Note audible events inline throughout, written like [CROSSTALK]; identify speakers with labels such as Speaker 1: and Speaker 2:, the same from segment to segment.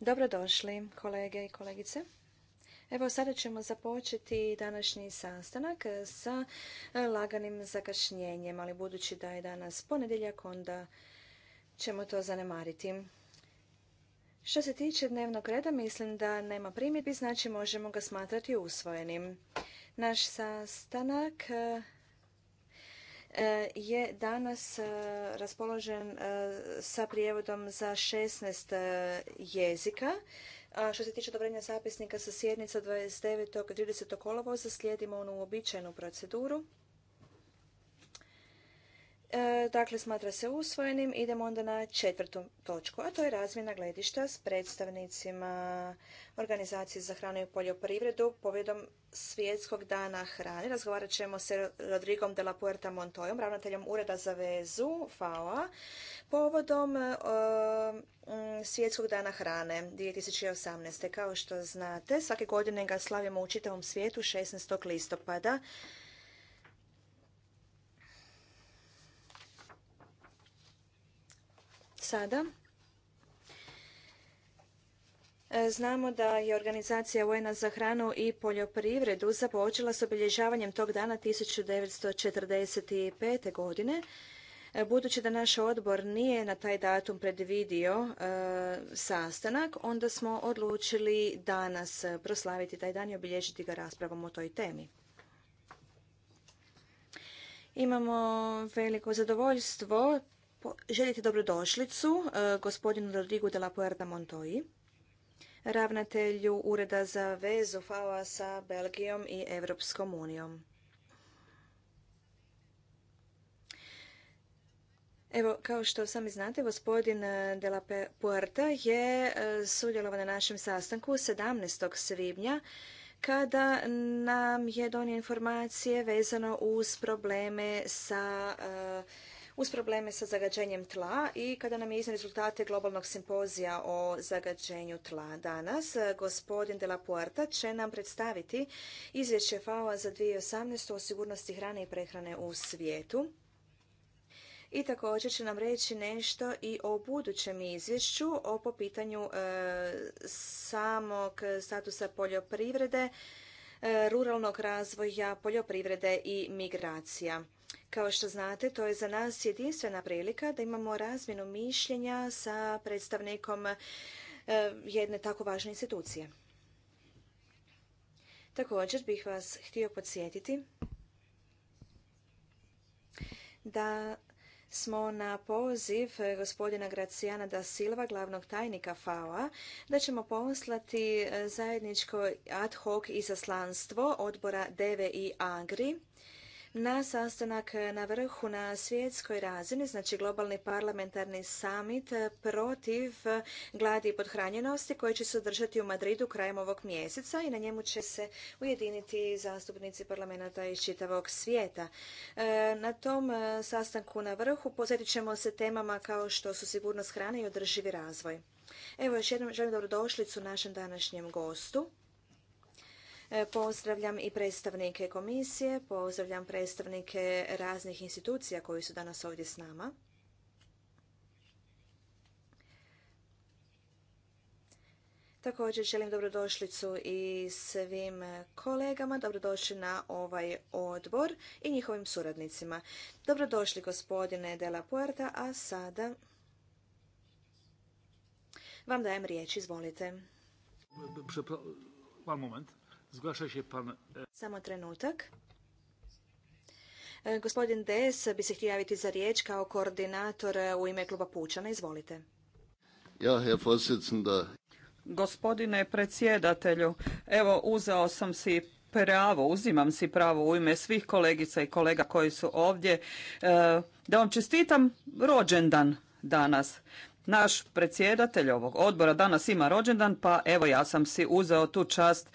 Speaker 1: Dobrodošli kolege i kolegice. Evo sada ćemo započeti današnji sastanak sa laganim zakašnjenjem, ali budući da je danas ponedjeljak, onda ćemo to zanemariti. Što se tiče dnevnog reda, mislim da nema primjedbi, znači možemo ga smatrati usvojenim. Naš sastanak E, je danas e, raspoložen e, sa prijevodom za 16 jezika. A što se tiče odobrenja zapisnika sa sjednica 29. i 30. kolovoza slijedimo onu uobičajenu proceduru. E, dakle smatra se usvojenim. Idemo onda na četvrtu točku, a to je razmjena gledišta s predstavnicima Organizacije za hranu i poljoprivredu povodom Svjetskog dana hrane. Razgovarat ćemo se Rodrigom de la Puerta Montoyom, ravnateljem Ureda za vezu FAO-a, povodom e, Svjetskog dana hrane 2018. Kao što znate, svake godine ga slavimo u čitavom svijetu 16. listopada. sada. E, znamo da je organizacija vojna za hranu i poljoprivredu započela s obilježavanjem tog dana 1945. godine. E, budući da naš odbor nije na taj datum predvidio e, sastanak, onda smo odlučili danas proslaviti taj dan i obilježiti ga raspravom o toj temi. Imamo veliko zadovoljstvo želite dobrodošlicu e, gospodinu Rodrigu de la Puerta Montoji, ravnatelju Ureda za vezu FAO sa Belgijom i Europskom unijom. Evo, kao što sami znate, gospodin e, De La Puerta je e, sudjelovan na našem sastanku 17. svibnja kada nam je donio informacije vezano uz probleme sa uz probleme sa zagađenjem tla i kada nam je iznio rezultate globalnog simpozija o zagađenju tla danas, eh, gospodin de la Puerta će nam predstaviti izvješće FAO-a za 2018. o sigurnosti hrane i prehrane u svijetu. I također će nam reći nešto i o budućem izvješću o po pitanju eh, samog statusa poljoprivrede, eh, ruralnog razvoja, poljoprivrede i migracija. Kao što znate, to je za nas jedinstvena prilika da imamo razmjenu mišljenja sa predstavnikom e, jedne tako važne institucije. Također bih vas htio podsjetiti da smo na poziv gospodina Gracijana da Silva, glavnog tajnika FAO-a, da ćemo poslati e, zajedničko ad hoc izaslanstvo odbora DEVE i AGRI na sastanak na vrhu na svjetskoj razini, znači globalni parlamentarni summit e, protiv gladi i podhranjenosti koji će se održati u Madridu krajem ovog mjeseca i na njemu će se ujediniti zastupnici parlamenta iz čitavog svijeta. E, na tom e, sastanku na vrhu posjetit ćemo se temama kao što su sigurnost hrane i održivi razvoj. Evo još jednom želim dobrodošlicu našem današnjem gostu. E, pozdravljam i predstavnike komisije, pozdravljam predstavnike raznih institucija koji su danas ovdje s nama. Također želim dobrodošlicu i svim kolegama, dobrodošli na ovaj odbor i njihovim suradnicima. Dobrodošli gospodine de la Puerta, a sada vam dajem riječ, izvolite.
Speaker 2: E,
Speaker 1: Samo trenutak. E, gospodin Des bi se htio javiti za riječ kao koordinator e, u ime kluba Pučana. Izvolite.
Speaker 3: Ja,
Speaker 4: Gospodine predsjedatelju, evo uzeo sam si pravo, uzimam si pravo u ime svih kolegica i kolega koji su ovdje, da vam čestitam rođendan danas. Naš predsjedatelj ovog odbora danas ima rođendan, pa evo ja sam si uzeo tu čast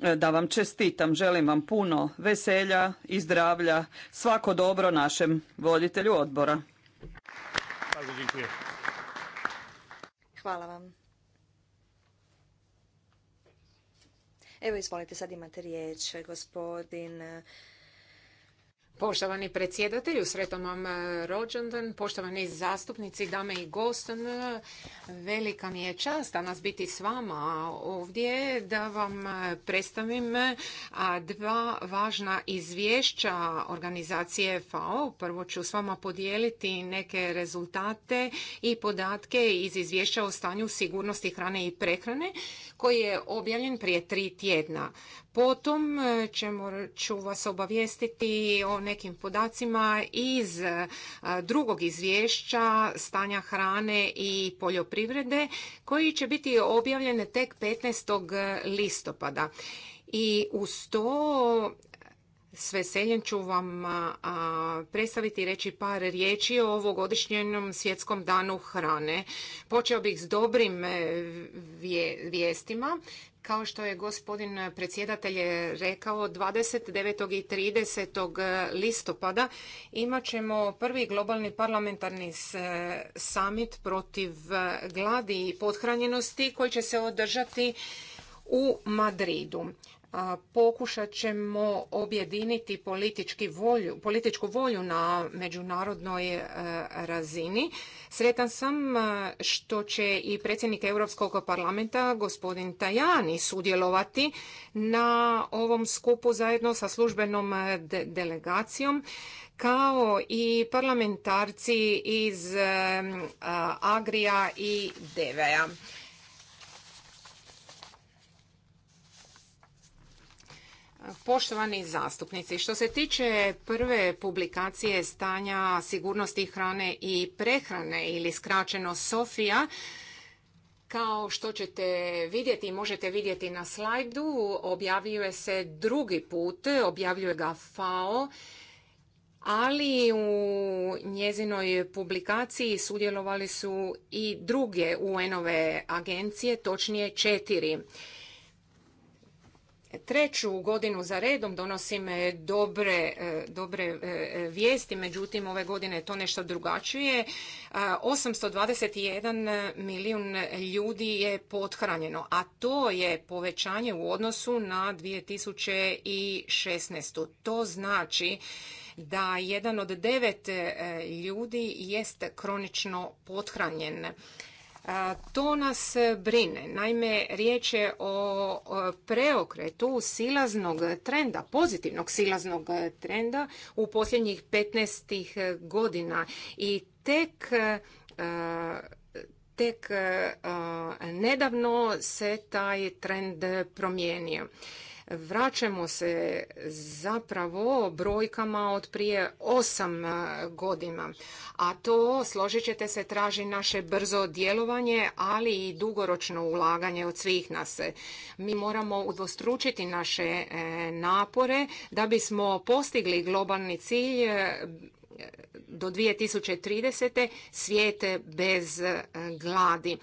Speaker 4: E, da vam čestitam, želim vam puno veselja i zdravlja, svako dobro našem voditelju odbora.
Speaker 1: Hvala vam.
Speaker 3: Evo izvolite, sad imate riječ, gospodin Poštovani predsjedatelju, sretom vam e, rođendan, poštovani zastupnici, dame i gostan, e, velika mi je čast danas biti s vama ovdje da vam e, predstavim dva važna izvješća organizacije FAO. Prvo ću s vama podijeliti neke rezultate i podatke iz izvješća o stanju sigurnosti hrane i prehrane koji je objavljen prije tri tjedna. Potom e, ćemo, ću vas obavijestiti o nekim podacima iz e, drugog izvješća stanja hrane i poljoprivrede koji će biti objavljen tek 15. listopada i uz to s veseljem ću vam predstaviti i reći par riječi o ovogodišnjem svjetskom danu hrane. Počeo bih s dobrim e, vijestima. Kao što je gospodin predsjedatelj rekao, 29. i 30. E, listopada imat ćemo prvi globalni parlamentarni e, summit protiv gladi i pothranjenosti koji će se održati u Madridu pokušat ćemo objediniti politički volju, političku volju na međunarodnoj e, razini. Sretan sam e, što će i predsjednik Europskog parlamenta gospodin Tajani sudjelovati na ovom skupu zajedno sa službenom e, delegacijom kao i parlamentarci iz Agrija i Deveja. Poštovani zastupnici, što se tiče prve publikacije stanja sigurnosti hrane i prehrane ili skraćeno SOFIA, kao što ćete vidjeti i možete vidjeti na slajdu, objavljuje se drugi put, objavljuje ga FAO, ali u njezinoj publikaciji sudjelovali su i druge UN-ove agencije, točnije četiri treću godinu za redom donosim e, dobre, e, dobre e, vijesti, međutim ove godine je to nešto drugačije. 821 milijun ljudi je pothranjeno, a to je povećanje u odnosu na 2016. To znači da jedan od devet ljudi jest kronično pothranjen. To nas e, brine. Naime, riječ je o preokretu silaznog trenda, pozitivnog silaznog trenda u posljednjih 15 godina i tek e, e, tek nedavno se taj trend promijenio. Vraćamo se zapravo brojkama od prije osam e, godina, a to, složit ćete se, traži naše brzo djelovanje, ali i dugoročno ulaganje od svih nas. Mi moramo udvostručiti naše e, napore da bismo postigli globalni cilj e, do 2030. svijete bez gladi.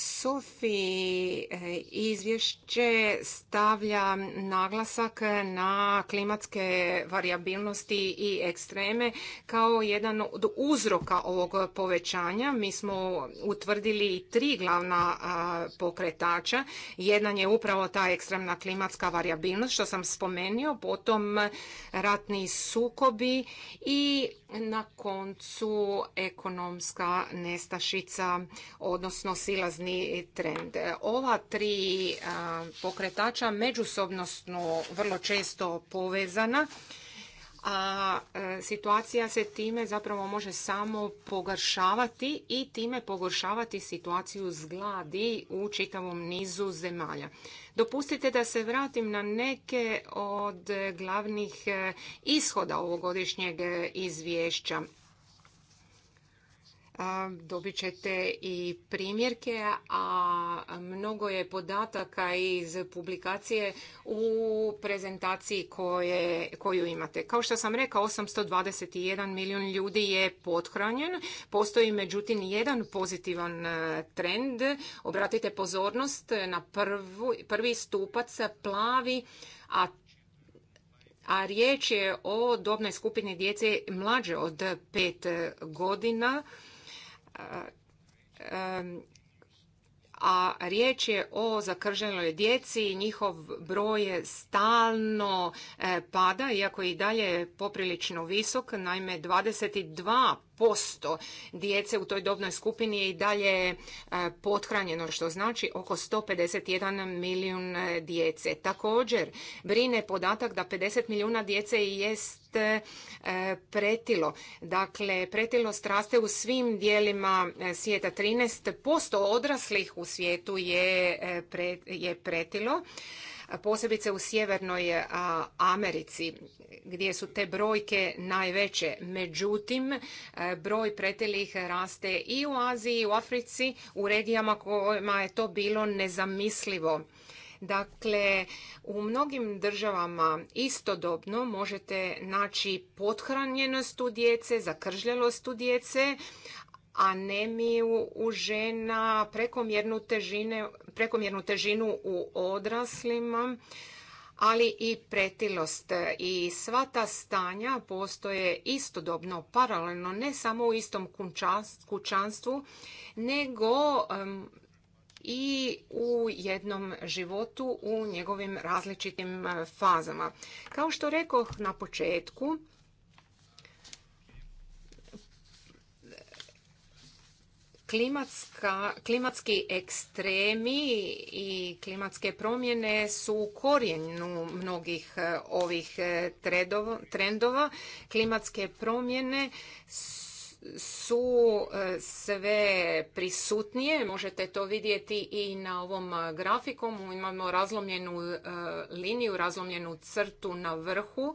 Speaker 3: Sofi e, izvješće stavlja naglasak na klimatske variabilnosti i ekstreme kao jedan od uzroka ovog povećanja. Mi smo utvrdili tri glavna pokretača. Jedan je upravo ta ekstremna klimatska variabilnost što sam spomenuo, potom ratni sukobi i na koncu ekonomska nestašica, odnosno silazni trend. Ova tri pokretača međusobno vrlo često povezana, a e, situacija se time zapravo može samo pogoršavati i time pogoršavati situaciju zgladi u čitavom nizu zemalja. Dopustite da se vratim na neke od glavnih e, ishoda ovogodišnjeg e, izvješća. Dobit ćete i primjerke, a mnogo je podataka iz publikacije u prezentaciji koje, koju imate. Kao što sam rekao, 821 milijun ljudi je pothranjen. Postoji međutim jedan pozitivan e, trend. Obratite pozornost na prvi stupac plavi, a a riječ je o dobnoj skupini djece mlađe od pet godina a riječ je o zakrženoj djeci, njihov broj je stalno eh, pada, iako i dalje poprilično visok, naime 22 posto djece u toj dobnoj skupini je i dalje e, pothranjeno što znači oko 151 milijun e, djece. Također brine podatak da 50 milijuna djece jest e, pretilo. Dakle, pretilost raste u svim dijelima svijeta. 13% odraslih u svijetu je pretilo posebice u Sjevernoj e, Americi gdje su te brojke najveće. Međutim, e, broj pretilih raste i u Aziji i u Africi u regijama kojima je to bilo nezamislivo. Dakle, u mnogim državama istodobno možete naći pothranjenost u djece, zakržljalost u djece, anemiju u žena, prekomjernu, prekomjernu težinu u odraslima, ali i pretilost. I sva ta stanja postoje istodobno, paralelno, ne samo u istom kućanstvu, nego i u jednom životu u njegovim različitim eh, fazama. Kao što rekoh na početku, klimatski ekstremi i klimatske promjene su u korijenu mnogih e, ovih e, trendova. Klimatske promjene su e, sve prisutnije. Možete to vidjeti i na ovom grafikom. Imamo razlomljenu liniju, razlomljenu crtu na vrhu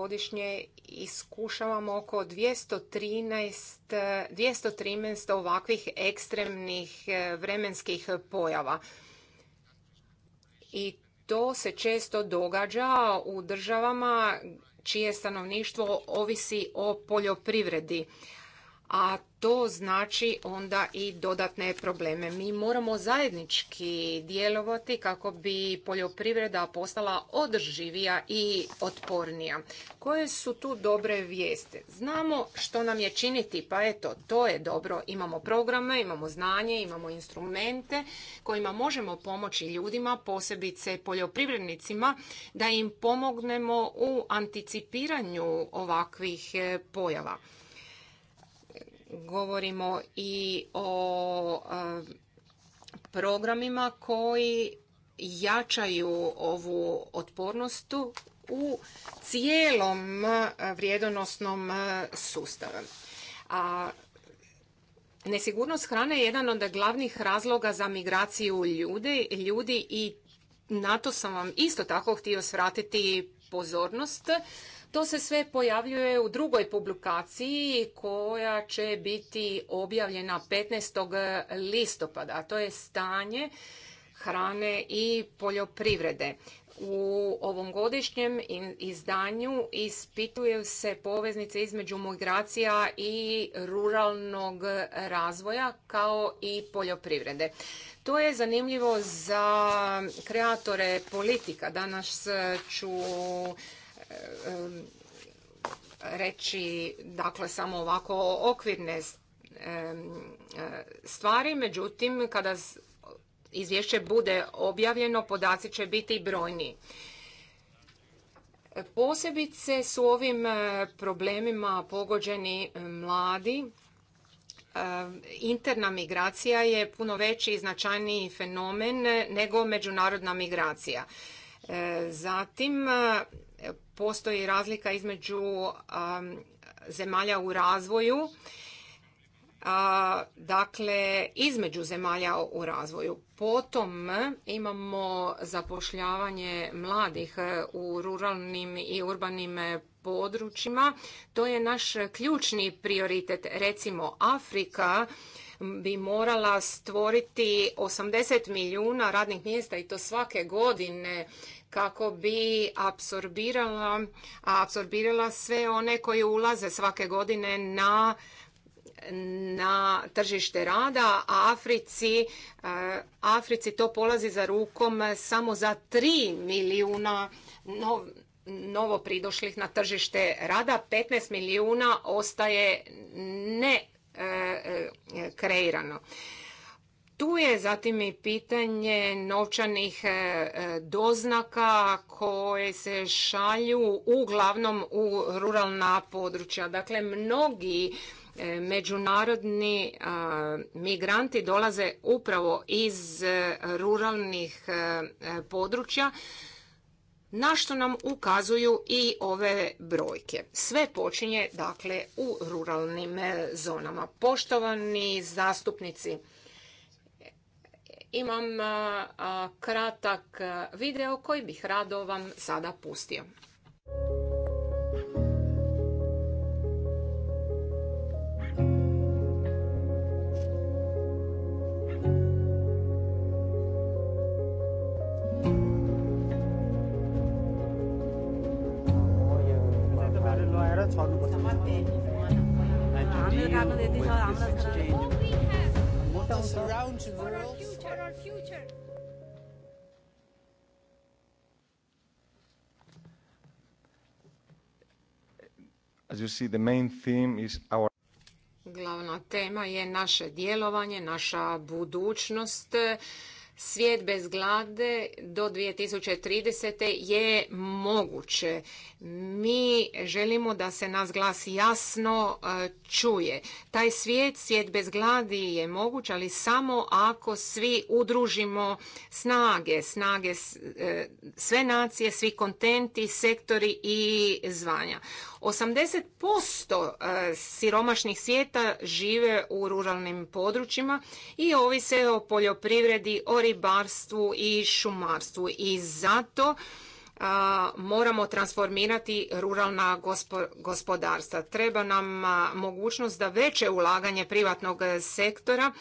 Speaker 3: godišnje iskušavamo oko 213, 213 ovakvih ekstremnih e, vremenskih pojava. I to se često događa u državama čije stanovništvo ovisi o poljoprivredi a to znači onda i dodatne probleme. Mi moramo zajednički djelovati kako bi poljoprivreda postala održivija i otpornija. Koje su tu dobre vijeste? Znamo što nam je činiti, pa eto, to je dobro. Imamo programe, imamo znanje, imamo instrumente kojima možemo pomoći ljudima, posebice poljoprivrednicima, da im pomognemo u anticipiranju ovakvih eh, pojava govorimo i o um, programima koji jačaju ovu otpornost u cijelom uh, vrijedonosnom uh, sustavu. A nesigurnost hrane je jedan od glavnih razloga za migraciju ljudi ljudi i na to sam vam isto tako htio svratiti pozornost to se sve pojavljuje u drugoj publikaciji koja će biti objavljena 15. listopada, a to je stanje hrane i poljoprivrede. U ovom godišnjem izdanju ispituju se poveznice između migracija i ruralnog razvoja kao i poljoprivrede. To je zanimljivo za kreatore politika. Danas ću reći dakle samo ovako okvirne stvari, međutim kada izvješće bude objavljeno podaci će biti brojni. Posebice su ovim eh, problemima pogođeni eh, mladi. Interna migracija je puno veći i značajniji fenomen nego međunarodna migracija. Eh, zatim postoji razlika između um, zemalja u razvoju, dakle između zemalja u razvoju. Potom imamo zapošljavanje mladih u ruralnim i urbanim područjima. To je naš ključni prioritet. Recimo Afrika bi morala stvoriti 80 milijuna radnih mjesta i to svake godine kako bi apsorbirala, apsorbirala sve one koji ulaze svake godine na na tržište rada, a Africi, e, Africi to polazi za rukom samo za 3 milijuna novo pridošlih na tržište rada, 15 milijuna ostaje ne e, e, kreirano tu je zatim i pitanje novčanih e, e, doznaka koje se šalju uglavnom u ruralna područja. Dakle, mnogi e, međunarodni migranti dolaze upravo iz ruralnih područja na što nam ukazuju i ove brojke. Sve počinje dakle u ruralnim zonama. Poštovani zastupnici, imam kratak video koji bih rado vam sada pustio our future.
Speaker 4: As you see, the main theme is our
Speaker 3: Glavna tema je naše djelovanje, naša budućnost svijet bez glade do 2030. je moguće. Mi želimo da se nas glas jasno e, čuje. Taj svijet, svijet bez gladi je moguć, ali samo ako svi udružimo snage, snage e, sve nacije, svi kontenti, sektori i zvanja. 80% e, siromašnih svijeta žive u ruralnim područjima i ovise o poljoprivredi, o ribarstvu i šumarstvu. I zato e, moramo transformirati ruralna gospodarstva. Treba nam e, mogućnost da veće ulaganje privatnog sektora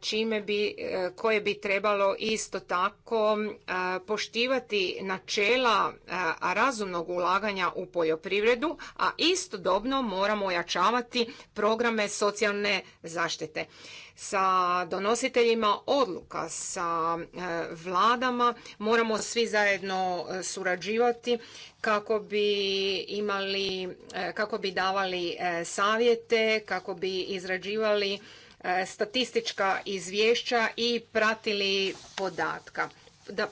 Speaker 3: čime bi, e, koje bi trebalo isto tako e, poštivati načela e, razumnog ulaganja u poljoprivredu, a istodobno moramo ojačavati programe socijalne zaštite. Sa donositeljima odluka, sa vladama moramo svi zajedno surađivati kako bi imali, kako bi davali savjete, kako bi izrađivali E, statistička izvješća i pratili podatka,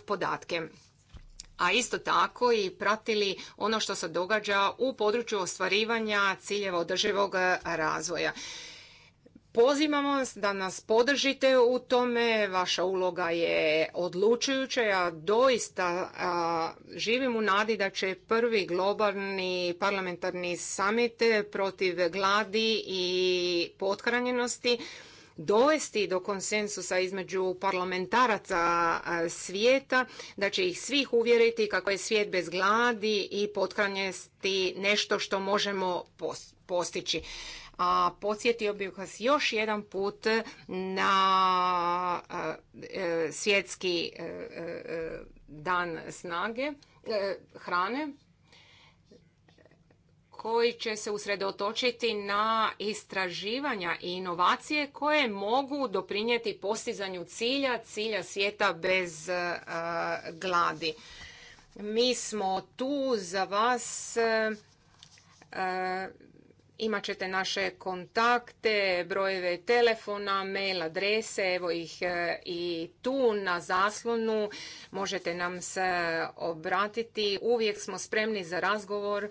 Speaker 3: podatke a isto tako i pratili ono što se događa u području ostvarivanja ciljeva održivog razvoja. Pozivamo vas da nas podržite u tome, vaša uloga je odlučujuća, ja doista a, živim u nadi da će prvi globalni parlamentarni summit protiv gladi i pothranjenosti dovesti do konsensusa između parlamentaraca svijeta, da će ih svih uvjeriti kako je svijet bez gladi i pothranjenosti nešto što možemo postići a podsjetio bih vas još jedan put na e, e, svjetski e, dan snage hrane koji će se usredotočiti na istraživanja i inovacije koje mogu doprinijeti postizanju cilja, cilja svijeta bez gladi. Mi smo tu za vas Imat ćete naše kontakte, brojeve telefona, mail adrese, evo ih e, i tu na zaslonu. Možete nam se obratiti. Uvijek smo spremni za razgovor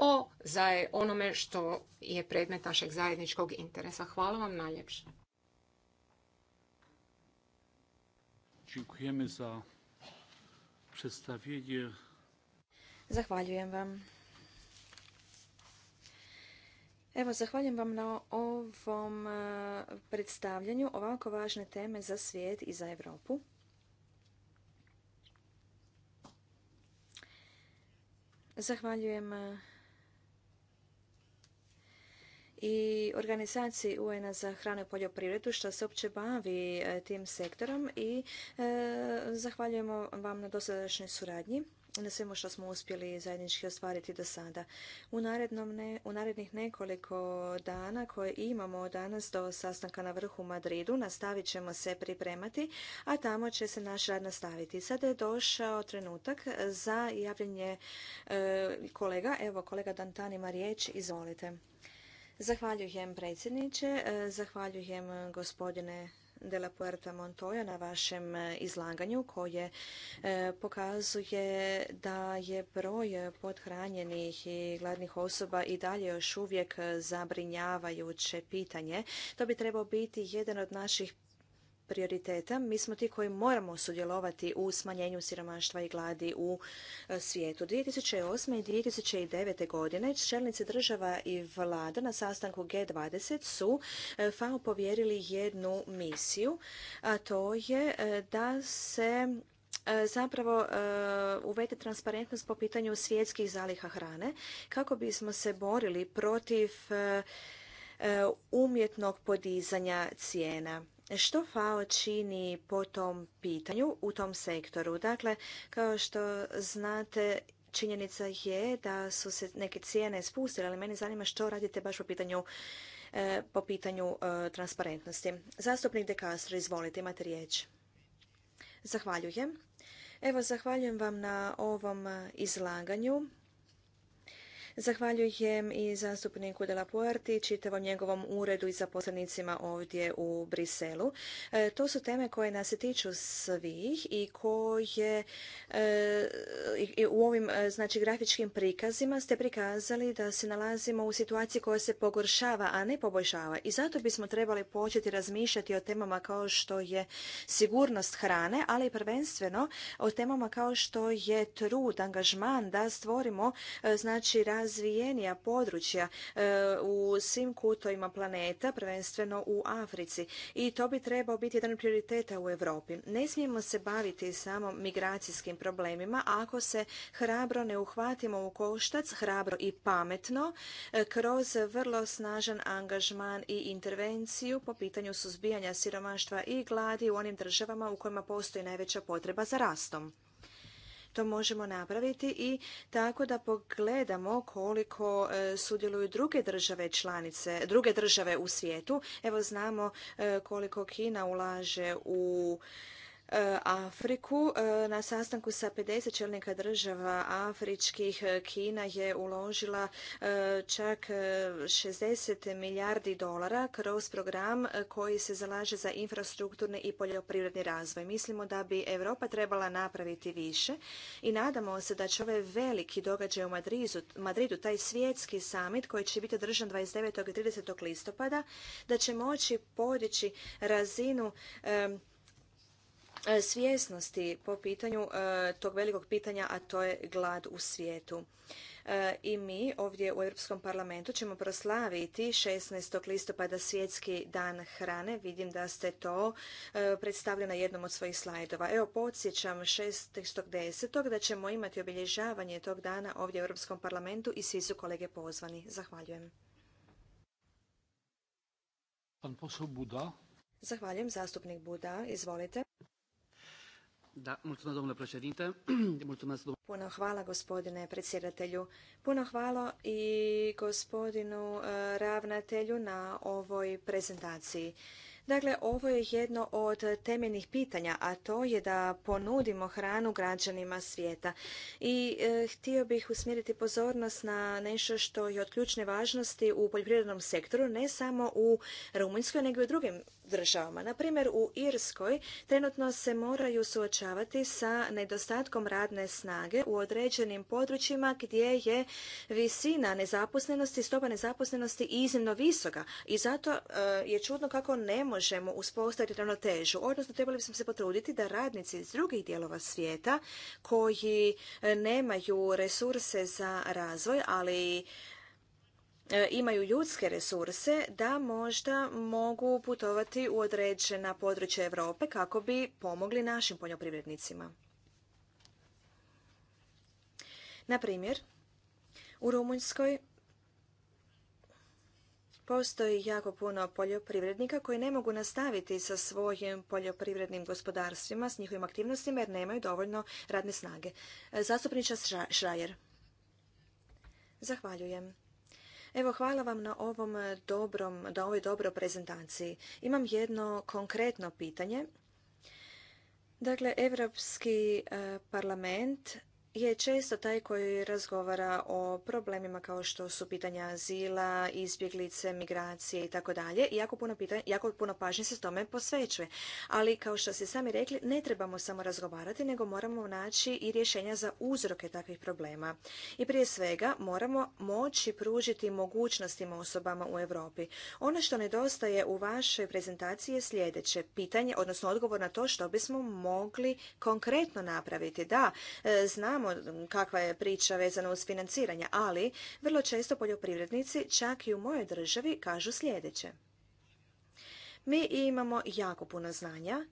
Speaker 3: o za onome što je predmet našeg zajedničkog interesa. Hvala vam najljepše.
Speaker 1: Zahvaljujem vam Evo, zahvaljujem vam na ovom e, predstavljanju ovako važne teme za svijet i za Europu. Zahvaljujem e, i organizaciji UN-a za hranu i poljoprivredu što se opće bavi e, tim sektorom i zahvaljujemo vam na dosadašnjoj suradnji na svemu što smo uspjeli zajednički ostvariti do sada. U, ne, u narednih nekoliko dana koje imamo danas do sastanka na vrhu u Madridu nastavit ćemo se pripremati, a tamo će se naš rad nastaviti. Sada je došao trenutak za javljanje e, kolega. Evo, kolega Dantani ima riječ, izvolite. Zahvaljujem predsjedniče, e, zahvaljujem gospodine de la Puerta Montoya na vašem e, izlaganju koje e, pokazuje da je broj podhranjenih i gladnih osoba i dalje još uvijek zabrinjavajuće pitanje. To bi trebao biti jedan od naših prioriteta. Mi smo ti koji moramo sudjelovati u smanjenju siromaštva i gladi u e, svijetu. 2008. i 2009. godine čelnici država i vlada na sastanku G20 su e, FAO povjerili jednu misiju, a to je e, da se zapravo uvede transparentnost po pitanju svjetskih zaliha hrane kako bismo se borili protiv umjetnog podizanja cijena što FAO čini po tom pitanju u tom sektoru? Dakle, kao što znate, činjenica je da su se neke cijene spustile, ali meni zanima što radite baš po pitanju e, po pitanju e, transparentnosti. Zastupnik De Castro, izvolite, imate riječ. Zahvaljujem. Evo, zahvaljujem vam na ovom e, izlaganju Zahvaljujem i zastupniku de la Puerti, čitavom njegovom uredu i zaposlenicima ovdje u Briselu. E, to su teme koje nas se tiču svih i koje e, u ovim e, znači, grafičkim prikazima ste prikazali da se nalazimo u situaciji koja se pogoršava, a ne poboljšava. I zato bismo trebali početi razmišljati o temama kao što je sigurnost hrane, ali i prvenstveno o temama kao što je trud, angažman da stvorimo znači, najrazvijenija područja e, u svim kutovima planeta, prvenstveno u Africi. I to bi trebao biti jedan od prioriteta u Europi. Ne smijemo se baviti samo migracijskim problemima ako se hrabro ne uhvatimo u koštac, hrabro i pametno, e, kroz vrlo snažan angažman i intervenciju po pitanju suzbijanja siromaštva i gladi u onim državama u kojima postoji najveća potreba za rastom. To možemo napraviti i tako da pogledamo koliko e, sudjeluju druge države članice, druge države u svijetu. Evo znamo e, koliko Kina ulaže u Afriku. E, na sastanku sa 50 čelnika država afričkih e, Kina je uložila e, čak 60 milijardi dolara kroz program koji se zalaže za infrastrukturni i poljoprivredni razvoj. Mislimo da bi Europa trebala napraviti više i nadamo se da će ovaj veliki događaj u Madridu, taj svjetski summit koji će biti održan 29. i 30. listopada, da će moći podići razinu E, svjesnosti po pitanju e, tog velikog pitanja, a to je glad u svijetu. E, I mi ovdje u Europskom parlamentu ćemo proslaviti 16. listopada svjetski dan hrane. Vidim da ste to predstavili na jednom od svojih slajdova. Evo, podsjećam 6.10. da ćemo imati obilježavanje tog dana ovdje u Europskom parlamentu i svi su kolege pozvani. Zahvaljujem. Zahvaljujem, zastupnik Buda. Izvolite.
Speaker 4: Da, [CLEARS THROAT]
Speaker 1: Puno hvala gospodine predsjedatelju. Puno hvala i gospodinu e, ravnatelju na ovoj prezentaciji. Dakle, ovo je jedno od temeljnih pitanja, a to je da ponudimo hranu građanima svijeta. I e, htio bih usmjeriti pozornost na nešto što je od ključne važnosti u poljoprivrednom sektoru, ne samo u Rumunjskoj, nego i u drugim državama. Na primjer, u Irskoj trenutno se moraju suočavati sa nedostatkom radne snage u određenim područjima gdje je visina nezaposlenosti, stopa nezaposlenosti iznimno visoka i zato e, je čudno kako ne možemo uspostaviti ravnotežu. Odnosno, trebali bismo se potruditi da radnici iz drugih dijelova svijeta koji e, nemaju resurse za razvoj, ali E, imaju ljudske resurse da možda mogu putovati u određena područja Europe kako bi pomogli našim poljoprivrednicima. Na primjer, u Rumunjskoj postoji jako puno poljoprivrednika koji ne mogu nastaviti sa svojim poljoprivrednim gospodarstvima, s njihovim aktivnostima jer nemaju dovoljno radne snage. E, Zastupniča Šrajer. Zahvaljujem. Evo, hvala vam na ovom eh, dobrom, na ovoj dobro prezentaciji. Imam jedno konkretno pitanje. Dakle, Europski eh, parlament je često taj koji razgovara o problemima kao što su pitanja azila, izbjeglice, migracije i tako dalje. Jako puno, jako puno pažnje se tome posvećuje. Ali kao što ste sami rekli, ne trebamo samo razgovarati, nego moramo naći i rješenja za uzroke takvih problema. I prije svega moramo moći pružiti mogućnostima osobama u Europi. Ono što nedostaje u vašoj prezentaciji je sljedeće pitanje, odnosno odgovor na to što bismo mogli konkretno napraviti. Da, e, znam kakva je priča vezana uz financiranje, ali vrlo često poljoprivrednici čak i u mojoj državi kažu sljedeće. Mi imamo jako puno znanja,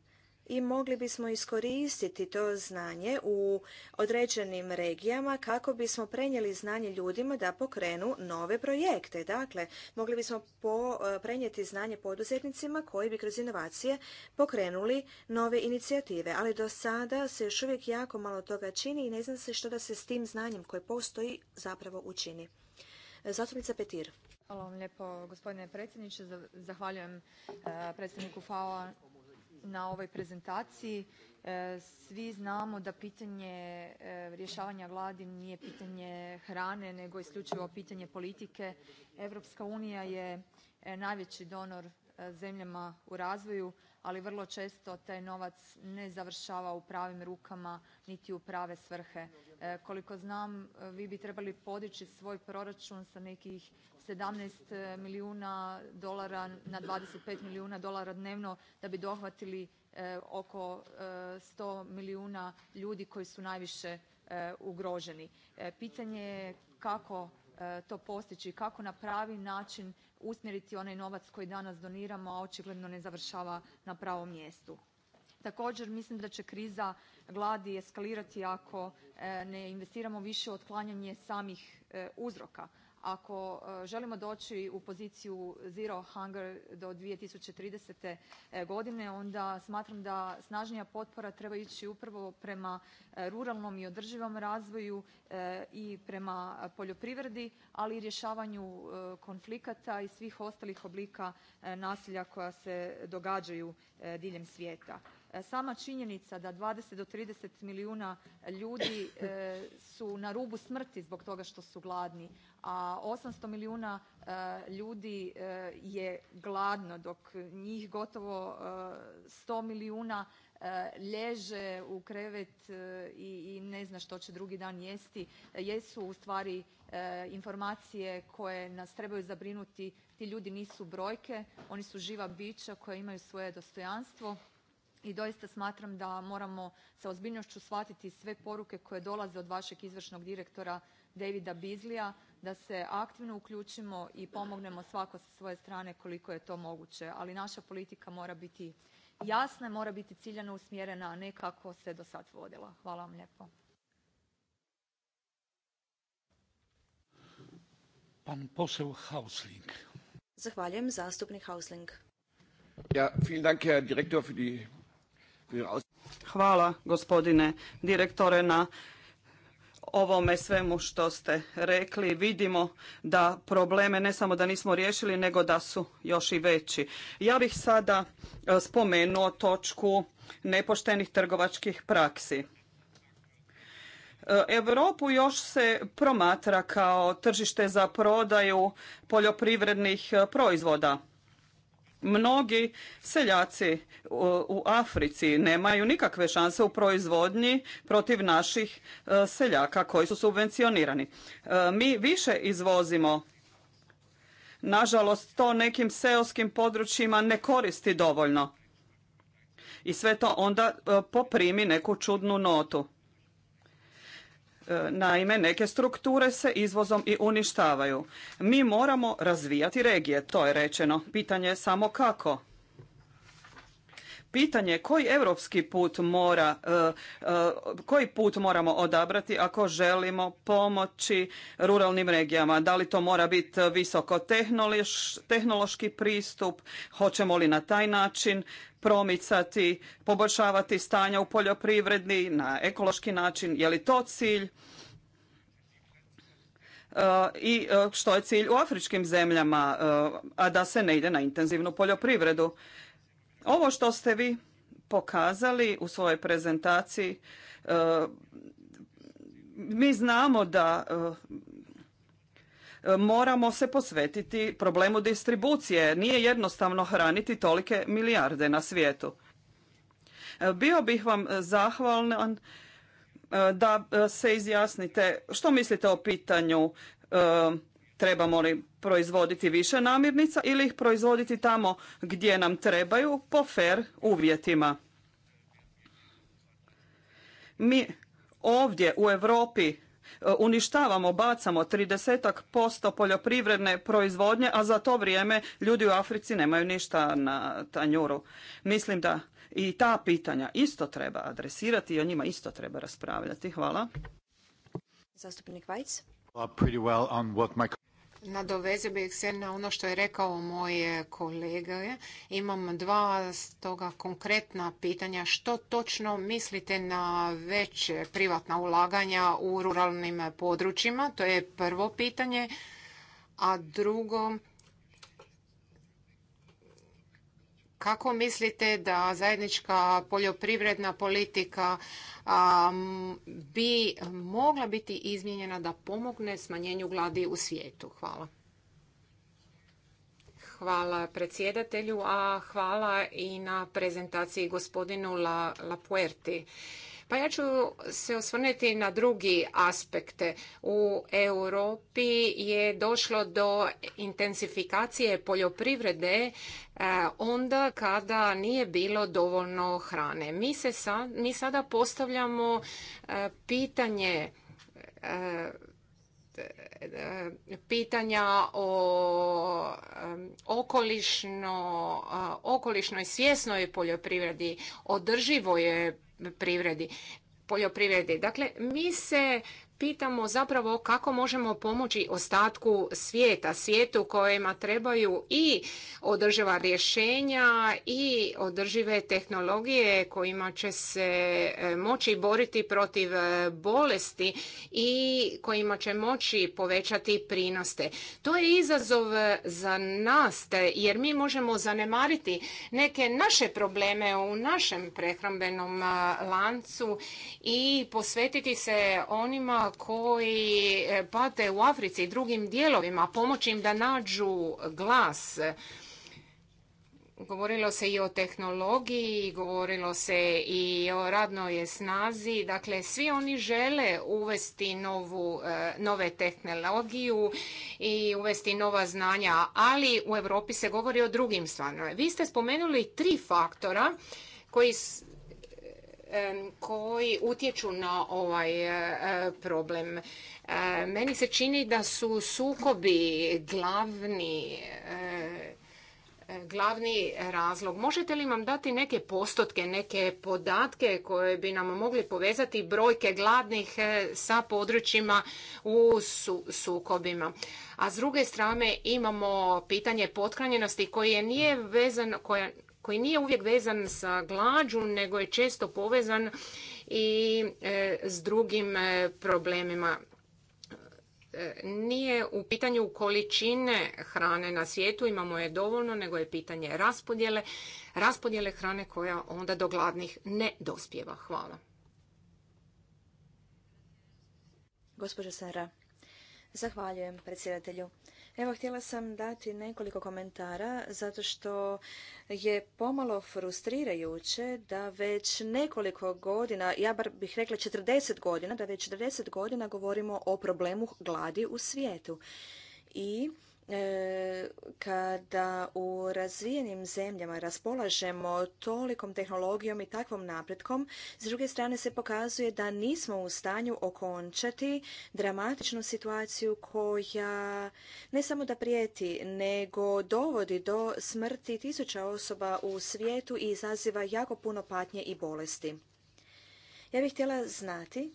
Speaker 1: i mogli bismo iskoristiti to znanje u određenim regijama kako bismo prenijeli znanje ljudima da pokrenu nove projekte. Dakle, mogli bismo e, prenijeti znanje poduzetnicima koji bi kroz inovacije pokrenuli nove inicijative. Ali do sada se još uvijek jako malo toga čini i ne znam se što da se s tim znanjem koje postoji zapravo učini. E, zastupnica Petir.
Speaker 2: Hvala vam lijepo gospodine predsjedniče. Zahvaljujem e, predsjedniku FAO na ovoj prezentaciji. E, svi znamo da pitanje e, rješavanja gladi nije pitanje hrane nego isključivo pitanje politike. Europska unija je e, najveći donor zemljama u razvoju ali vrlo često taj novac ne završava u pravim rukama niti u prave svrhe. E, koliko znam e, vi bi trebali podići svoj proračun sa nekih 17 e, milijuna dolara na 25 milijuna dolara dnevno da bi dohvatili oko 100 milijuna ljudi koji su najviše ugroženi. Pitanje je kako to postići, kako na pravi način usmjeriti onaj novac koji danas doniramo a očigledno ne završava na pravom mjestu. također mislim da će kriza gladi eskalirati ako e, ne investiramo više u otklanjanje samih e, uzroka. Ako e, želimo doći u poziciju zero hunger do 2030. E, godine onda smatram da snažnija potpora treba ići upravo prema e, ruralnom i održivom razvoju i prema poljoprivredi, ali i rješavanju konflikata i svih ostalih oblika nasilja koja se događaju diljem svijeta. Sama činjenica da 20 do 30 milijuna ljudi e, su na rubu smrti zbog toga što su gladni, a 800 milijuna e, ljudi e, je gladno dok njih gotovo 100 milijuna leže u krevet i ne zna što će drugi dan jesti jesu ustvari informacije koje nas trebaju zabrinuti. Ti ljudi nisu brojke, oni su živa bića koja imaju svoje dostojanstvo i doista smatram da moramo sa ozbiljnošću shvatiti sve poruke koje dolaze od vašeg izvršnog direktora davida Bizlija, da se aktivno uključimo i pomognemo svako sa svoje strane koliko je to moguće ali naša politika mora biti jasna mora biti ciljano usmjerena a ne kako se do sad vodila. hvala
Speaker 1: vam
Speaker 4: Pan Hausling.
Speaker 1: Zahvaljujem Hausling.
Speaker 4: Ja, Dank, Direktor, Hvala gospodine direktore na ovome svemu što ste rekli vidimo da probleme ne samo da nismo riješili nego da su još i veći. Ja bih sada e, spomenuo točku nepoštenih trgovačkih praksi. E, Europu još se promatra kao tržište za prodaju poljoprivrednih e, proizvoda. Mnogi seljaci u Africi nemaju nikakve šanse u proizvodnji protiv naših e, seljaka koji su subvencionirani. E, mi više izvozimo. Nažalost, to nekim seoskim područjima ne koristi dovoljno. I sve to onda e, poprimi neku čudnu notu. E, naime, neke strukture se izvozom i uništavaju. Mi moramo razvijati regije, to je rečeno. Pitanje je samo kako. Pitanje koji europski put mora, e, e, koji put moramo odabrati ako želimo pomoći ruralnim regijama? Da li to mora biti visoko tehnološki pristup? Hoćemo li na taj način promicati, poboljšavati stanja u poljoprivredi na ekološki način? Je li to cilj? E, i što je cilj u afričkim zemljama, a da se ne ide na intenzivnu poljoprivredu. Ovo što ste vi pokazali u svojoj prezentaciji, e, mi znamo da e, moramo se posvetiti problemu distribucije. Nije jednostavno hraniti tolike milijarde na svijetu. E, bio bih vam zahvalan da se izjasnite što mislite o pitanju trebamo li proizvoditi više namirnica ili ih proizvoditi tamo gdje nam trebaju po fer uvjetima. Mi ovdje u Europi e, uništavamo, bacamo 30% poljoprivredne proizvodnje, a za to vrijeme ljudi u Africi nemaju ništa na tanjuru. Mislim da i ta pitanja isto treba adresirati i o njima isto treba
Speaker 3: raspravljati. Hvala. Zastupnik Vajc. Nadovezio bih se na ono što je rekao moj kolega. Imam dva stoga konkretna pitanja. Što točno mislite na već privatna ulaganja u ruralnim područjima? To je prvo pitanje. A drugo, Kako mislite da zajednička poljoprivredna politika bi mogla biti izmijenjena da pomogne smanjenju gladi u svijetu? Hvala. Hvala predsjedatelju, a hvala i na prezentaciji gospodinu Lapuerti. Pa ja ću se osvrnuti na drugi aspekt. U Europi je došlo do intensifikacije poljoprivrede e, onda kada nije bilo dovoljno hrane. Mi, se sada postavljamo e, pitanje e, pitanja o okolišno, okolišnoj svjesnoj poljoprivredi, održivoj privredi poljoprivredi. Dakle, mi se pitamo zapravo kako možemo pomoći ostatku svijeta, svijetu kojima trebaju i održiva rješenja i održive tehnologije kojima će se e, moći boriti protiv e, bolesti i kojima će moći povećati prinoste. To je izazov e, za nas jer mi možemo zanemariti neke naše probleme u našem prehrambenom lancu i posvetiti se onima koji e, pate u Africi i drugim dijelovima, pomoći im da nađu glas. Govorilo se i o tehnologiji, govorilo se i o radnoj snazi. Dakle, svi oni žele uvesti novu, e, nove tehnologiju i uvesti nova znanja, ali u Europi se govori o drugim stvarima. Vi ste spomenuli tri faktora koji koji utječu na ovaj eh, problem. Eh, meni se čini da su sukobi glavni eh, glavni razlog. Možete li nam dati neke postotke, neke podatke koje bi nam mogli povezati brojke gladnih sa područjima u sukobima? A s druge strane imamo pitanje pothranjenosti koje nije vezano, koja, koji nije uvijek vezan sa glađu, nego je često povezan i e, s drugim e, problemima e, nije u pitanju količine hrane na svijetu, imamo je dovoljno, nego je pitanje raspodjele, raspodjele hrane koja onda do gladnih ne dospjeva. Hvala. Gospođa Sara,
Speaker 1: zahvaljujem predsjedatelju. Evo, htjela sam dati nekoliko komentara, zato što je pomalo frustrirajuće da već nekoliko godina, ja bar bih rekla 40 godina, da već 40 godina govorimo o problemu gladi u svijetu. I E, kada u razvijenim zemljama raspolažemo tolikom tehnologijom i takvom napretkom, s druge strane se pokazuje da nismo u stanju okončati dramatičnu situaciju koja ne samo da prijeti, nego dovodi do smrti tisuća osoba u svijetu i izaziva jako puno patnje i bolesti. Ja bih htjela znati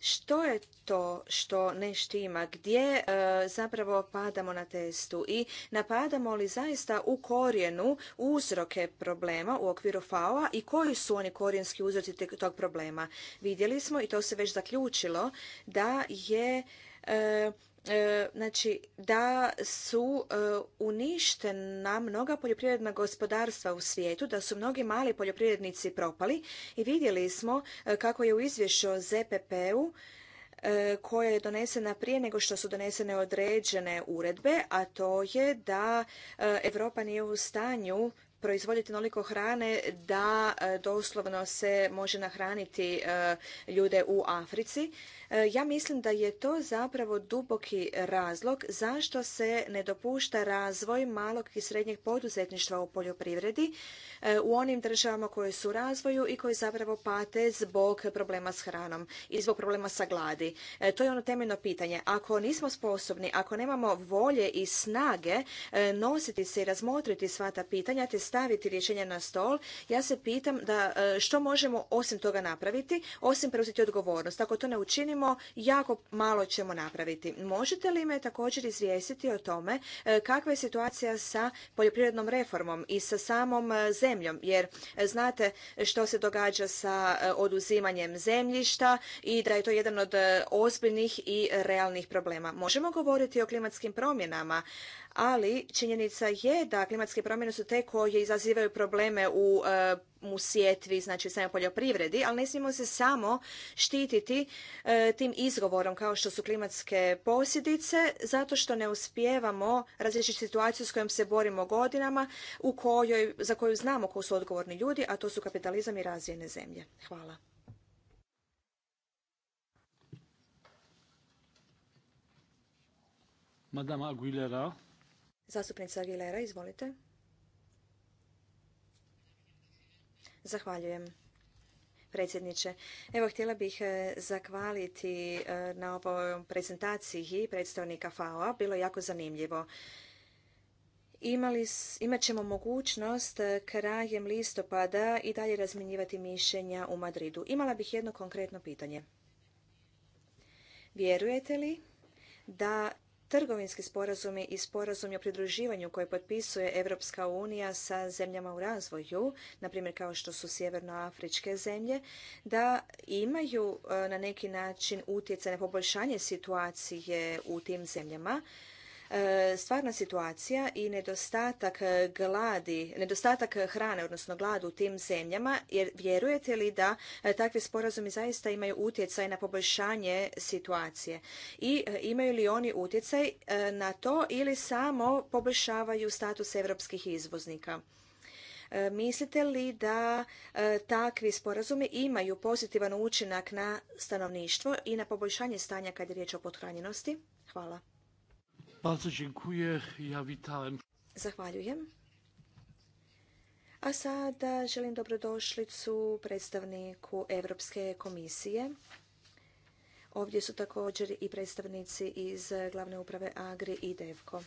Speaker 1: što je to što ne štima? Gdje e, zapravo padamo na testu i napadamo li zaista u korijenu uzroke problema u okviru FAO-a i koji su oni korijenski uzroci tog problema? Vidjeli smo i to se već zaključilo da je e, E, znači da su e, uništena mnoga poljoprivredna gospodarstva u svijetu, da su mnogi mali poljoprivrednici propali i vidjeli smo e, kako je u izvješću o ZPP-u koja je donesena prije nego što su donesene određene uredbe, a to je da Europa nije u stanju proizvoditi onoliko hrane da doslovno se može nahraniti ljude u Africi. E, ja mislim da je to zapravo duboki razlog zašto se ne dopušta razvoj malog i srednjeg poduzetništva u poljoprivredi e, u onim državama koje su u razvoju i koje zapravo pate zbog problema s hranom i zbog problema sa gladi. E, to je ono temeljno pitanje. Ako nismo sposobni, ako nemamo volje i snage nositi se i razmotriti sva ta pitanja te staviti rješenja na stol, ja se pitam da što možemo osim toga napraviti, osim preuzeti odgovornost. Ako to ne učinimo, učinimo, jako malo ćemo napraviti. Možete li me također izvijestiti o tome e, kakva je situacija sa poljoprivrednom reformom i sa samom e, zemljom? Jer e, znate što se događa sa oduzimanjem zemljišta i da je to jedan od ozbiljnih i realnih problema. Možemo govoriti o klimatskim promjenama, ali činjenica je da klimatske promjene su te koje izazivaju probleme u eh, u sjetvi, znači u poljoprivredi, ali ne smijemo se samo štititi eh, tim izgovorom kao što su klimatske posljedice, zato što ne uspijevamo razriješiti situaciju s kojom se borimo godinama, u kojoj, za koju znamo ko su odgovorni ljudi, a to su kapitalizam i razvijene zemlje. Hvala.
Speaker 2: Aguilera.
Speaker 1: Zastupnica Aguilera, izvolite. Zahvaljujem predsjedniče. Evo, htjela bih e, zahvaliti e, na ovoj prezentaciji predstavnika FAO-a. Bilo je jako zanimljivo. Imali, imat ćemo mogućnost e, krajem listopada i dalje razminjivati mišljenja u Madridu. Imala bih jedno konkretno pitanje. Vjerujete li da Trgovinski sporazumi i sporazumi o pridruživanju koje potpisuje Europska unija sa zemljama u razvoju, na primjer kao što su sjevernoafričke zemlje, da imaju e, na neki način utjecaj na poboljšanje situacije u tim zemljama, E, stvarna situacija i nedostatak e, gladi, nedostatak hrane, odnosno gladu u tim zemljama, jer vjerujete li da e, takvi sporazumi zaista imaju utjecaj na poboljšanje situacije? I imaju li oni utjecaj na to ili samo poboljšavaju status europskih izvoznika? Mislite li da takvi sporazumi imaju pozitivan učinak na stanovništvo i na poboljšanje stanja kad je riječ o pothranjenosti? Hvala. Zahvaljujem. A sada želim dobrodošlicu predstavniku Europske komisije. Ovdje su također i predstavnici iz glavne uprave Agri i Devko.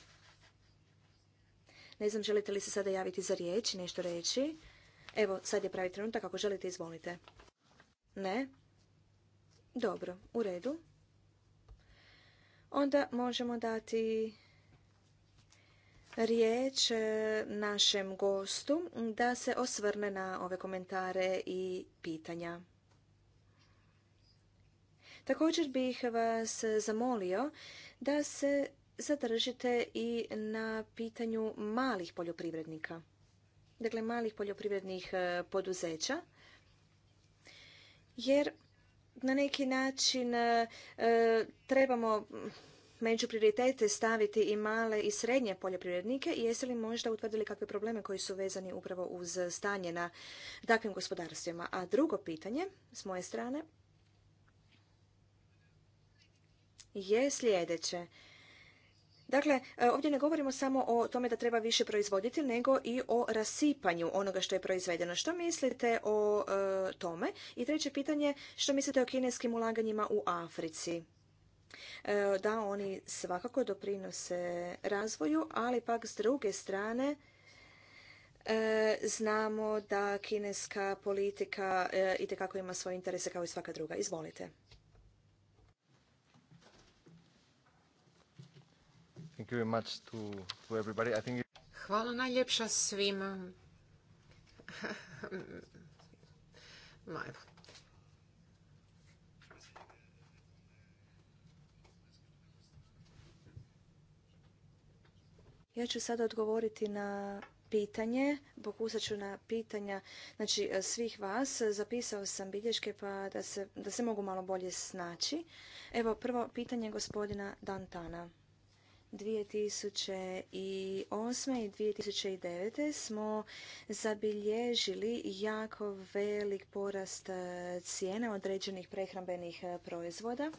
Speaker 1: Ne znam, želite li se sada javiti za riječ, nešto reći? Evo, sad je pravi trenutak, ako želite, izvolite. Ne? Dobro, u redu onda možemo dati riječ e, našem gostu da se osvrne na ove komentare i pitanja. Također bih vas zamolio da se zadržite i na pitanju malih poljoprivrednika. Dakle, malih poljoprivrednih e, poduzeća. Jer na neki način e, e, trebamo među prioritete staviti i male i srednje poljoprivrednike i jeste li možda utvrdili kakve probleme koji su vezani upravo uz stanje na takvim gospodarstvima? A drugo pitanje s moje strane je sljedeće. Dakle, e, ovdje ne govorimo samo o tome da treba više proizvoditi, nego i o rasipanju onoga što je proizvedeno. Što mislite o e, tome? I treće pitanje, što mislite o kineskim ulaganjima u Africi? E, da, oni svakako doprinose razvoju, ali pak s druge strane znamo da kineska politika itekako ima svoje interese kao i svaka druga. Izvolite.
Speaker 3: Hvala najljepša svima.
Speaker 1: Ja ću sada odgovoriti na pitanje, pokusat ću na pitanja znači, svih vas. Zapisao sam bilješke pa da se, da se mogu malo bolje snaći. Evo prvo pitanje gospodina Dantana. 2008. i 2009. smo zabilježili jako velik porast e, cijena određenih prehrambenih e, proizvoda.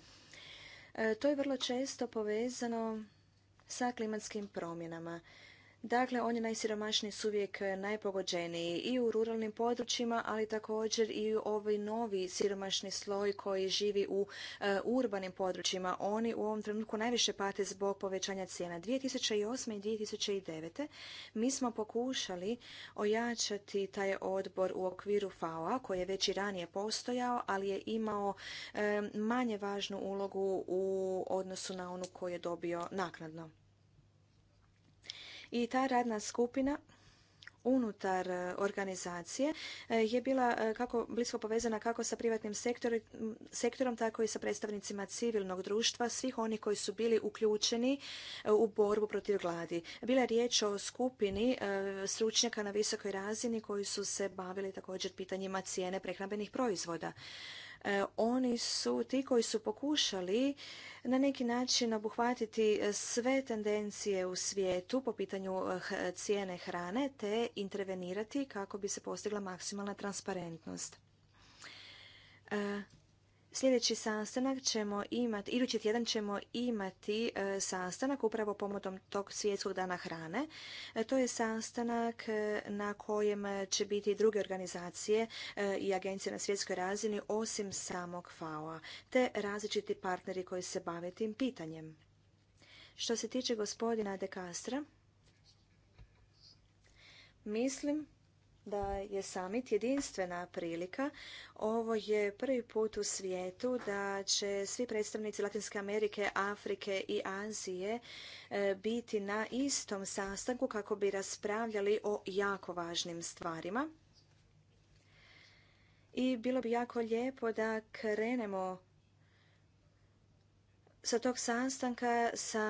Speaker 1: E, to je vrlo često povezano sa klimatskim promjenama. Dakle, oni najsiromašniji su uvijek e, najpogođeniji i u ruralnim područjima, ali također i ovaj novi siromašni sloj koji živi u e, urbanim područjima. Oni u ovom trenutku najviše pate zbog povećanja cijena. 2008. i 2009. mi smo pokušali ojačati taj odbor u okviru FAO-a koji je već i ranije postojao, ali je imao e, manje važnu ulogu u odnosu na onu koju je dobio naknadno. I ta radna skupina unutar e, organizacije e, je bila e, kako blisko povezana kako sa privatnim sektorom, tako i sa predstavnicima civilnog društva, svih onih koji su bili uključeni u borbu protiv gladi. Bila je riječ o skupini stručnjaka na visokoj razini koji su se bavili također pitanjima cijene prehrambenih proizvoda. E, oni su ti koji su pokušali na neki način obuhvatiti e, sve tendencije u svijetu po pitanju e, cijene hrane te intervenirati kako bi se postigla maksimalna transparentnost. Sljedeći sastanak ćemo imati, idući tjedan ćemo imati e, sastanak upravo pomotom tog svjetskog dana hrane. E, to je sastanak e, na kojem će biti druge organizacije i agencije na svjetskoj razini osim samog FAO-a, te različiti partneri koji se bave tim pitanjem. Što se tiče gospodina De Castra, mislim da je summit jedinstvena prilika. Ovo je prvi put u svijetu da će svi predstavnici Latinske Amerike, Afrike i Azije e, biti na istom sastanku kako bi raspravljali o jako važnim stvarima. I bilo bi jako lijepo da krenemo sa tog sastanka sa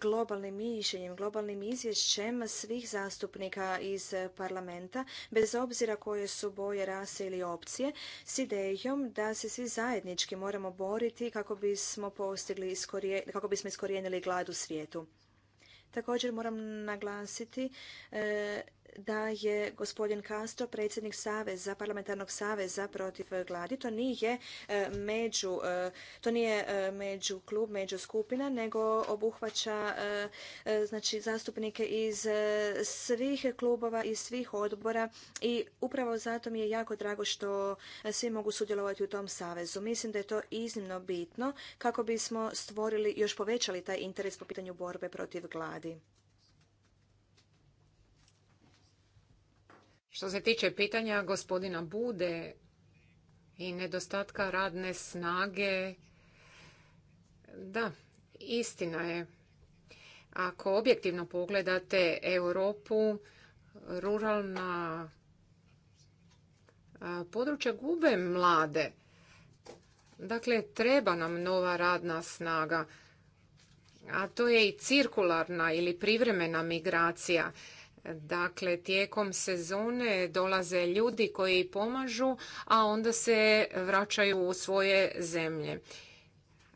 Speaker 1: globalnim mišljenjem, globalnim izvješćem svih zastupnika iz parlamenta, bez obzira koje su boje, rase ili opcije, s idejom da se svi zajednički moramo boriti kako bismo, postigli, kako bismo iskorijenili glad u svijetu. Također moram naglasiti e, da je gospodin Castro predsjednik Saveza, parlamentarnog saveza protiv gladi. To nije e, među, e, to nije e, među klub, među skupina, nego obuhvaća znači, zastupnike iz svih klubova, iz svih odbora i upravo zato mi je jako drago što svi mogu sudjelovati u tom savezu. Mislim da je to iznimno bitno kako bismo stvorili, još povećali taj interes po pitanju borbe protiv gladi.
Speaker 3: Što se tiče pitanja gospodina Bude i nedostatka radne snage, da, istina je. Ako objektivno pogledate Europu, ruralna područja gube mlade. Dakle, treba nam nova radna snaga, a to je i cirkularna ili privremena migracija. Dakle, tijekom sezone dolaze ljudi koji pomažu, a onda se vraćaju u svoje zemlje.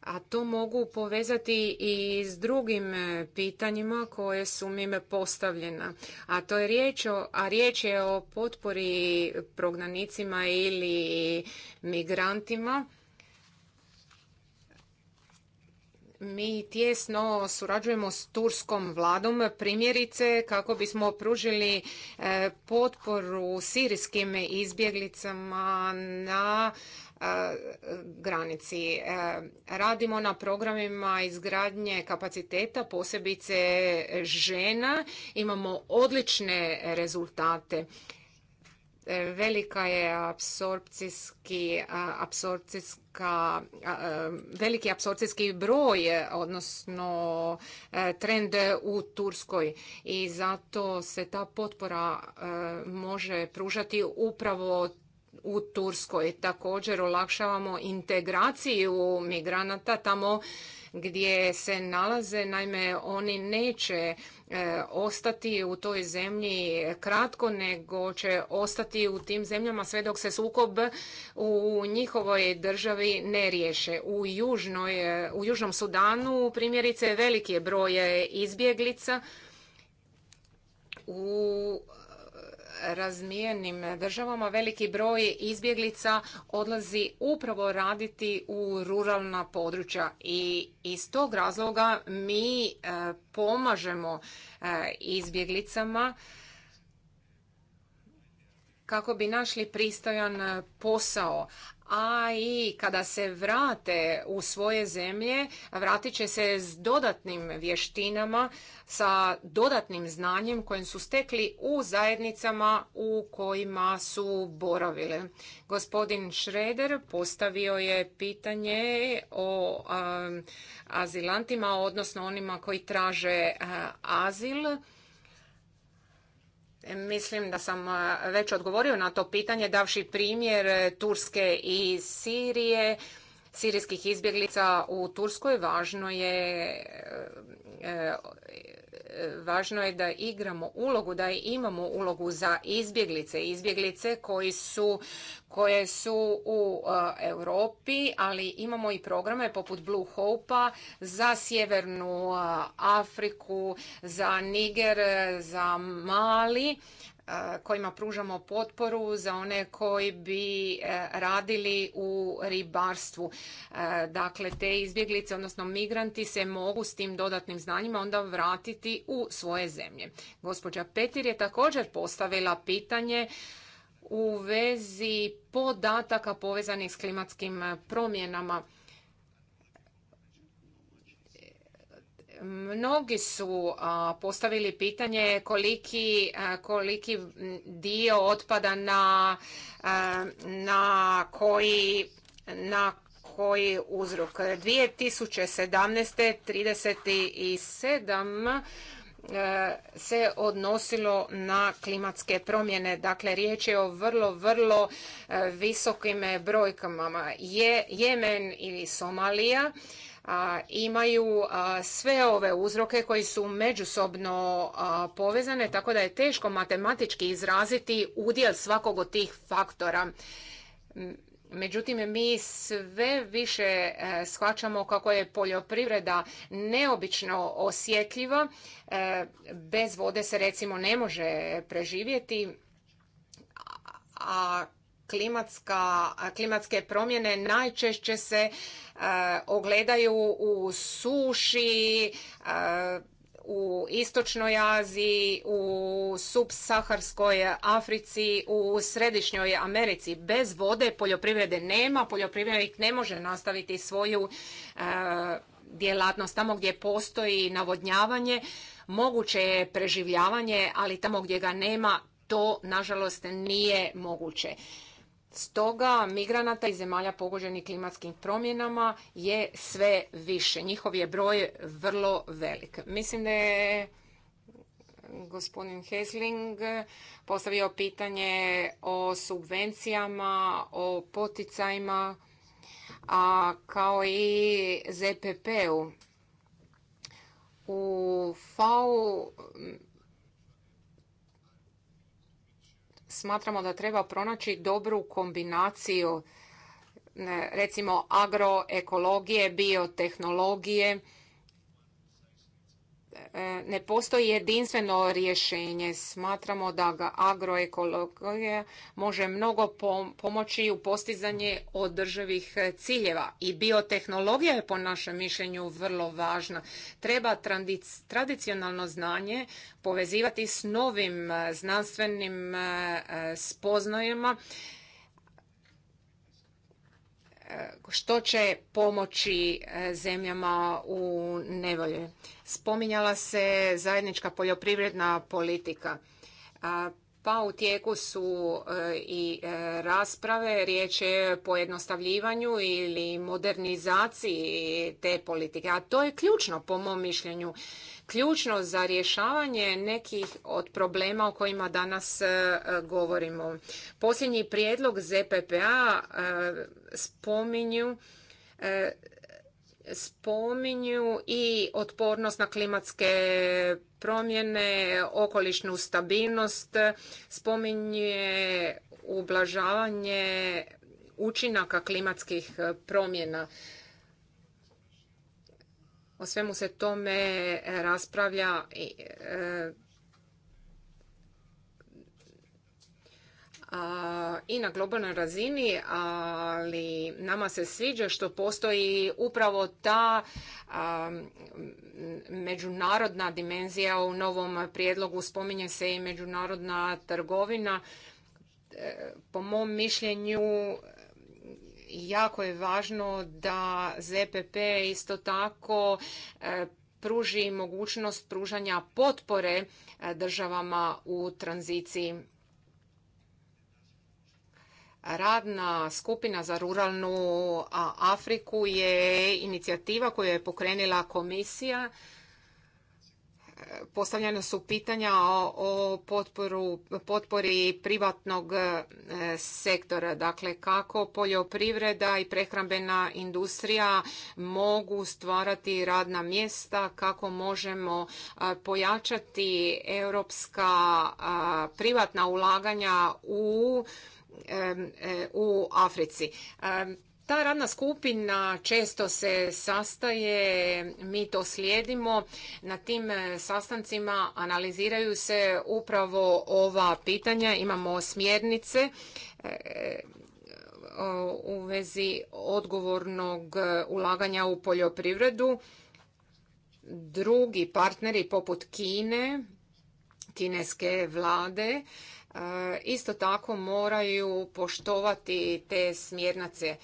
Speaker 3: A to mogu povezati i s drugim e, pitanjima koje su mi postavljena. A to je riječ o, a riječ je o potpori prognanicima ili migrantima mi tjesno surađujemo s turskom vladom primjerice kako bismo pružili e, potporu sirijskim izbjeglicama na e, granici. E, radimo na programima izgradnje kapaciteta, posebice žena. Imamo odlične rezultate. Velika je apsorpcijski, apsorpcijski ka veliki apsorcijski broj, odnosno e, trend u Turskoj i zato se ta potpora e, može pružati upravo u Turskoj. Također olakšavamo integraciju migranata tamo gdje se nalaze. Naime, oni neće e, ostati u toj zemlji kratko, nego će ostati u tim zemljama sve dok se sukob u njihovoj državi ne riješe. U, južnoj, e, u Južnom Sudanu primjerice veliki je broj izbjeglica u razmijenim državama veliki broj izbjeglica odlazi upravo raditi u ruralna područja i iz tog razloga mi e, pomažemo e, izbjeglicama kako bi našli pristojan e, posao a i kada se vrate u svoje zemlje, vratit će se s dodatnim vještinama, sa dodatnim znanjem kojim su stekli u zajednicama u kojima su boravile. Gospodin Šreder postavio je pitanje o azilantima, odnosno onima koji traže azil Mislim da sam već odgovorio na to pitanje davši primjer e, Turske i Sirije, sirijskih izbjeglica u Turskoj. Važno je e, e, važno je da igramo ulogu, da imamo ulogu za izbjeglice. Izbjeglice koji su, koje su u e, Europi, ali imamo i programe poput Blue Hope-a za Sjevernu e, Afriku, za Niger, e, za Mali kojima pružamo potporu za one koji bi e, radili u ribarstvu. E, dakle, te izbjeglice, odnosno migranti se mogu s tim dodatnim znanjima onda vratiti u svoje zemlje. Gospođa Petir je također postavila pitanje u vezi podataka povezanih s klimatskim promjenama. Mnogi su postavili pitanje koliki, dio otpada na, koji na koji uzrok. 2017. 37 se odnosilo na klimatske promjene. Dakle, riječ je o vrlo, vrlo visokim brojkama. Je, Jemen ili Somalija imaju sve ove uzroke koji su međusobno povezane, tako da je teško matematički izraziti udjel svakog od tih faktora. Međutim, mi sve više e, shvaćamo kako je poljoprivreda neobično osjetljiva. E, bez vode se recimo ne može preživjeti, a klimatske promjene najčešće se e, ogledaju u suši, e, u istočnoj Aziji, u subsaharskoj Africi, u središnjoj Americi. Bez vode poljoprivrede nema, poljoprivrednik ne može nastaviti svoju e, djelatnost tamo gdje postoji navodnjavanje, moguće je preživljavanje, ali tamo gdje ga nema to nažalost nije moguće. Stoga migranata iz zemalja pogođenih klimatskim promjenama je sve više. Njihov je broj vrlo velik. Mislim da je gospodin Hesling postavio pitanje o subvencijama, o poticajima, a kao i ZPP-u. U FAU smatramo da treba pronaći dobru kombinaciju recimo agroekologije, biotehnologije E, ne postoji jedinstveno rješenje. Smatramo da ga agroekologija može mnogo pomoći u postizanje održivih ciljeva. I biotehnologija je po našem mišljenju vrlo važna. Treba tradicionalno znanje povezivati s novim e, znanstvenim e, spoznajama E, što će pomoći e, zemljama u nevolji. Spominjala se zajednička poljoprivredna politika. Pa u tijeku su e, i rasprave, riječ je pojednostavljivanju ili modernizaciji te politike, a to je ključno po mom mišljenju ključno za rješavanje nekih od problema o kojima danas e, govorimo. Posljednji prijedlog ZPPA e, spominju e, spominju i otpornost na klimatske promjene, okolišnu stabilnost, spominje ublažavanje učinaka klimatskih promjena. O svemu se tome raspravlja e, i na globalnoj razini, ali nama se sviđa što postoji upravo ta međunarodna dimenzija u novom prijedlogu. Spominje se i međunarodna trgovina. E, po mom mišljenju jako je važno da ZPP isto tako e, pruži mogućnost pružanja potpore e, državama u tranziciji. Radna skupina za ruralnu Afriku je inicijativa koju je pokrenila komisija postavljena su pitanja o potpori privatnog e, sektora, dakle kako poljoprivreda i prehrambena industrija mogu stvarati radna mjesta, kako možemo pojačati europska privatna ulaganja u e, Africi. Ta radna skupina često se sastaje, mi to slijedimo. Na tim e, sastancima analiziraju se upravo ova pitanja. Imamo smjernice e, u vezi odgovornog ulaganja u poljoprivredu. Drugi partneri poput Kine, kineske vlade E, isto tako moraju poštovati te smjernice. E,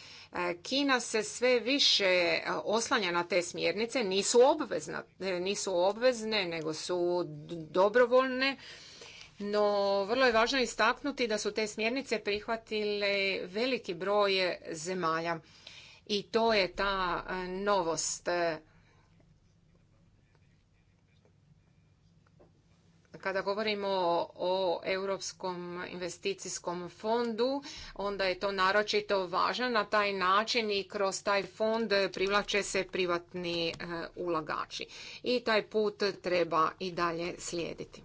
Speaker 3: Kina se sve više e, oslanja na te smjernice, nisu, obvezne, nisu obvezne nego su dobrovoljne. No, vrlo je važno istaknuti da su te smjernice prihvatile veliki broj zemalja. I to je ta novost. Kada govorimo o Europskom investicijskom fondu, onda je to naročito važno na taj način i kroz taj fond privlače se privatni e, ulagači. I taj put treba i dalje slijediti.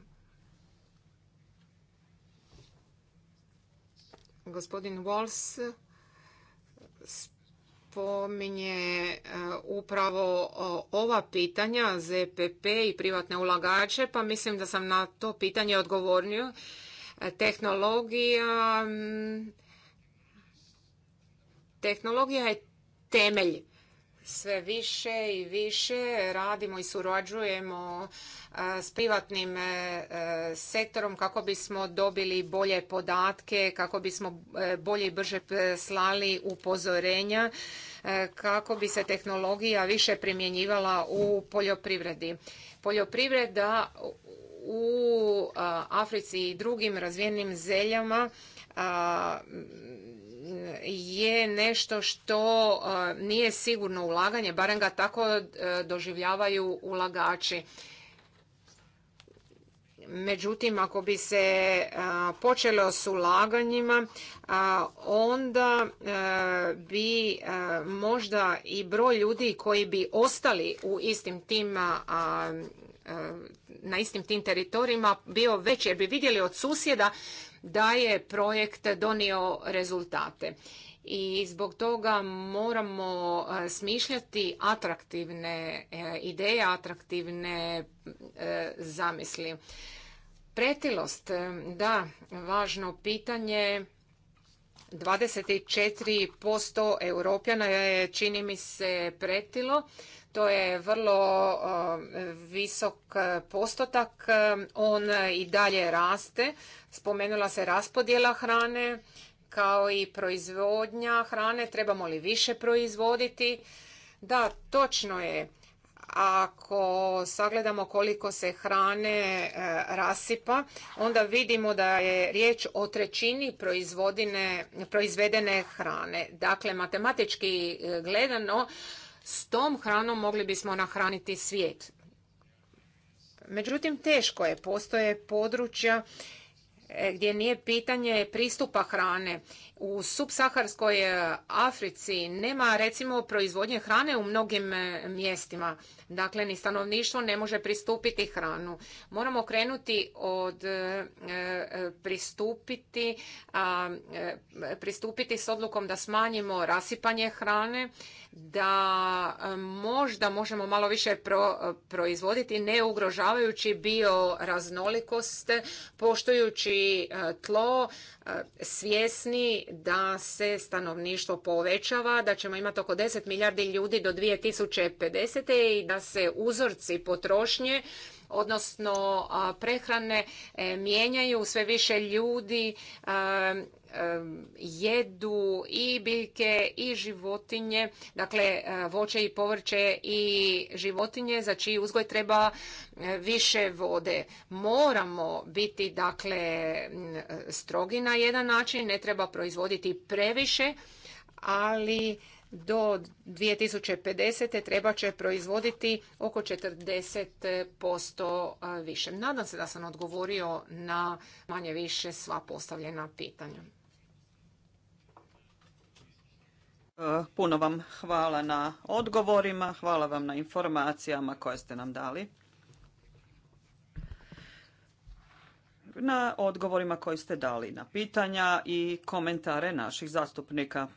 Speaker 3: Gospodin Walls spominje e, upravo ova pitanja ZPP i privatne ulagače, pa mislim da sam na to pitanje odgovornio. E, tehnologija, tehnologija je temelj sve više i više radimo i surađujemo e, s privatnim e, e, sektorom kako bismo dobili bolje podatke, kako bismo bolje i brže slali upozorenja, kako bi se tehnologija više primjenjivala u poljoprivredi. Poljoprivreda u Africi i drugim razvijenim zeljama je nešto što e, nije sigurno ulaganje, barem ga tako e, doživljavaju ulagači. Međutim, ako bi se e, počelo s ulaganjima, onda bi možda i broj ljudi koji bi ostali u istim tim na istim tim teritorijima bio veći jer bi vidjeli od susjeda da je projekt donio rezultate. I zbog toga moramo e, smišljati atraktivne e, ideje, atraktivne e, zamisli. Pretilost, da, važno pitanje. 24% europjana je, čini mi se, pretilo. To je vrlo e, visok e, postotak, e, on i dalje raste. Spomenula se raspodjela hrane kao i proizvodnja hrane, trebamo li više proizvoditi? Da, točno je. Ako sagledamo koliko se hrane rasipa, onda vidimo da je riječ o trećini proizvedene hrane. Dakle, matematički gledano, s tom hranom mogli bismo nahraniti svijet. Međutim, teško je. Postoje područja e, gdje nije pitanje pristupa hrane u subsaharskoj e, Africi nema recimo proizvodnje hrane u mnogim e, mjestima. Dakle, ni stanovništvo ne može pristupiti hranu. Moramo krenuti od e, pristupiti, pristupiti s odlukom da smanjimo rasipanje hrane, da možda možemo malo više proizvoditi ne ugrožavajući bioraznolikost, poštujući tlo, svjesni da se stanovništvo povećava, da ćemo imati oko 10 milijardi ljudi do 2050. i da se uzorci potrošnje odnosno prehrane e, mijenjaju sve više ljudi jedu i biljke i životinje, dakle e, voće i povrće i životinje za čiji uzgoj treba e, više vode. Moramo biti dakle strogi na jedan način, ne treba proizvoditi previše, ali do 2050. treba će proizvoditi oko 40% e, više. Nadam se da sam odgovorio na manje više sva postavljena pitanja.
Speaker 4: E, puno vam hvala na odgovorima, hvala vam na informacijama koje ste nam dali. Na odgovorima koje ste dali na pitanja i komentare naših zastupnika.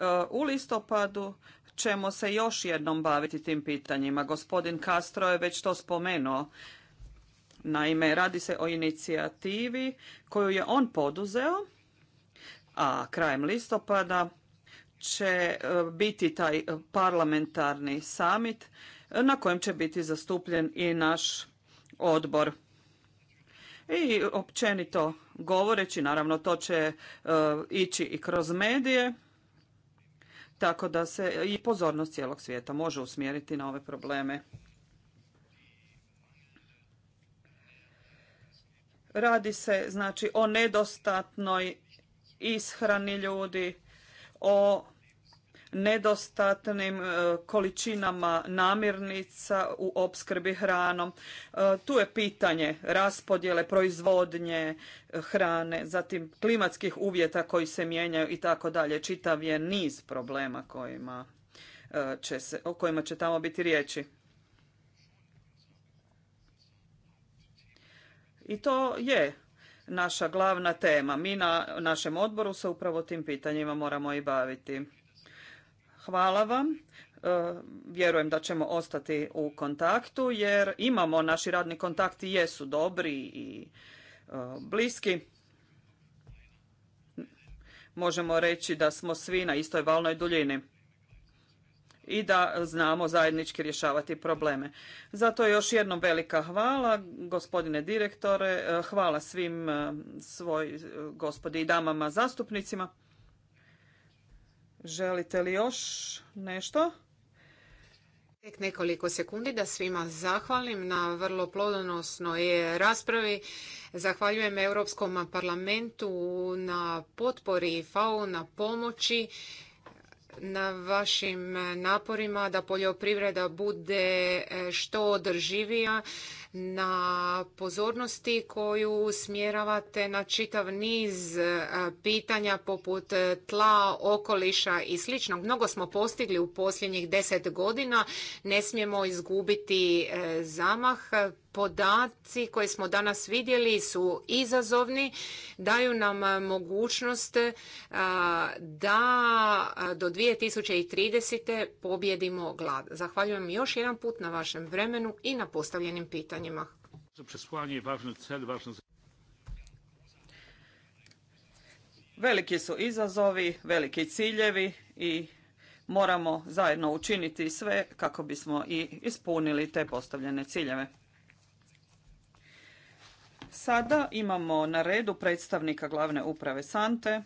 Speaker 4: E, u listopadu ćemo se još jednom baviti tim pitanjima. Gospodin Castro je već to spomenuo. Naime, radi se o inicijativi koju je on poduzeo a krajem listopada će e, biti taj parlamentarni summit e, na kojem će biti zastupljen i naš odbor. I općenito govoreći, naravno to će e, ići i kroz medije, tako da se i pozornost cijelog svijeta može usmjeriti na ove probleme. Radi se znači o nedostatnoj ishrani ljudi, o nedostatnim e, količinama namirnica u opskrbi hranom. E, tu je pitanje raspodjele, proizvodnje e, hrane, zatim klimatskih uvjeta koji se mijenjaju i tako dalje. Čitav je niz problema kojima o kojima će tamo biti riječi. I to je naša glavna tema. Mi na našem odboru se upravo tim pitanjima moramo i baviti. Hvala vam. E, vjerujem da ćemo ostati u kontaktu jer imamo naši radni kontakti jesu dobri i e, bliski. Možemo reći da smo svi na istoj valnoj duljini i da znamo zajednički rješavati probleme. Zato još jednom velika hvala, gospodine direktore, hvala svim eh, svoj eh, gospodi i damama zastupnicima. Želite
Speaker 3: li još nešto? Tek nekoliko sekundi da svima zahvalim na vrlo plodonosnoj eh, raspravi. Zahvaljujem Europskom parlamentu na potpori FAO, na pomoći na vašim naporima da poljoprivreda bude e, što održivija na pozornosti koju usmjeravate na čitav niz e, pitanja poput e, tla, okoliša i sl. Mnogo smo postigli u posljednjih deset godina, ne smijemo izgubiti e, zamah. Podaci koje smo danas vidjeli su izazovni, daju nam mogućnost da do 2030. pobjedimo glad. Zahvaljujem još jedan put na vašem vremenu i na postavljenim pitanjima.
Speaker 4: Veliki su izazovi, veliki ciljevi i moramo zajedno učiniti sve kako bismo i ispunili te postavljene ciljeve. Sada imamo na redu predstavnika glavne uprave Sante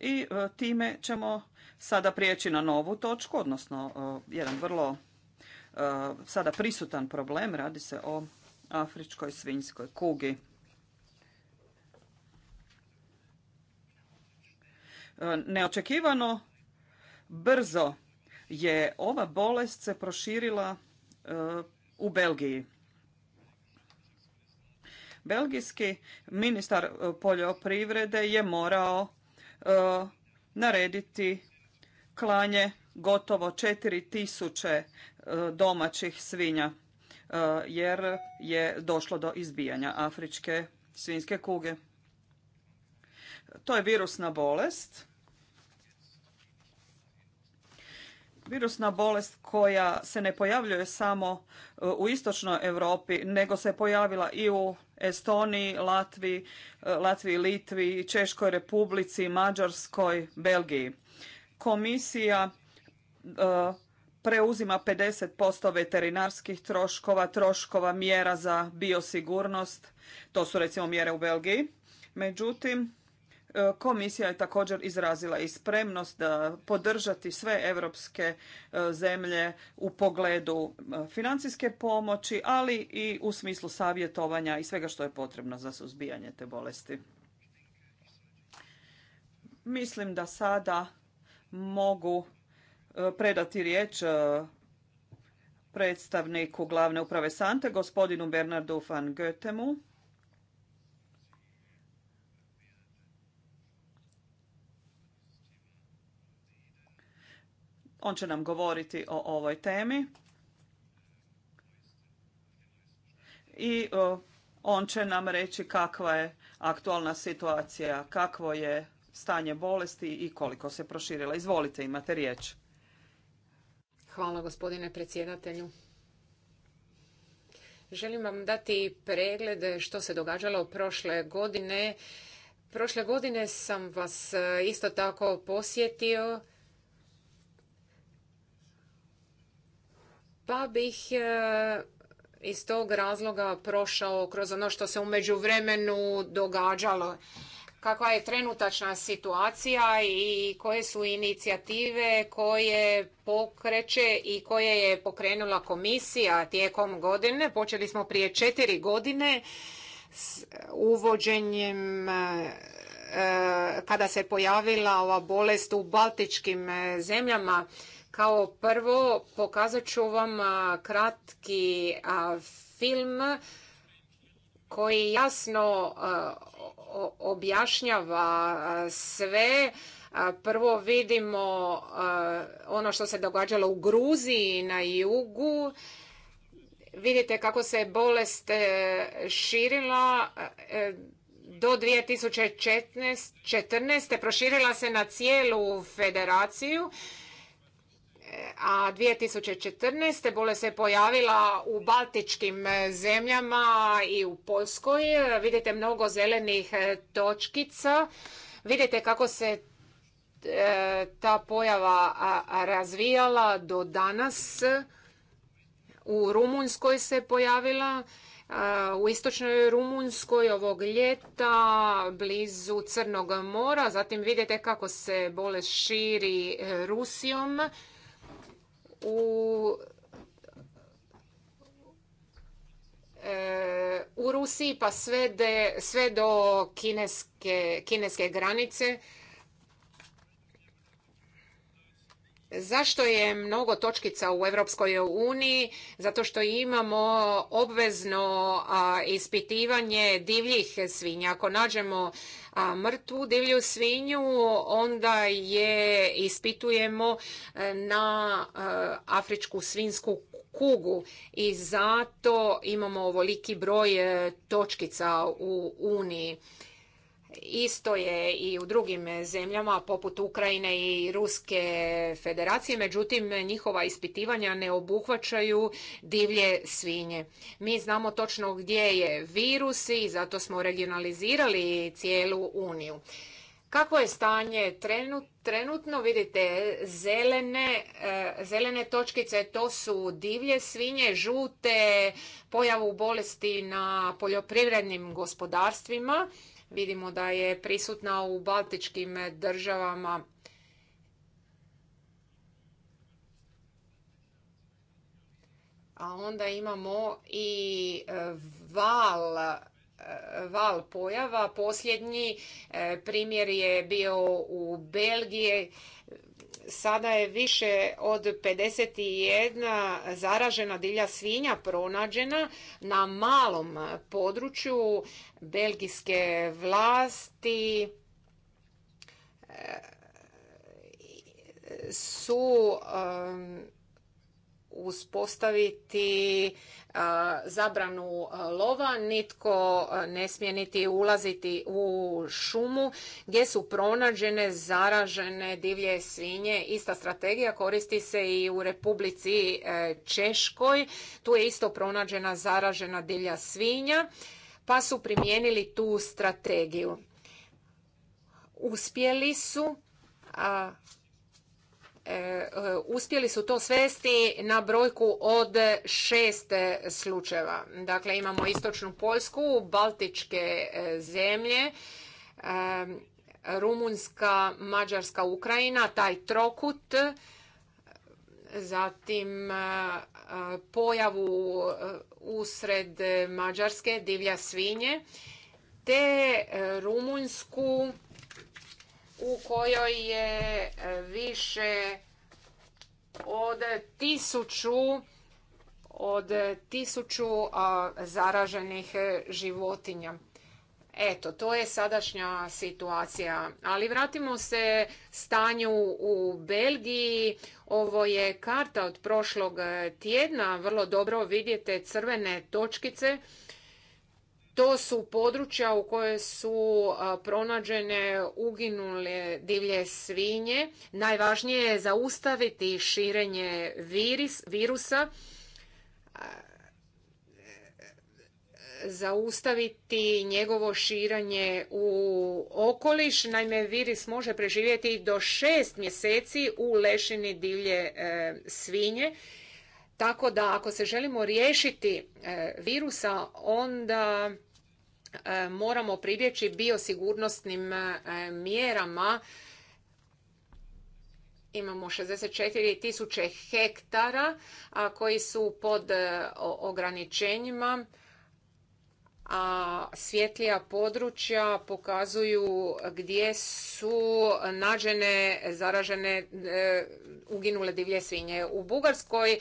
Speaker 4: i e, time ćemo sada prijeći na novu točku, odnosno e, jedan vrlo e, sada prisutan problem, radi se o afričkoj svinjskoj kugi. E, neočekivano brzo je ova bolest se proširila u Belgiji. Belgijski ministar poljoprivrede je morao narediti klanje gotovo 4000 e, domaćih svinja e, jer je došlo do izbijanja afričke svinske kuge. To je virusna bolest. Virusna bolest koja se ne pojavljuje samo e, u istočnoj Europi, nego se pojavila i u Estoniji, Latviji, Latviji, Litvi, Češkoj republici, Mađarskoj, Belgiji komisija e, preuzima 50% veterinarskih troškova, troškova mjera za biosigurnost, to su recimo mjere u Belgiji. Međutim, e, komisija je također izrazila i spremnost da podržati sve europske e, zemlje u pogledu financijske pomoći, ali i u smislu savjetovanja i svega što je potrebno za suzbijanje te bolesti. Mislim da sada mogu e, predati riječ e, predstavniku glavne uprave Sante, gospodinu Bernardu van Goethemu. On će nam govoriti o ovoj temi. I e, on će nam reći kakva je aktualna situacija, kakvo je stanje bolesti i koliko se proširila. Izvolite, imate riječ.
Speaker 3: Hvala gospodine predsjedatelju. Želim vam dati pregled što se događalo prošle godine. Prošle godine sam vas eh, isto tako posjetio pa bih eh, iz tog razloga prošao kroz ono što se u međuvremenu događalo kakva je trenutačna situacija i koje su inicijative koje pokreće i koje je pokrenula komisija tijekom godine. Počeli smo prije četiri godine s uvođenjem eh, kada se pojavila ova bolest u baltičkim eh, zemljama. Kao prvo pokazat ću vam eh, kratki film koji jasno objašnjava sve. Prvo vidimo ono što se događalo u Gruziji na jugu. Vidite kako se bolest e, širila e, do 2014. proširila se na cijelu federaciju a 2014. bolest se pojavila u baltičkim e, zemljama i u Poljskoj. Vidite mnogo zelenih e, točkica. Vidite kako se e, ta pojava razvijala do danas. U Rumunjskoj se pojavila, u istočnoj Rumunjskoj ovog ljeta, blizu Crnog mora. Zatim vidite kako se bolest širi Rusijom u e, u Rusiji pa sve, de, sve do kineske, kineske granice. Zašto je mnogo točkica u Europskoj uniji? Zato što imamo obvezno ispitivanje divljih svinja. Ako nađemo a mrtvu divlju svinju onda je ispitujemo e, na e, afričku svinsku kugu i zato imamo ovoliki broj e, točkica u Uniji. Isto je i u drugim zemljama poput Ukrajine i Ruske federacije, međutim njihova ispitivanja ne obuhvaćaju divlje svinje. Mi znamo točno gdje je virus i zato smo regionalizirali cijelu Uniju. Kako je stanje trenutno? Vidite zelene, eh, zelene točkice, to su divlje svinje, žute, pojavu bolesti na poljoprivrednim gospodarstvima Vidimo da je prisutna u baltičkim državama. A onda imamo i e, val e, val pojava. Posljednji e, primjer je bio u Belgiji sada je više od 51 zaražena dilja svinja pronađena na malom području belgijske vlasti e, su uspostaviti zabranu lova, nitko ne smije niti ulaziti u šumu gdje su pronađene zaražene divlje svinje. Ista strategija koristi se i u Republici e, Češkoj. Tu je isto pronađena zaražena divlja svinja pa su primijenili tu strategiju. Uspjeli su E, e, uspjeli su to svesti na brojku od šest slučajeva. Dakle, imamo istočnu Poljsku, Baltičke e, zemlje, Rumunska, Mađarska, Ukrajina, taj trokut, zatim pojavu usred Mađarske, divlja svinje, te Rumunjsku, u kojoj je e, više od tisuću od tisuću zaraženih e, životinja. Eto, to je sadašnja situacija. Ali vratimo se stanju u Belgiji. Ovo je karta od prošlog e, tjedna. Vrlo dobro vidite crvene točkice to su područja u koje su pronađene uginule divlje svinje. Najvažnije je zaustaviti širenje virusa, zaustaviti njegovo širanje u okoliš. Naime, virus može preživjeti do šest mjeseci u lešini divlje e, svinje tako da ako se želimo riješiti e, virusa, onda e, moramo pribjeći biosigurnosnim e, mjerama. Imamo 64 tisuće hektara koji su pod ograničenjima a svjetlija područja pokazuju gdje su nađene zaražene uginule divlje svinje. U Bugarskoj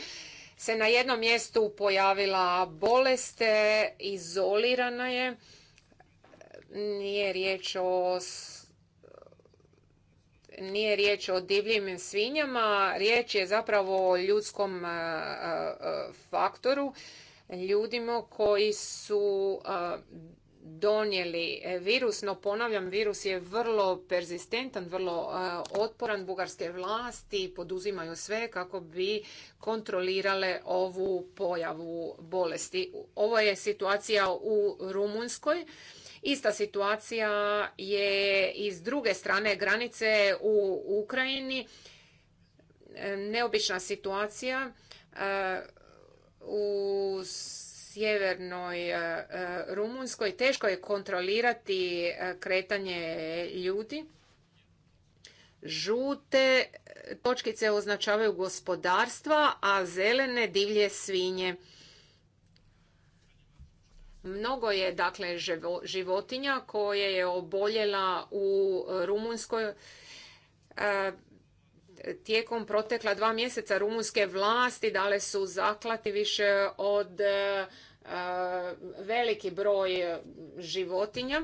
Speaker 3: se na jednom mjestu pojavila bolest, e, izolirana je, nije riječ o nije riječ o divljim svinjama, riječ je zapravo o ljudskom e, e, faktoru, ljudima koji su donijeli e, virus, no ponavljam, virus je vrlo perzistentan, vrlo e, otporan. Bugarske vlasti poduzimaju sve kako bi kontrolirale ovu pojavu bolesti. Ovo je situacija u Rumunskoj. Ista situacija je iz druge strane granice u Ukrajini. E, neobična situacija u sjevernoj e, e, Rumunskoj. Teško je kontrolirati e, kretanje ljudi. Žute točkice označavaju gospodarstva, a zelene divlje svinje. Mnogo je dakle životinja koje je oboljela u Rumunskoj Tijekom protekla dva mjeseca rumunske vlasti dale su zaklati više od e, e, veliki broj životinja.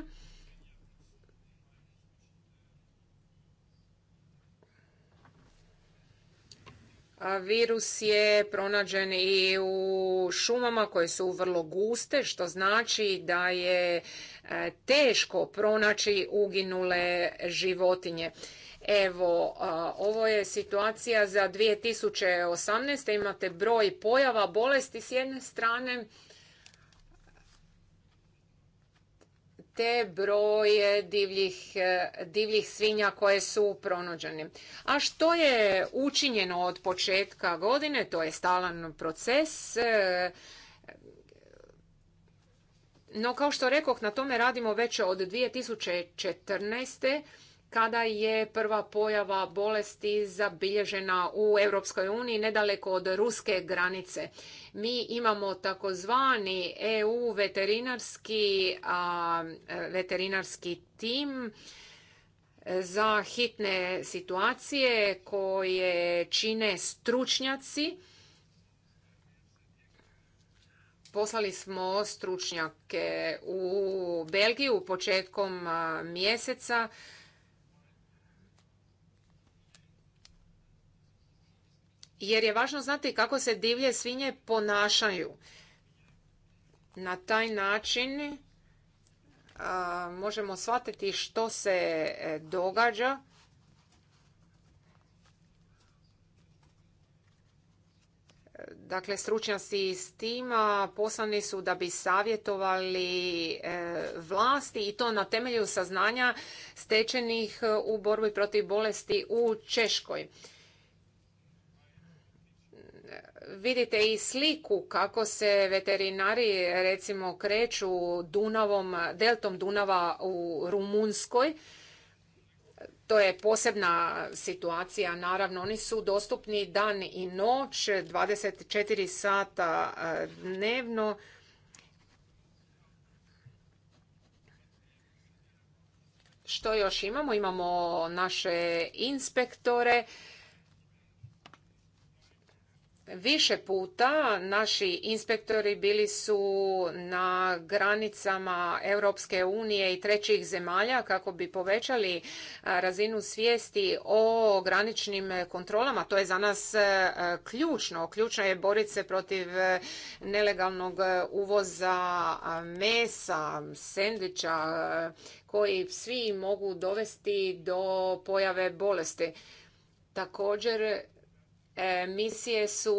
Speaker 3: Virus je pronađen i u šumama koje su vrlo guste, što znači da je e, teško pronaći uginule životinje. Evo, ovo je situacija za 2018. Imate broj pojava bolesti s jedne strane, te broje divljih, e, divljih svinja koje su pronađene. A što je učinjeno od početka godine, to je stalan proces, e, no kao što rekoh, na tome radimo već od 2014 kada je prva pojava bolesti zabilježena u Europskoj uniji nedaleko od ruske granice. Mi imamo takozvani EU veterinarski, a, veterinarski tim e, za hitne situacije koje čine stručnjaci poslali smo stručnjake u Belgiju početkom mjeseca jer je važno znati kako se divlje svinje ponašaju. Na taj način a, možemo shvatiti što se e, događa. Dakle, stručnjaci s tima poslani su da bi savjetovali e, vlasti i to na temelju saznanja stečenih u borbi protiv bolesti u Češkoj vidite i sliku kako se veterinari recimo kreću Dunavom, deltom Dunava u Rumunskoj. To je posebna situacija, naravno. Oni su dostupni dan i noć, 24 sata e, dnevno. Što još imamo? Imamo naše inspektore Više puta naši inspektori bili su na granicama Europske unije i trećih zemalja kako bi povećali razinu svijesti o graničnim kontrolama. To je za nas ključno. Ključno je boriti se protiv nelegalnog uvoza mesa, sendviča koji svi mogu dovesti do pojave bolesti. Također E, misije su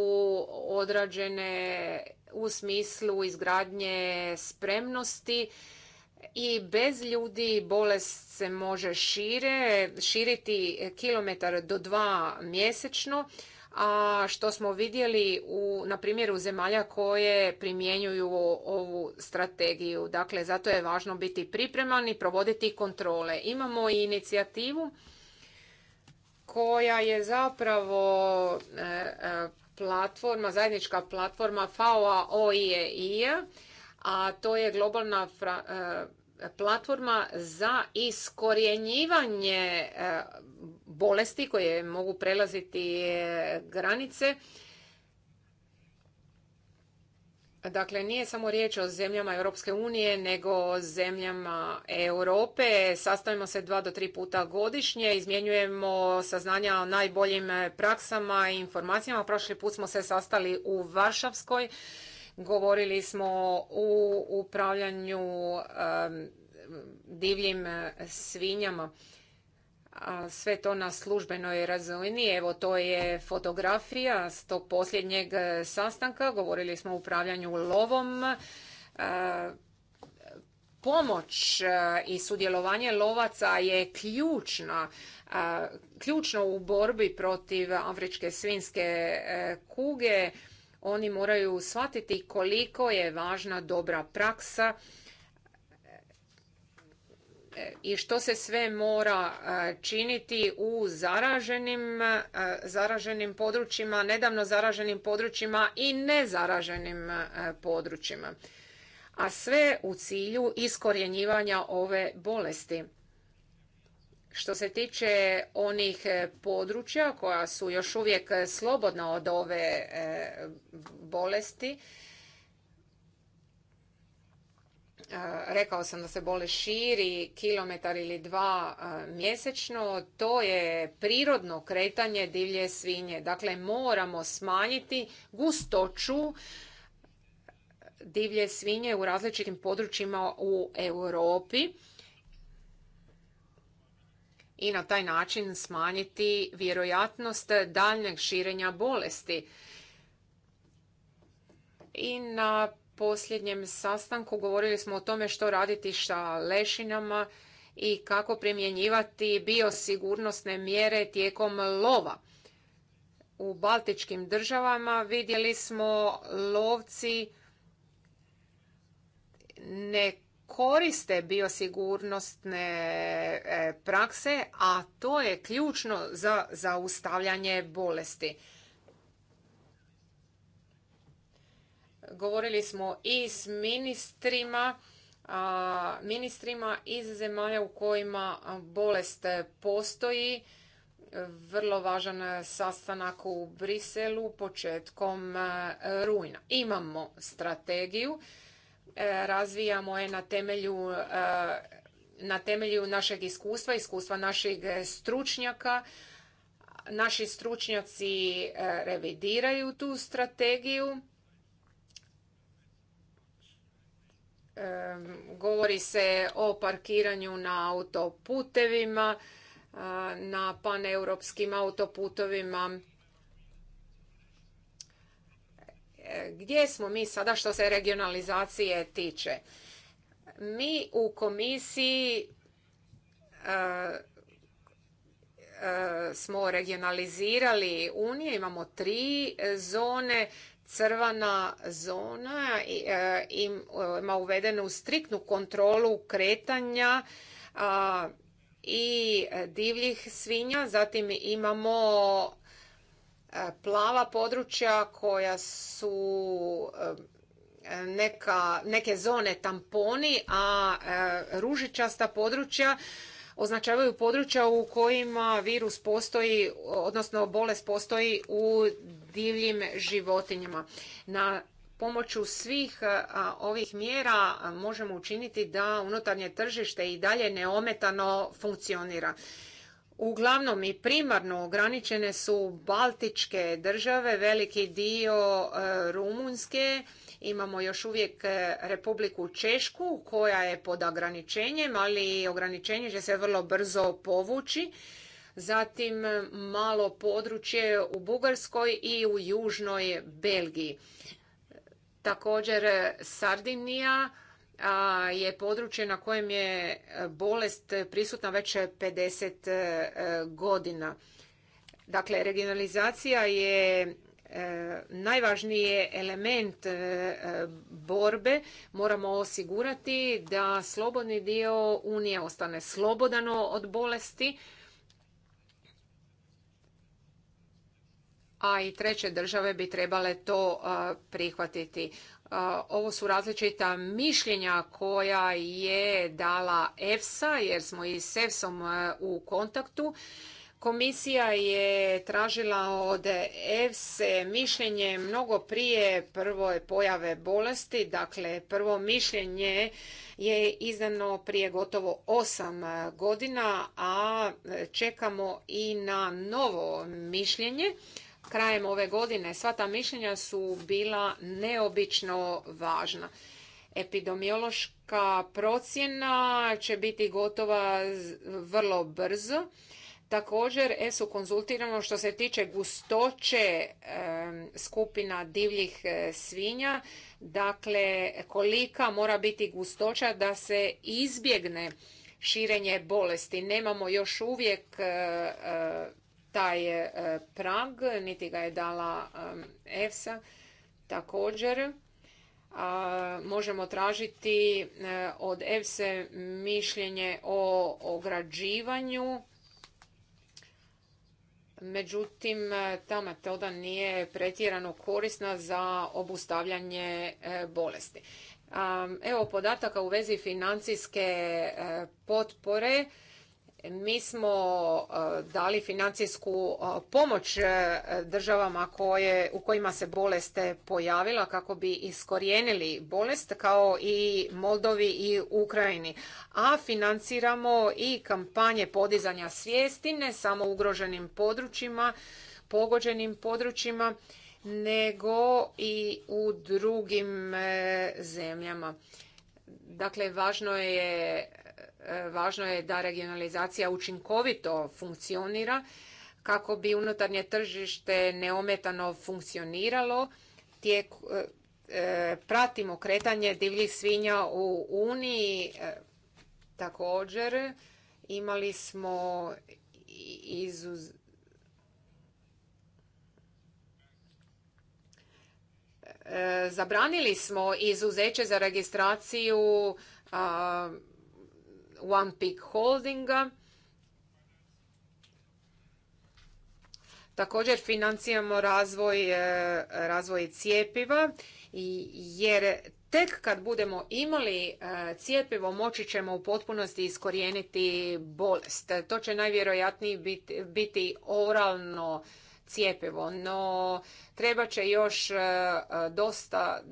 Speaker 3: odrađene u smislu izgradnje spremnosti i bez ljudi bolest se može šire, širiti kilometar do dva mjesečno, a što smo vidjeli na primjeru zemalja koje primjenjuju ovu strategiju. Dakle, zato je važno biti pripreman i provoditi kontrole. Imamo i inicijativu koja je zapravo e, e, platforma, zajednička platforma FAO-a, -a, e a to je globalna platforma za iskorjenjivanje bolesti koje mogu prelaziti granice Dakle, nije samo riječ o zemljama Europske unije, nego o zemljama Europe. Sastavimo se dva do tri puta godišnje, izmjenjujemo saznanja o najboljim praksama i informacijama. Prošli put smo se sastali u Varšavskoj, govorili smo u upravljanju divljim svinjama sve to na službenoj razini. Evo to je fotografija s tog posljednjeg e, sastanka. Govorili smo o upravljanju lovom. E, pomoć e, i sudjelovanje lovaca je ključna, ključno u borbi protiv afričke svinske kuge. Oni moraju shvatiti koliko je važna dobra praksa i što se sve mora činiti u zaraženim, zaraženim područjima, nedavno zaraženim područjima i nezaraženim područjima. A sve u cilju iskorjenjivanja ove bolesti. Što se tiče onih e, područja koja su još uvijek slobodna od ove e, bolesti, Eh, rekao sam da se bole širi kilometar ili dva eh, mjesečno, to je prirodno kretanje divlje svinje. Dakle, moramo smanjiti gustoću divlje svinje u različitim područjima u Europi i na taj način smanjiti vjerojatnost daljnjeg širenja bolesti. I na posljednjem sastanku govorili smo o tome što raditi sa lešinama i kako primjenjivati biosigurnosne mjere tijekom lova. U baltičkim državama vidjeli smo lovci ne koriste biosigurnosne e, prakse, a to je ključno za zaustavljanje bolesti. Govorili smo i s ministrima, ministrima iz zemalja u kojima bolest postoji. Vrlo važan sastanak u Briselu početkom e, rujna. Imamo strategiju, e, razvijamo je na temelju e, na temelju našeg iskustva, iskustva naših stručnjaka. Naši stručnjaci revidiraju tu strategiju Govori se o parkiranju na autoputevima, na paneuropskim autoputovima. E, gdje smo mi sada što se regionalizacije tiče? Mi u komisiji smo regionalizirali Uniju, imamo tri zone crvena zona e, e, ima uvedenu striktnu kontrolu kretanja i divljih svinja. Zatim imamo e, plava područja koja su neka, neke zone tamponi, a ružičasta područja označavaju područja u kojima virus postoji, odnosno bolest postoji u divljim životinjama. Na pomoću svih ovih mjera možemo učiniti da unutarnje tržište i dalje neometano funkcionira. Uglavnom i primarno ograničene su Baltičke države, veliki dio e, Rumunjske, imamo još uvijek e, Republiku Češku koja je pod ograničenjem, ali ograničenje će se vrlo brzo povući zatim malo područje u Bugarskoj i u južnoj Belgiji. Također Sardinija je područje na kojem je bolest prisutna već 50 e, godina. Dakle, regionalizacija je e, najvažniji element e, borbe moramo osigurati da slobodni dio unije ostane slobodan od bolesti a i treće države bi trebale to prihvatiti. Ovo su različita mišljenja koja je dala EFSA jer smo i s EFSOM u kontaktu. Komisija je tražila od EFSE mišljenje mnogo prije prve pojave bolesti, dakle prvo mišljenje je izdano prije gotovo osam godina, a čekamo i na novo mišljenje krajem ove godine. Sva ta mišljenja su bila neobično važna. Epidemiološka procjena će biti gotova vrlo brzo. Također su konzultirano što se tiče gustoće skupina divljih e, svinja, dakle kolika mora biti gustoća da se izbjegne širenje bolesti. Nemamo još uvijek e, e, taj e, prag, niti ga je dala EFSA također. možemo tražiti e, od EFSA mišljenje o ograđivanju. Međutim, e, ta metoda nije pretjerano korisna za obustavljanje bolesti. Evo podataka u vezi financijske potpore mi smo e, dali financijsku e, pomoć e, državama koje, u kojima se bolest pojavila kako bi iskorijenili bolest kao i Moldovi i Ukrajini. A financiramo i kampanje podizanja svijesti ne samo ugroženim područjima, pogođenim područjima, nego i u drugim zemljama. Dakle, važno je E, važno je da regionalizacija učinkovito funkcionira kako bi unutarnje tržište neometano funkcioniralo. Tijek, e, e, pratimo kretanje divljih svinja u Uniji. Također imali smo izuz... Zabranili smo izuzeće za registraciju one Peak Holdinga. Također financiramo razvoj, e, razvoj cijepiva jer tek kad budemo imali e, cijepivo moći ćemo u potpunosti iskorijeniti bolest. To će najvjerojatnije biti, biti oralno cijepivo, no treba će još e, dosta,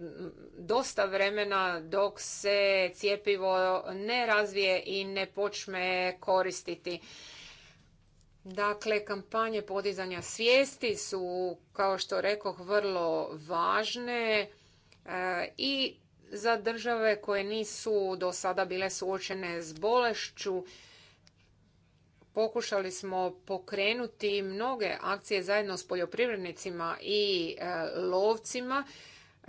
Speaker 3: dosta vremena dok se cijepivo ne razvije i ne počne koristiti. Dakle, kampanje podizanja svijesti su, kao što rekoh, vrlo važne e, i za države koje nisu do sada bile suočene s bolešću pokušali smo pokrenuti mnoge akcije zajedno s poljoprivrednicima i e, lovcima. E,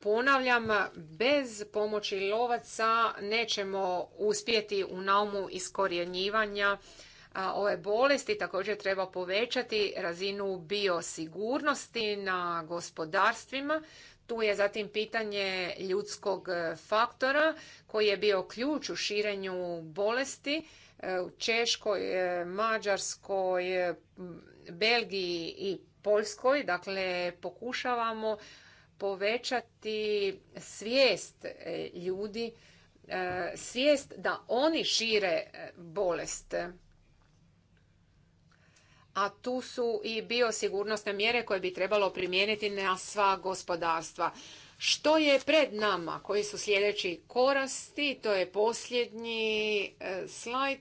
Speaker 3: ponavljam, bez pomoći lovaca nećemo uspjeti u naumu iskorjenjivanja ove bolesti. Također treba povećati razinu biosigurnosti na gospodarstvima. Tu je zatim pitanje ljudskog faktora koji je bio ključ u širenju bolesti E, u Češkoj, e, Mađarskoj, e, Belgiji i Poljskoj. Dakle, pokušavamo povećati svijest ljudi, svijest da oni šire bolest. A tu su i biosigurnosne mjere koje bi trebalo primijeniti na sva gospodarstva. Što je pred nama? Koji su sljedeći korasti? To je posljednji slajd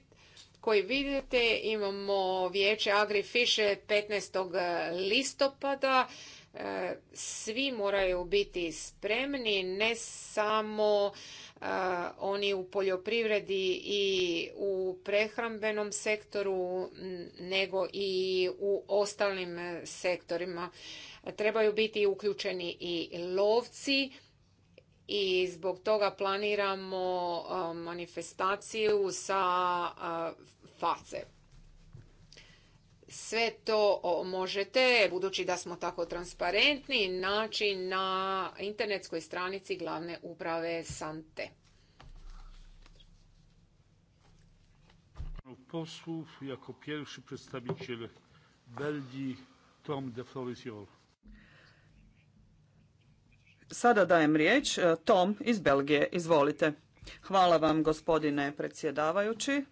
Speaker 3: koji vidite. Imamo vijeće Fiše 15. Eh, listopada. Eh, svi moraju biti spremni, ne samo eh, oni u poljoprivredi i u prehrambenom sektoru, nego i u ostalim sektorima. Trebaju biti uključeni i lovci i zbog toga planiramo manifestaciju sa face. Sve to možete, budući da smo tako transparentni, naći na internetskoj stranici glavne uprave Sante.
Speaker 2: Posłów jako pierwszy
Speaker 4: przedstawiciel Belgii Tom de Sada dajem riječ e, Tom iz Belgije. Izvolite. Hvala vam gospodine predsjedavajući. E,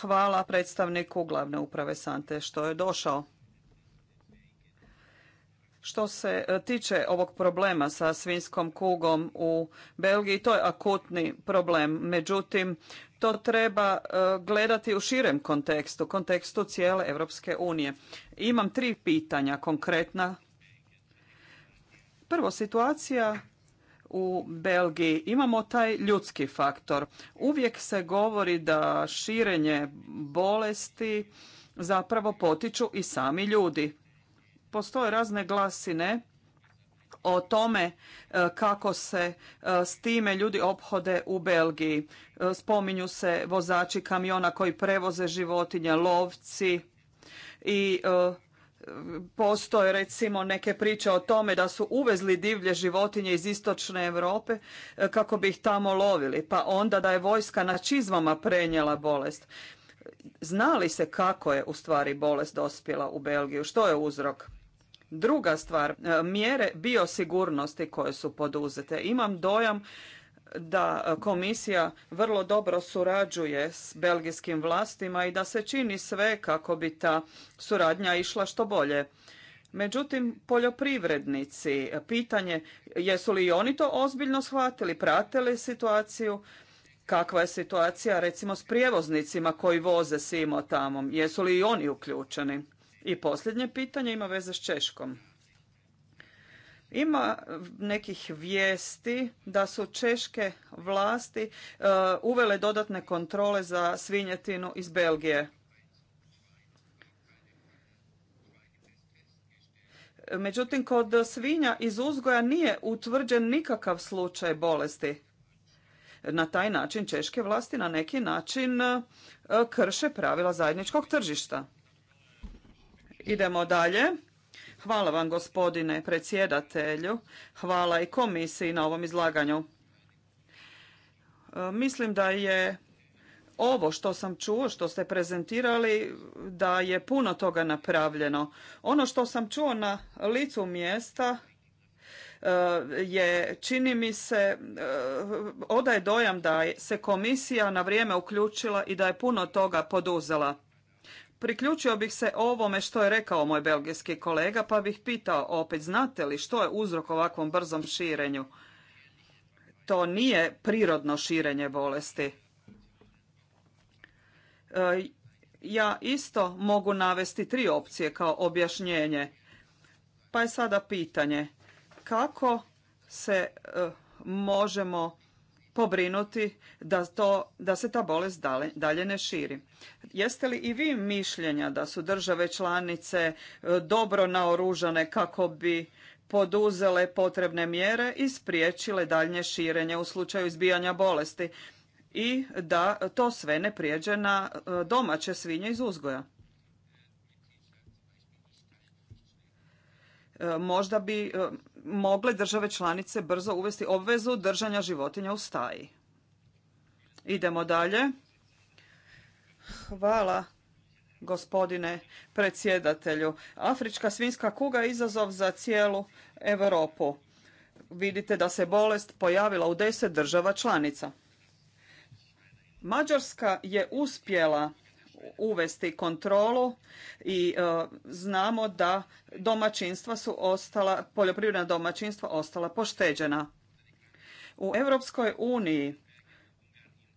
Speaker 4: hvala predstavniku glavne uprave Sante što je došao. Što se e, tiče ovog problema sa svinskom kugom u Belgiji, to je akutni problem. Međutim, to treba gledati u širem kontekstu, kontekstu cijele Europske unije. Imam tri pitanja konkretna Prvo, situacija u Belgiji imamo taj ljudski faktor. Uvijek se govori da širenje bolesti zapravo potiču i sami ljudi. Postoje razne glasine o tome e, kako se e, s time ljudi ophode u Belgiji. E, spominju se vozači kamiona koji prevoze životinje, lovci i postoje recimo neke priče o tome da su uvezli divlje životinje iz istočne Europe e, kako bi ih tamo lovili, pa onda da je vojska na čizmama prenijela bolest. Zna li se kako je u stvari bolest dospjela u Belgiju? Što je uzrok? Druga stvar, e, mjere biosigurnosti koje su poduzete. Imam dojam da komisija vrlo dobro surađuje s belgijskim vlastima i da se čini sve kako bi ta suradnja išla što bolje. Međutim, poljoprivrednici, pitanje jesu li i oni to ozbiljno shvatili, pratili situaciju, kakva je situacija recimo s prijevoznicima koji voze simo tamo, jesu li i oni uključeni? I posljednje pitanje ima veze s Češkom. Ima nekih vijesti da su češke vlasti e, uvele dodatne kontrole za svinjetinu iz Belgije. Međutim, kod svinja iz uzgoja nije utvrđen nikakav slučaj bolesti. Na taj način češke vlasti na neki način e, krše pravila zajedničkog tržišta. Idemo dalje. Hvala vam gospodine predsjedatelju, hvala i komisiji na ovom izlaganju. E, mislim da je ovo što sam čuo, što ste prezentirali, da je puno toga napravljeno. Ono što sam čuo na licu mjesta e, je, čini mi se, e, odaje dojam da se komisija na vrijeme uključila i da je puno toga poduzela. Priključio bih se ovome što je rekao moj belgijski kolega, pa bih pitao opet, znate li što je uzrok ovakvom brzom širenju? To nije prirodno širenje bolesti. E, ja isto mogu navesti tri opcije kao objašnjenje. Pa je sada pitanje kako se e, možemo pobrinuti da, to, da se ta bolest dalje, ne širi. Jeste li i vi mišljenja da su države članice e, dobro naoružane kako bi poduzele potrebne mjere i spriječile daljnje širenje u slučaju izbijanja bolesti i da to sve ne prijeđe na e, domaće svinje iz uzgoja? E, možda bi mogle države članice brzo uvesti obvezu držanja životinja u staji. Idemo dalje. Hvala gospodine predsjedatelju. Afrička svinska kuga je izazov za cijelu Europu. Vidite da se bolest pojavila u deset država članica. Mađarska je uspjela uvesti kontrolu i e, znamo da domaćinstva su ostala, poljoprivredna domaćinstva ostala pošteđena. U Europskoj uniji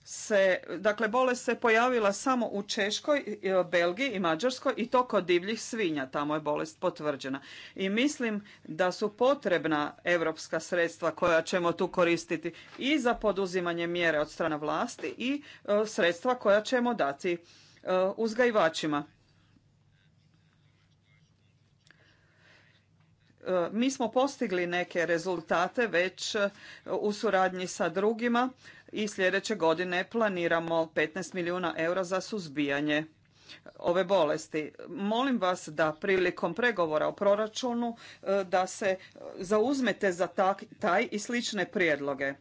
Speaker 4: se, dakle, bolest se pojavila samo u Češkoj, e, Belgiji i Mađarskoj i to kod divljih svinja, tamo je bolest potvrđena. I mislim da su potrebna europska sredstva koja ćemo tu koristiti i za poduzimanje mjere od strana vlasti i e, sredstva koja ćemo dati E, uzgajivačima. E, mi smo postigli neke rezultate već e, u suradnji sa drugima i sljedeće godine planiramo 15 milijuna eura za suzbijanje ove bolesti. Molim vas da prilikom pregovora o proračunu da se zauzmete za taj i slične prijedloge.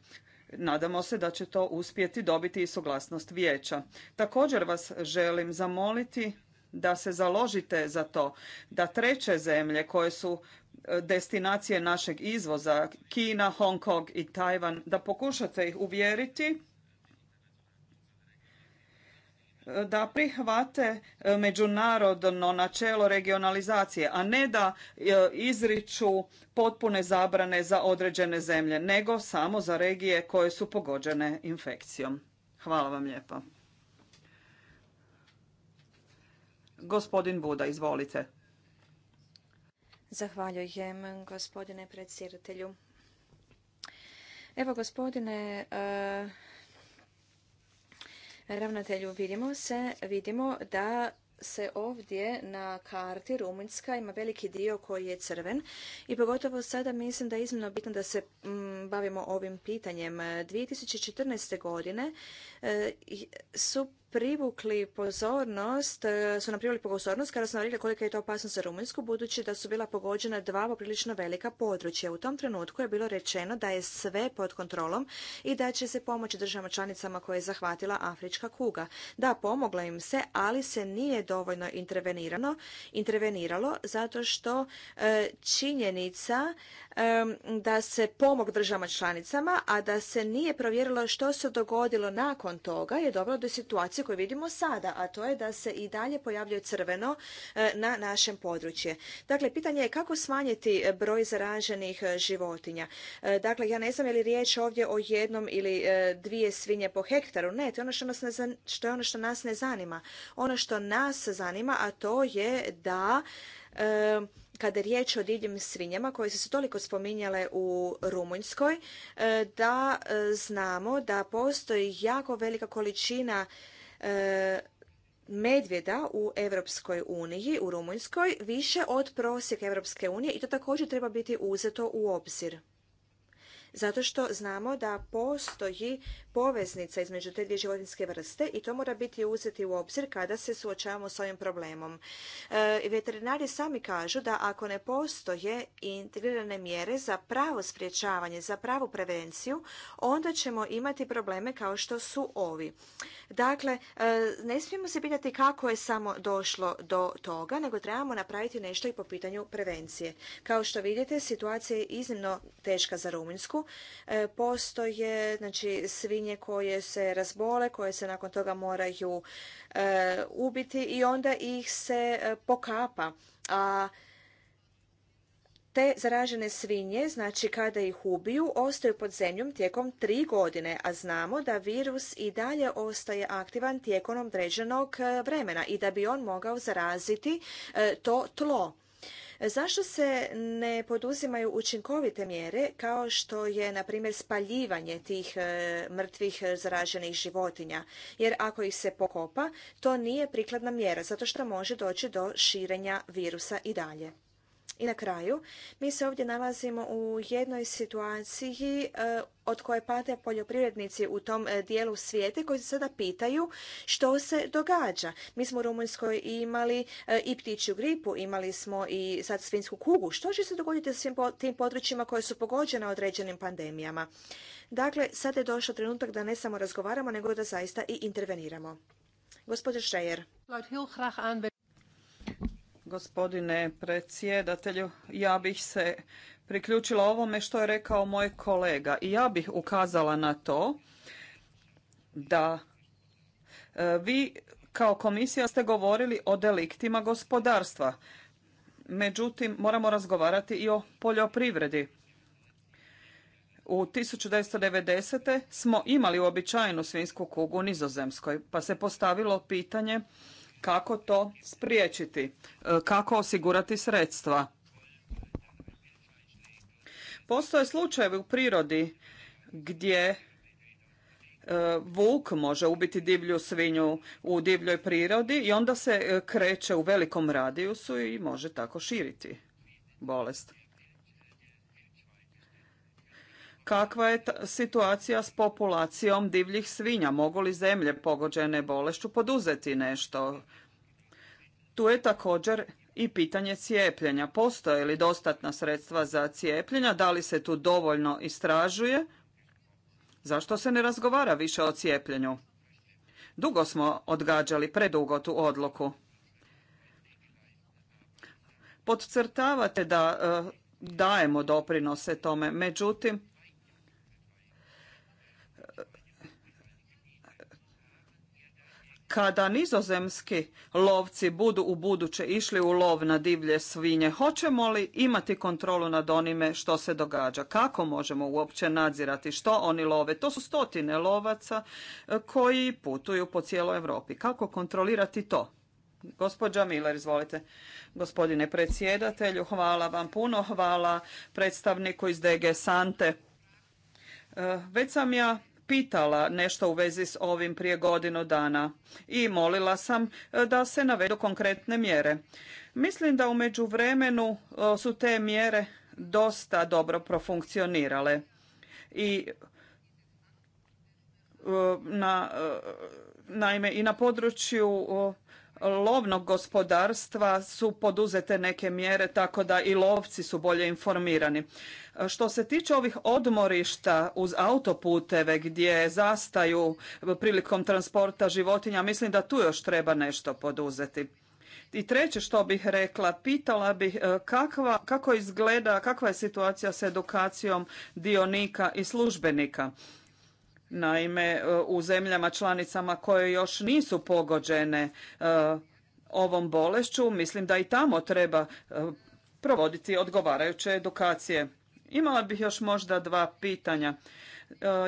Speaker 4: Nadamo se da će to uspjeti dobiti i suglasnost vijeća. Također vas želim zamoliti da se založite za to da treće zemlje koje su e, destinacije našeg izvoza, Kina, Hong Kong i Tajvan, da pokušate ih uvjeriti da prihvate e, međunarodno načelo regionalizacije, a ne da e, izriču potpune zabrane za određene zemlje, nego samo za regije koje su pogođene infekcijom. Hvala vam lijepa. Gospodin Buda, izvolite.
Speaker 1: Zahvaljujem gospodine predsjedatelju. Evo gospodine e, Ravnatelju, vidimo se, vidimo da se ovdje na karti Rumunjska ima veliki dio koji je crven i pogotovo sada mislim da je iznimno bitno da se mm, bavimo ovim pitanjem. 2014. godine e, su privukli pozornost, e, su nam privukli pozornost kada smo rekli kolika je to opasnost za Rumunjsku, budući da su bila pogođena dva poprilično velika područja. U tom trenutku je bilo rečeno da je sve pod kontrolom i da će se pomoći državama članicama koje je zahvatila afrička kuga. Da, pomogla im se, ali se nije dovoljno intervenirano, interveniralo zato što e, činjenica e, da se pomog državama članicama, a da se nije provjerilo što se dogodilo nakon toga je dovelo do situacije situaciju koju vidimo sada, a to je da se i dalje pojavljuje crveno e, na našem području. Dakle, pitanje je kako smanjiti broj zaraženih e, životinja. E, dakle, ja ne znam je li riječ ovdje o jednom ili dvije svinje po hektaru. Ne, to je ono što, nas ne, je ono što nas ne zanima. Ono što nas zanima, a to je da kada je riječ o divljim svinjama koje su se toliko spominjale u Rumunjskoj, da znamo da postoji jako velika količina E, medvjeda u Europskoj uniji, u Rumunjskoj, više od prosjeka Europske unije i to također treba biti uzeto u obzir. Zato što znamo da postoji poveznica između te dvije životinske vrste i to mora biti uzeti u obzir kada se suočavamo s ovim problemom. E, veterinari sami kažu da ako ne postoje integrirane mjere za pravo sprječavanje, za pravu prevenciju, onda ćemo imati probleme kao što su ovi. Dakle, e, ne smijemo se pitati kako je samo došlo do toga, nego trebamo napraviti nešto i po pitanju prevencije. Kao što vidite, situacija je iznimno teška za Rumunjsku. E, postoje znači, svinje koje se razbole, koje se nakon toga moraju e, ubiti i onda ih se e, pokapa. A te zaražene svinje, znači kada ih ubiju, ostaju pod zemljom tijekom tri godine, a znamo da virus i dalje ostaje aktivan tijekom određenog vremena i da bi on mogao zaraziti to tlo. Zašto se ne poduzimaju učinkovite mjere kao što je, na primjer, spaljivanje tih e, mrtvih zaraženih životinja? Jer ako ih se pokopa, to nije prikladna mjera, zato što može doći do širenja virusa i dalje. I na kraju, mi se ovdje nalazimo u jednoj situaciji e, od koje pate poljoprivrednici u tom e, dijelu svijete koji se sada pitaju što se događa. Mi smo u Rumunjskoj imali e, i ptičju gripu, imali smo i sad svinsku kugu. Što će se dogoditi sa svim tim područjima koje su pogođena određenim pandemijama? Dakle, sad je došao trenutak da ne samo razgovaramo, nego da zaista i interveniramo. Gospodin Šrejer.
Speaker 4: Gospodine predsjedatelju, ja bih se priključila ovome što je rekao moj kolega i ja bih ukazala na to da e, vi kao komisija ste govorili o deliktima gospodarstva. Međutim, moramo razgovarati i o poljoprivredi. U 1990. smo imali uobičajenu svinsku kugu u Nizozemskoj, pa se postavilo pitanje kako to spriječiti, e, kako osigurati sredstva. Postoje slučajevi u prirodi gdje e, vuk može ubiti divlju svinju u divljoj prirodi i onda se e, kreće u velikom radijusu i može tako širiti bolest. Kakva je situacija s populacijom divljih svinja? Mogu li zemlje pogođene bolešću poduzeti nešto? Tu je također i pitanje cijepljenja. Postoje li dostatna sredstva za cijepljenja? Da li se tu dovoljno istražuje? Zašto se ne razgovara više o cijepljenju? Dugo smo odgađali predugo tu odluku. Podcrtavate da eh, dajemo doprinose tome, međutim kada nizozemski lovci budu u buduće išli u lov na divlje svinje, hoćemo li imati kontrolu nad onime što se događa? Kako možemo uopće nadzirati što oni love? To su stotine lovaca e, koji putuju po cijeloj Europi. Kako kontrolirati to? Gospođa Miller, izvolite. Gospodine predsjedatelju, hvala vam puno, hvala predstavniku iz DG Sante. E, već sam ja pitala nešto u vezi s ovim prije godinu dana i molila sam e, da se navedu konkretne mjere. Mislim da u međuvremenu e, su te mjere dosta dobro profunkcionirale i e, na naime i na području lovnog gospodarstva su poduzete neke mjere tako da i lovci su bolje informirani. Što se tiče ovih odmorišta uz autoputeve gdje zastaju prilikom transporta životinja, mislim da tu još treba nešto poduzeti. I treće što bih rekla, pitala bih e, kakva, kako izgleda, kakva je situacija s edukacijom dionika i službenika. Naime, e, u zemljama članicama koje još nisu pogođene e, ovom bolešću, mislim da i tamo treba e, provoditi odgovarajuće edukacije. Imala bih još možda dva pitanja.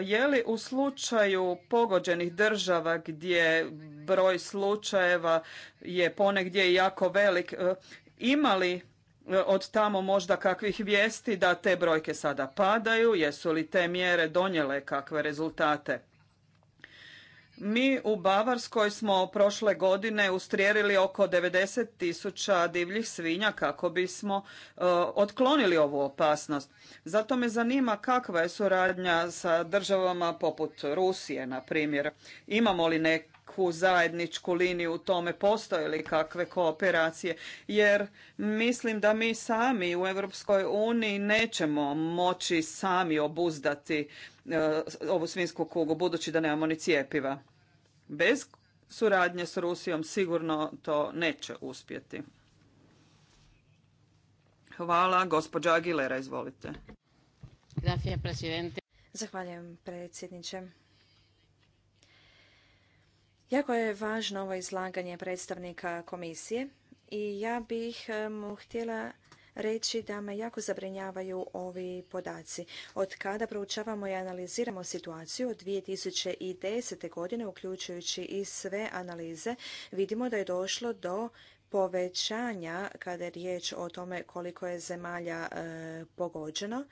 Speaker 4: Je li u slučaju pogođenih država gdje broj slučajeva je ponegdje jako velik, imali od tamo možda kakvih vijesti da te brojke sada padaju, jesu li te mjere donijele kakve rezultate? Mi u Bavarskoj smo prošle godine ustrijerili oko 90 tisuća divljih svinja kako bismo e, otklonili ovu opasnost. Zato me zanima kakva je suradnja sa državama poput Rusije, na primjer. Imamo li neke u zajedničku liniju u tome postoje li kakve kooperacije. Jer mislim da mi sami u Europskoj uniji nećemo moći sami obuzdati e, ovu svinsku kugu budući da nemamo ni cjepiva. Bez suradnje s Rusijom sigurno to neće uspjeti. Hvala. Gospođa Agilera, izvolite.
Speaker 1: Zahvaljujem predsjedniče. Jako je važno ovo izlaganje predstavnika komisije i ja bih eh, mu htjela reći da me jako zabrinjavaju ovi podaci. Od kada proučavamo i analiziramo situaciju od 2010. godine, uključujući i sve analize, vidimo da je došlo do povećanja kada je riječ o tome koliko je zemalja eh, pogođeno.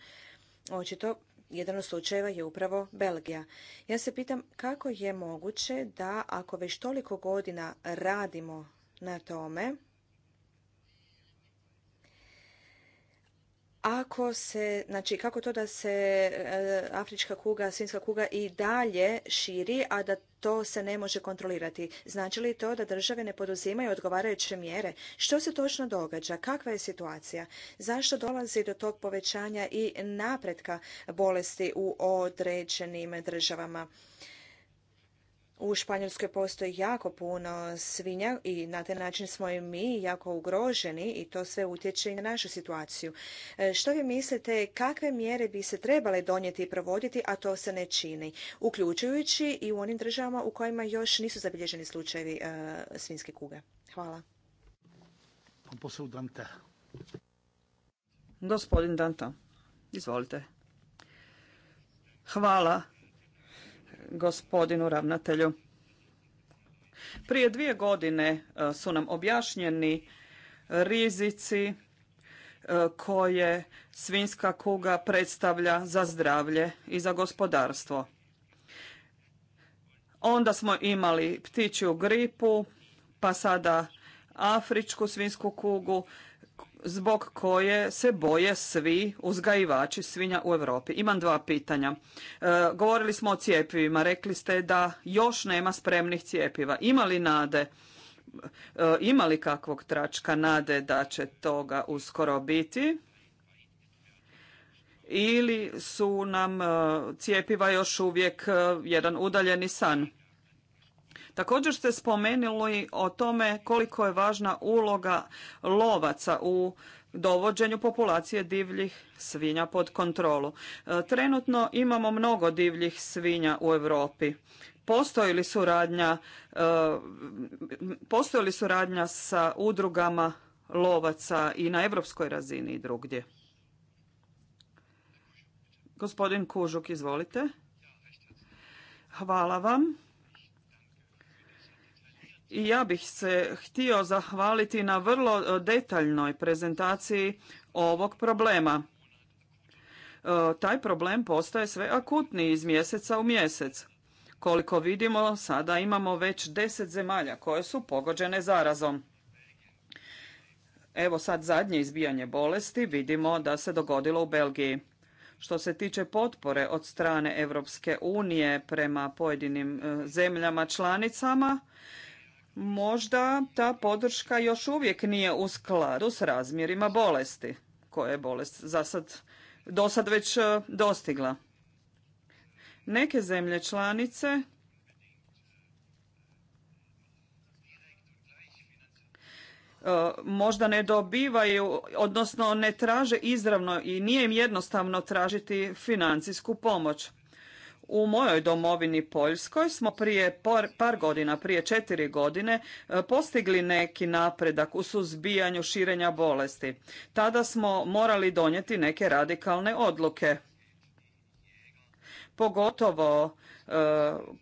Speaker 1: Očito jedan od slučajeva je upravo Belgija. Ja se pitam kako je moguće da ako već toliko godina radimo na tome, ako se, znači kako to da se e, afrička kuga, svinska kuga i dalje širi, a da to se ne može kontrolirati. Znači li to da države ne poduzimaju odgovarajuće mjere? Što se točno događa? Kakva je situacija? Zašto dolazi do tog povećanja i napretka bolesti u određenim državama? U Španjolskoj postoji jako puno svinja i na taj način smo i mi jako ugroženi i to sve utječe i na našu situaciju. E, što vi mislite, kakve mjere bi se trebale donijeti i provoditi, a to se ne čini, uključujući i u onim državama u kojima još nisu zabilježeni slučajevi e, svinske kuge? Hvala.
Speaker 4: Gospodin izvolite. Hvala gospodinu ravnatelju. Prije dvije godine e, su nam objašnjeni rizici e, koje svinska kuga predstavlja za zdravlje i za gospodarstvo. Onda smo imali ptičju gripu, pa sada afričku svinsku kugu, zbog koje se boje svi uzgajivači svinja u Europi. Imam dva pitanja. E, govorili smo o cijepivima, rekli ste da još nema spremnih cijepiva. Ima li nade? E, ima li kakvog tračka nade da će toga uskoro biti? Ili su nam e, cijepiva još uvijek jedan udaljeni san? Također ste spomenuli o tome koliko je važna uloga lovaca u dovođenju populacije divljih svinja pod kontrolu. E, trenutno imamo mnogo divljih svinja u Europi. Postoji li suradnja, e, postoji li suradnja sa udrugama lovaca i na europskoj razini i drugdje? Gospodin Kužuk, izvolite. Hvala vam. I ja bih se htio zahvaliti na vrlo e, detaljnoj prezentaciji ovog problema. E, taj problem postaje sve akutniji iz mjeseca u mjesec. Koliko vidimo, sada imamo već deset zemalja koje su pogođene zarazom. Evo sad zadnje izbijanje bolesti vidimo da se dogodilo u Belgiji. Što se tiče potpore od strane Europske unije prema pojedinim e, zemljama članicama, možda ta podrška još uvijek nije u skladu s razmjerima bolesti koje je bolest za sad, do sad već e, dostigla. Neke zemlje članice e, možda ne dobivaju, odnosno ne traže izravno i nije im jednostavno tražiti financijsku pomoć. U mojoj domovini Poljskoj smo prije par, godina, prije četiri godine, e, postigli neki napredak u suzbijanju širenja bolesti. Tada smo morali donijeti neke radikalne odluke. Pogotovo e,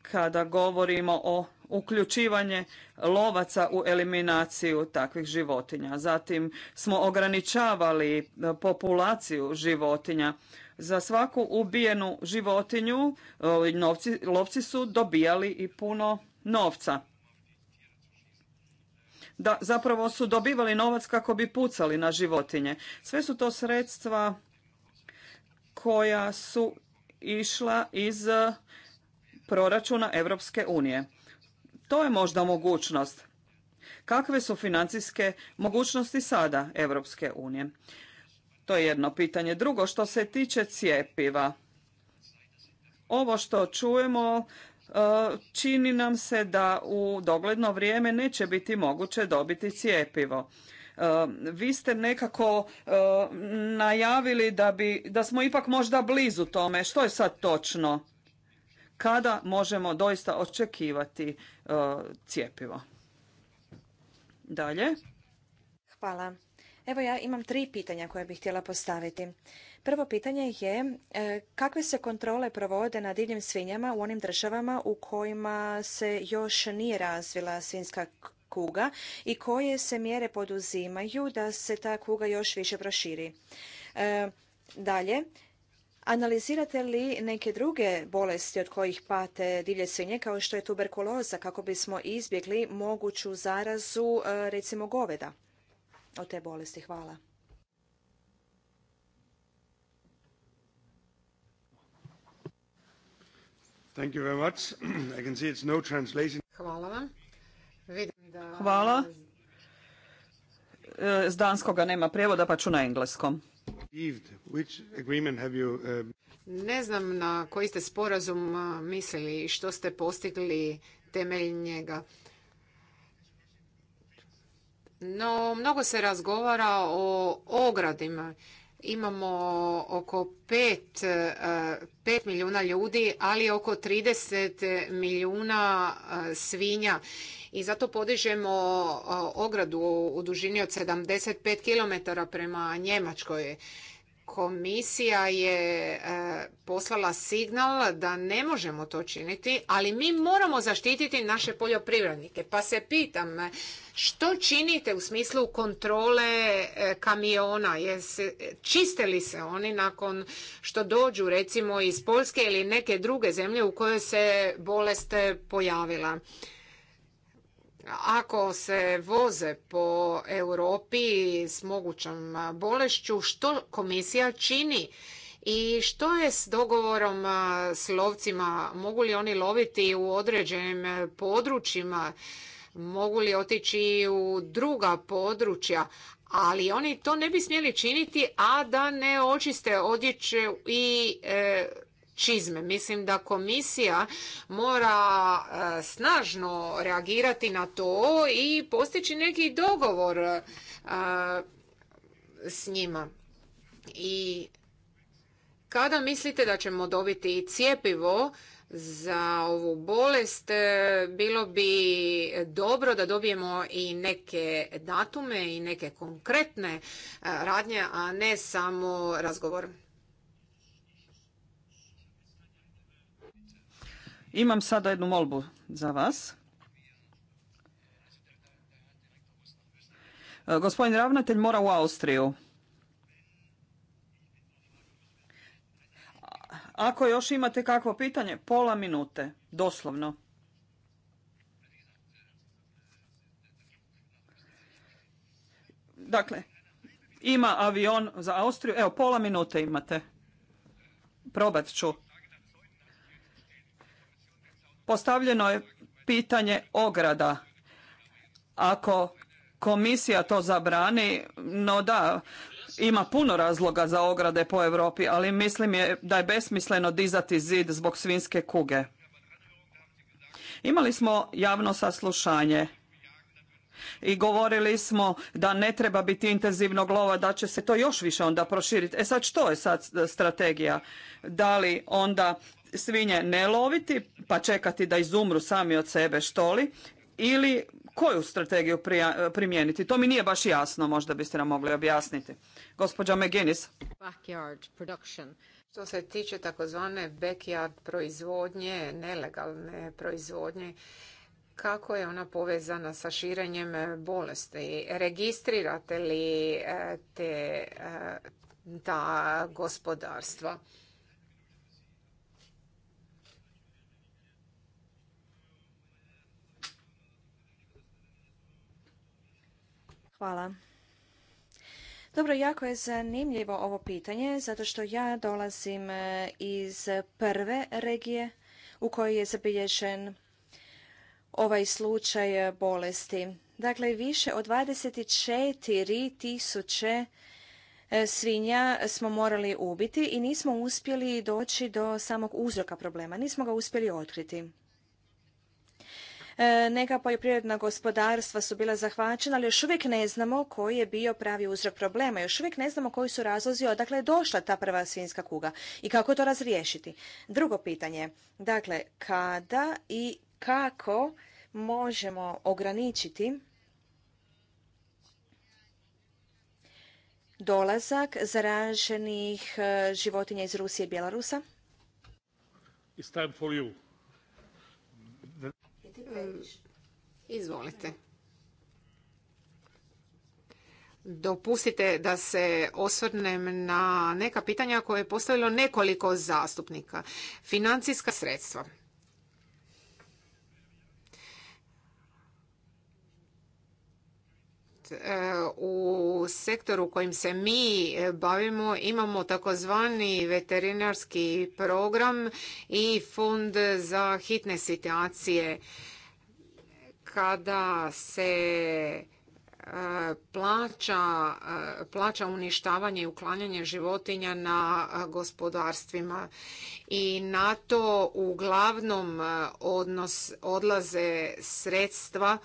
Speaker 4: kada govorimo o uključivanje lovaca u eliminaciju takvih životinja. Zatim smo ograničavali e, populaciju životinja za svaku ubijenu životinju novci, lovci su dobijali i puno novca. Da, zapravo su dobivali novac kako bi pucali na životinje. Sve su to sredstva koja su išla iz proračuna Europske unije. To je možda mogućnost. Kakve su financijske mogućnosti sada Europske unije? To je jedno pitanje. Drugo, što se tiče cijepiva. Ovo što čujemo e, čini nam se da u dogledno vrijeme neće biti moguće dobiti cijepivo. E, vi ste nekako e, najavili da, bi, da smo ipak možda blizu tome. Što je sad točno? Kada možemo doista očekivati cijepivo? Dalje.
Speaker 1: Hvala. Evo ja imam tri pitanja koje bih htjela postaviti. Prvo pitanje je e, kakve se kontrole provode na divljim svinjama u onim državama u kojima se još nije razvila svinska kuga i koje se mjere poduzimaju da se ta kuga još više proširi. E, dalje, Analizirate li neke druge bolesti od kojih pate divlje svinje kao što je tuberkuloza kako bismo izbjegli moguću zarazu e, recimo goveda? od te bolesti. Hvala.
Speaker 3: Thank you very much. [CLEARS THROAT] I can see it's no translation. Hvala vam. Vidim da... Hvala.
Speaker 4: S e, danskoga nema prijevoda pa ću na engleskom. Which
Speaker 3: agreement have you, uh, Ne znam na koji ste sporazum mislili i što ste postigli temelj njega. No, mnogo se razgovara o ogradima. Imamo oko 5, e, milijuna ljudi, ali oko 30 milijuna e, svinja i zato podižemo e, ogradu u dužini od 75 km prema Njemačkoj komisija je e, poslala signal da ne možemo to činiti, ali mi moramo zaštititi naše poljoprivrednike. Pa se pitam, što činite u smislu kontrole e, kamiona? Čiste li se oni nakon što dođu recimo iz Poljske ili neke druge zemlje u kojoj se bolest pojavila? ako se voze po Europi s mogućom bolešću, što komisija čini i što je s dogovorom s lovcima? Mogu li oni loviti u određenim područjima? Mogu li otići u druga područja? Ali oni to ne bi smjeli činiti, a da ne očiste odjeće i e, čizme. Mislim da komisija mora e, snažno reagirati na to i postići neki dogovor e, s njima. I kada mislite da ćemo dobiti cijepivo za ovu bolest, e, bilo bi dobro da dobijemo i neke datume i neke konkretne radnje, a ne samo razgovor. Imam
Speaker 4: sada jednu molbu za vas. E, gospodin ravnatelj mora u Austriju. Ako još imate kakvo pitanje, pola minute, doslovno. Dakle, ima avion za Austriju, evo pola minute imate. Probat ću. Postavljeno je pitanje ograda. Ako komisija to zabrani, no da, ima puno razloga za ograde po Europi, ali mislim je da je besmisleno dizati zid zbog svinske kuge. Imali smo javno saslušanje i govorili smo da ne treba biti intenzivnog lova, da će se to još više onda proširiti. E sad što je sad strategija? Da li onda svinje ne loviti pa čekati da izumru sami od sebe li ili koju strategiju primijeniti? To mi nije baš jasno, možda biste nam mogli objasniti. Gospođa McGinnis.
Speaker 3: Što se tiče takozvane backyard proizvodnje, nelegalne proizvodnje, kako je ona povezana sa širenjem bolesti? Registrirate li eh, te, eh, ta gospodarstva?
Speaker 1: Hvala. Dobro, jako je zanimljivo ovo pitanje, zato što ja dolazim e, iz prve regije u kojoj je zabilježen ovaj slučaj bolesti. Dakle, više od 24 tisuće e, svinja smo morali ubiti i nismo uspjeli doći do samog uzroka problema, nismo ga uspjeli otkriti. E, neka poljoprivredna gospodarstva su bila zahvaćena, ali još uvijek ne znamo koji je bio pravi uzrok problema. Još uvijek ne znamo koji su razlozi odakle je došla ta prva svinjska kuga i kako to razriješiti. Drugo pitanje, dakle, kada i kako možemo ograničiti dolazak zaraženih e, životinja iz Rusije i Bjelarusa?
Speaker 2: It's for you.
Speaker 3: E, izvolite. Dopustite da se osvrnem na neka pitanja koje je postavilo nekoliko zastupnika. Financijska sredstva. E, u sektoru kojim se mi bavimo imamo takozvani veterinarski program i fond za hitne situacije kada se e, e, plaća, uništavanje i uklanjanje životinja na e, gospodarstvima i na to uglavnom odlaze sredstva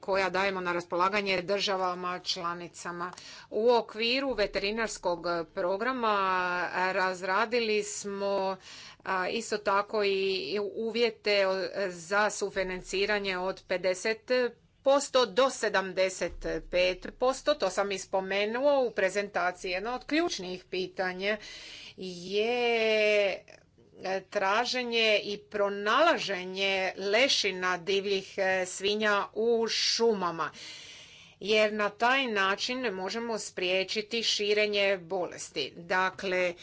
Speaker 3: koja dajemo na raspolaganje državama članicama. U okviru veterinarskog programa razradili smo isto tako i uvjete za sufinanciranje od 50 posto do 75 posto, to sam ispomenuo u prezentaciji. Jedno od ključnih pitanja je E, traženje i pronalaženje lešina divljih e, svinja u šumama jer na taj način možemo spriječiti širenje bolesti. Dakle,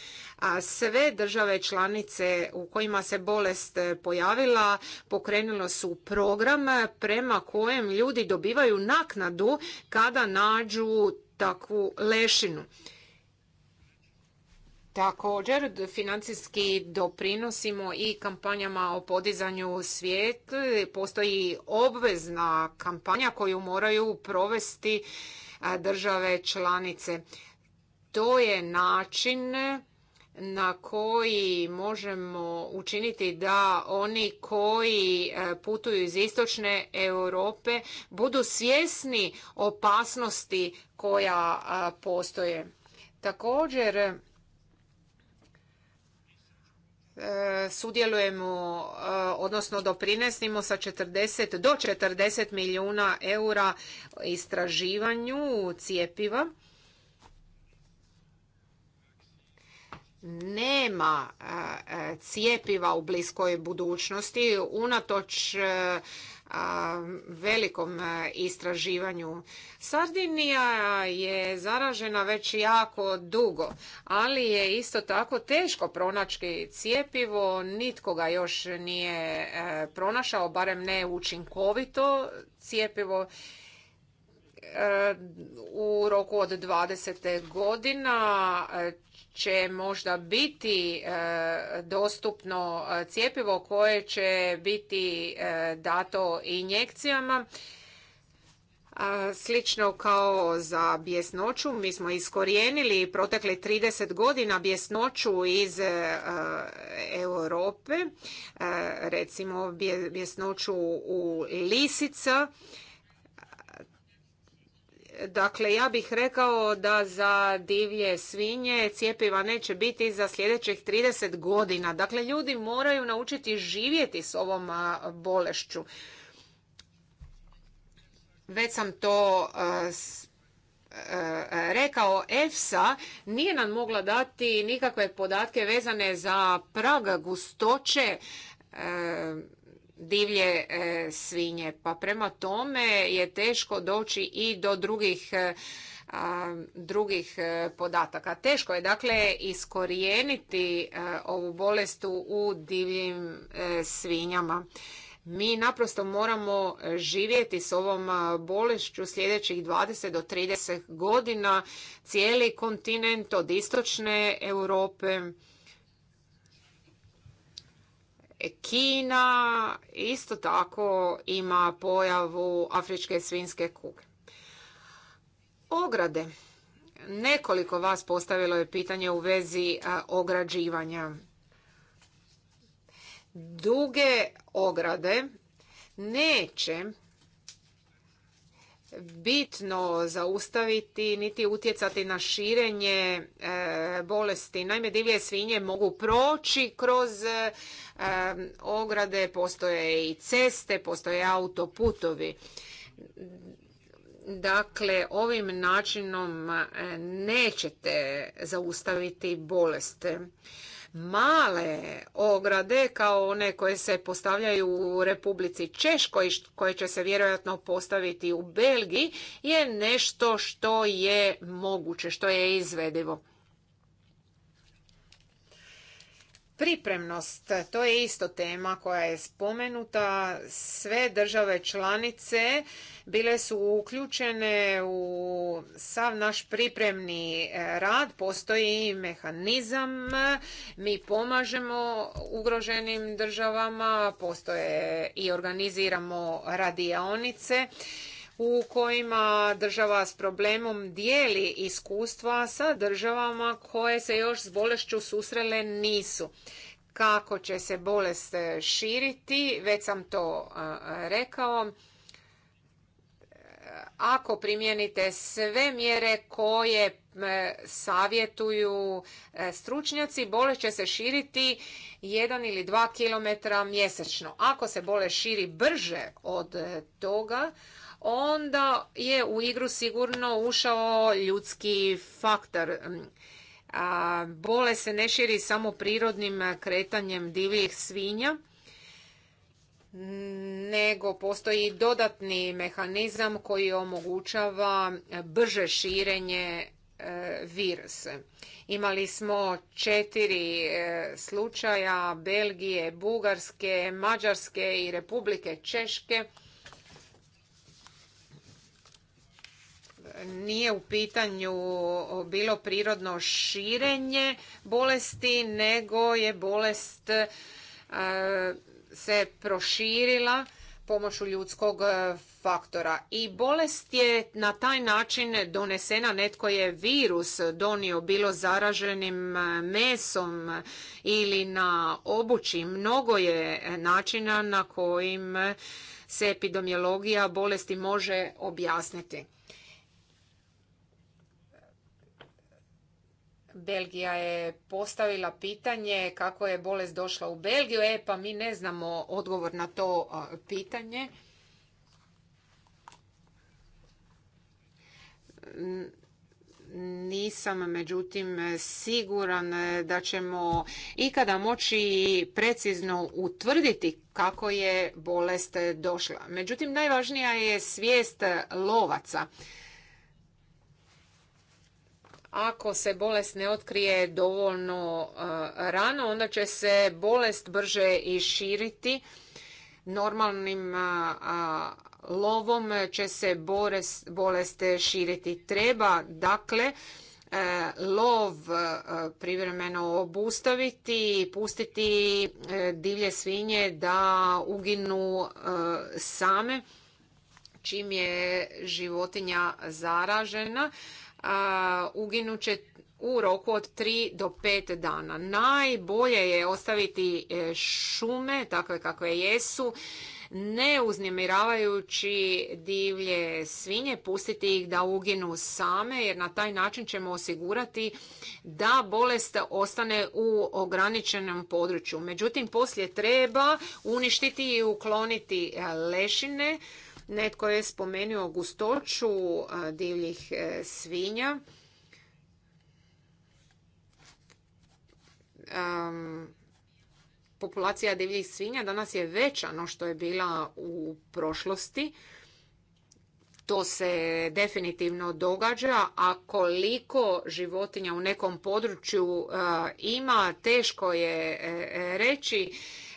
Speaker 3: sve države članice u kojima se bolest e, pojavila pokrenulo su program prema kojem ljudi dobivaju naknadu kada nađu takvu lešinu. Također, financijski doprinosimo i kampanjama o podizanju svijet. Postoji obvezna kampanja koju moraju provesti države članice. To je način na koji možemo učiniti da oni koji e, putuju iz istočne Europe budu svjesni opasnosti koja postoje. Također, E, sudjelujemo, e, odnosno doprinesimo sa 40 do 40 milijuna eura istraživanju cijepiva. Nema e, cijepiva u bliskoj budućnosti, unatoč velikom e, istraživanju. Sardinija je zaražena već jako dugo, ali je isto tako teško pronaći cijepivo, nitko ga još nije e, pronašao, barem ne učinkovito cijepivo u roku od 20. godina e, će možda biti e, dostupno e, cjepivo koje će biti dato injekcijama. Slično kao za bjesnoću, mi smo iskorijenili protekle 30 godina bjesnoću iz Europe, recimo bjesnoću u lisica, Dakle, ja bih rekao da za divlje svinje cijepiva neće biti za sljedećih 30 godina. Dakle, ljudi moraju naučiti živjeti s ovom bolešću. Već sam to rekao EFSA nije nam mogla dati nikakve podatke vezane za prag gustoće divlje e, svinje. Pa prema tome je teško doći i do drugih e, drugih e, podataka. Teško je dakle iskorijeniti ovu bolest u divljim svinjama. Mi naprosto moramo živjeti s ovom bolešću sljedećih 20 do 30 godina cijeli kontinent od istočne Europe Kina isto tako ima pojavu afričke svinske kuge. Ograde. Nekoliko vas postavilo je pitanje u vezi e, ograđivanja. Duge ograde neće bitno zaustaviti niti utjecati na širenje e, bolesti. Naime, divlje svinje mogu proći kroz e, ograde, postoje i ceste, postoje autoputovi. Dakle, ovim načinom e, nećete zaustaviti bolest male ograde kao one koje se postavljaju u Republici Češkoj, koje će se vjerojatno postaviti u Belgiji, je nešto što je moguće, što je izvedivo. Pripremnost, to je isto tema koja je spomenuta. Sve države članice bile su uključene u sav naš pripremni e, rad. Postoji mehanizam, mi pomažemo ugroženim državama, postoje i organiziramo radionice u kojima država s problemom dijeli iskustva sa državama koje se još s bolešću susrele nisu. Kako će se bolest širiti, već sam to rekao, ako primijenite sve mjere koje e, savjetuju e, stručnjaci, bolest će se širiti 1 ili 2 km mjesečno. Ako se bolest širi brže od toga, onda je u igru sigurno ušao ljudski faktor. Mm, a bole se ne širi samo prirodnim kretanjem divljih svinja, nego postoji dodatni mehanizam koji omogućava brže širenje e, virusa. Imali smo četiri e, slučaja Belgije, Bugarske, Mađarske i Republike Češke nije u pitanju bilo prirodno širenje bolesti, nego je bolest e, se proširila pomoću ljudskog e, faktora. I bolest je na taj način donesena, netko je virus donio bilo zaraženim e, mesom ili na obući. Mnogo je načina na kojim se epidemiologija bolesti može objasniti. Belgija je postavila pitanje kako je bolest došla u Belgiju, e pa mi ne znamo odgovor na to pitanje. Nisam međutim siguran da ćemo ikada moći precizno utvrditi kako je bolest došla. Međutim najvažnija je svijest lovaca. Ako se bolest ne otkrije dovoljno e, rano, onda će se bolest brže i širiti. Normalnim e, lovom će se bolest širiti. Treba, dakle, e, lov privremeno obustaviti i pustiti divlje svinje da uginu same čim je životinja zaražena uginuće u roku od 3 do 5 dana. Najbolje je ostaviti e, šume takve kakve jesu, ne uznemiravajući divlje svinje, pustiti ih da uginu same jer na taj način ćemo osigurati da bolest ostane u ograničenom području. Međutim, poslije treba uništiti i ukloniti e, lešine Netko je spomenuo gustoću divljih e, svinja. populacija divljih svinja danas je veća no što je bila u prošlosti. To se definitivno događa, a koliko životinja u nekom području ima, teško je e, reći.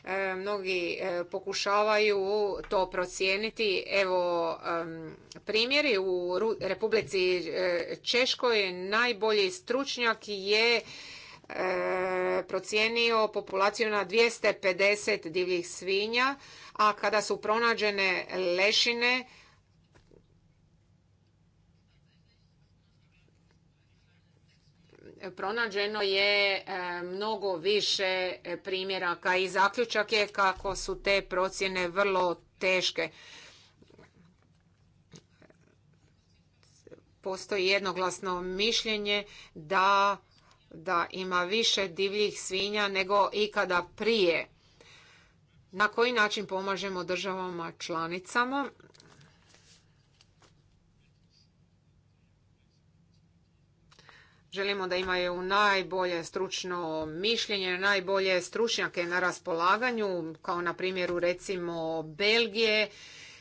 Speaker 3: E, mnogi e, pokušavaju to procijeniti. Evo primjeri u Republici e, Češkoj najbolji stručnjak je procijenio populaciju na 250 divljih svinja, a kada su pronađene lešine pronađeno je e, mnogo više e, primjeraka i zaključak je kako su te procjene vrlo teške. Postoji jednoglasno mišljenje da, da ima više divljih svinja nego ikada prije. Na koji način pomažemo državama članicama? Želimo da imaju najbolje stručno mišljenje, najbolje stručnjake na raspolaganju, kao na primjeru recimo Belgije.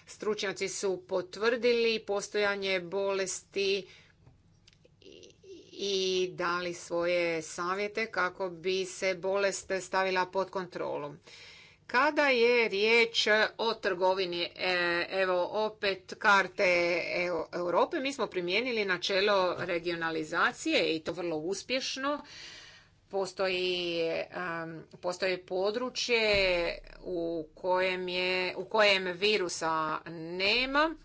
Speaker 3: Stručnjaci su potvrdili postojanje bolesti i dali svoje savjete kako bi se bolest stavila pod kontrolom. Kada je riječ o trgovini, e, evo opet karte Europe, mi smo primijenili načelo regionalizacije i to vrlo uspješno. Postoji, postoji područje u kojem, je, u kojem virusa nema.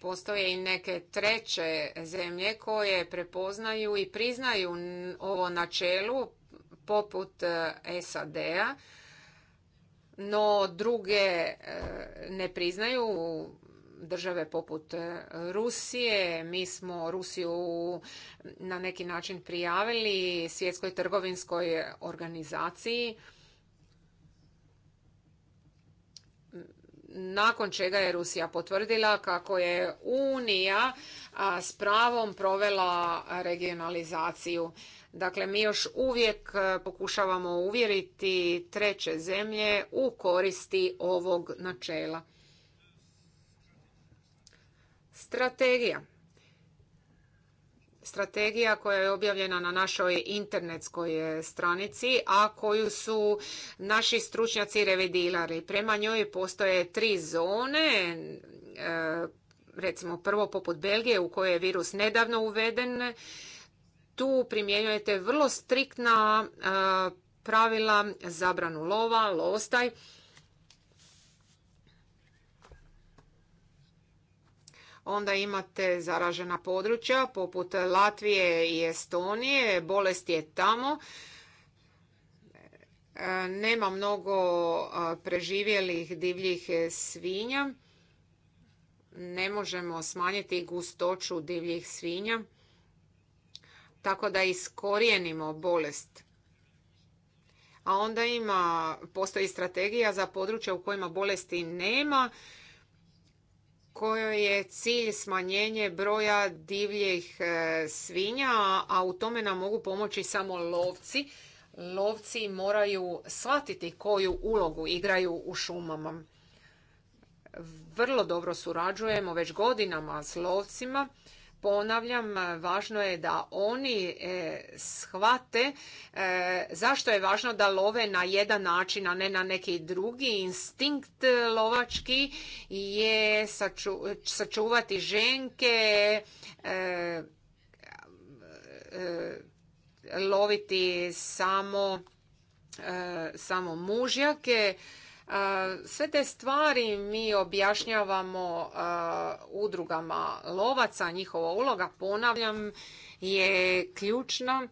Speaker 3: Postoje i neke treće zemlje koje prepoznaju i priznaju ovo načelu poput e, SAD-a, no druge e, ne priznaju države poput e, Rusije. Mi smo Rusiju na neki način prijavili svjetskoj trgovinskoj organizaciji. nakon čega je Rusija potvrdila kako je Unija s pravom provela regionalizaciju. Dakle, mi još uvijek e, pokušavamo uvjeriti treće zemlje u koristi ovog načela. Strategija. Strategija koja je objavljena na našoj internetskoj e, stranici, a koju su naši stručnjaci revidilari. Prema njoj postoje tri zone, e, recimo prvo poput Belgije u kojoj je virus nedavno uveden, tu primjenjujete vrlo striktna e, pravila, zabranu lova, lovostaj. Onda imate zaražena područja poput Latvije i Estonije, bolest je tamo. E, nema mnogo e, preživjelih divljih svinja. Ne možemo smanjiti gustoću divljih svinja tako da iskorijenimo bolest. A onda ima, postoji strategija za područja u kojima bolesti nema, kojoj je cilj smanjenje broja divljih e, svinja, a u tome nam mogu pomoći samo lovci. Lovci moraju shvatiti koju ulogu igraju u šumama. Vrlo dobro surađujemo već godinama s lovcima ponavljam, važno je da oni e, shvate e, zašto je važno da love na jedan način, a ne na neki drugi. Instinkt lovački je sačuvati ženke, e, loviti samo, samo mužjake, sve te stvari mi objašnjavamo udrugama lovaca, njihova uloga, ponavljam, je ključna.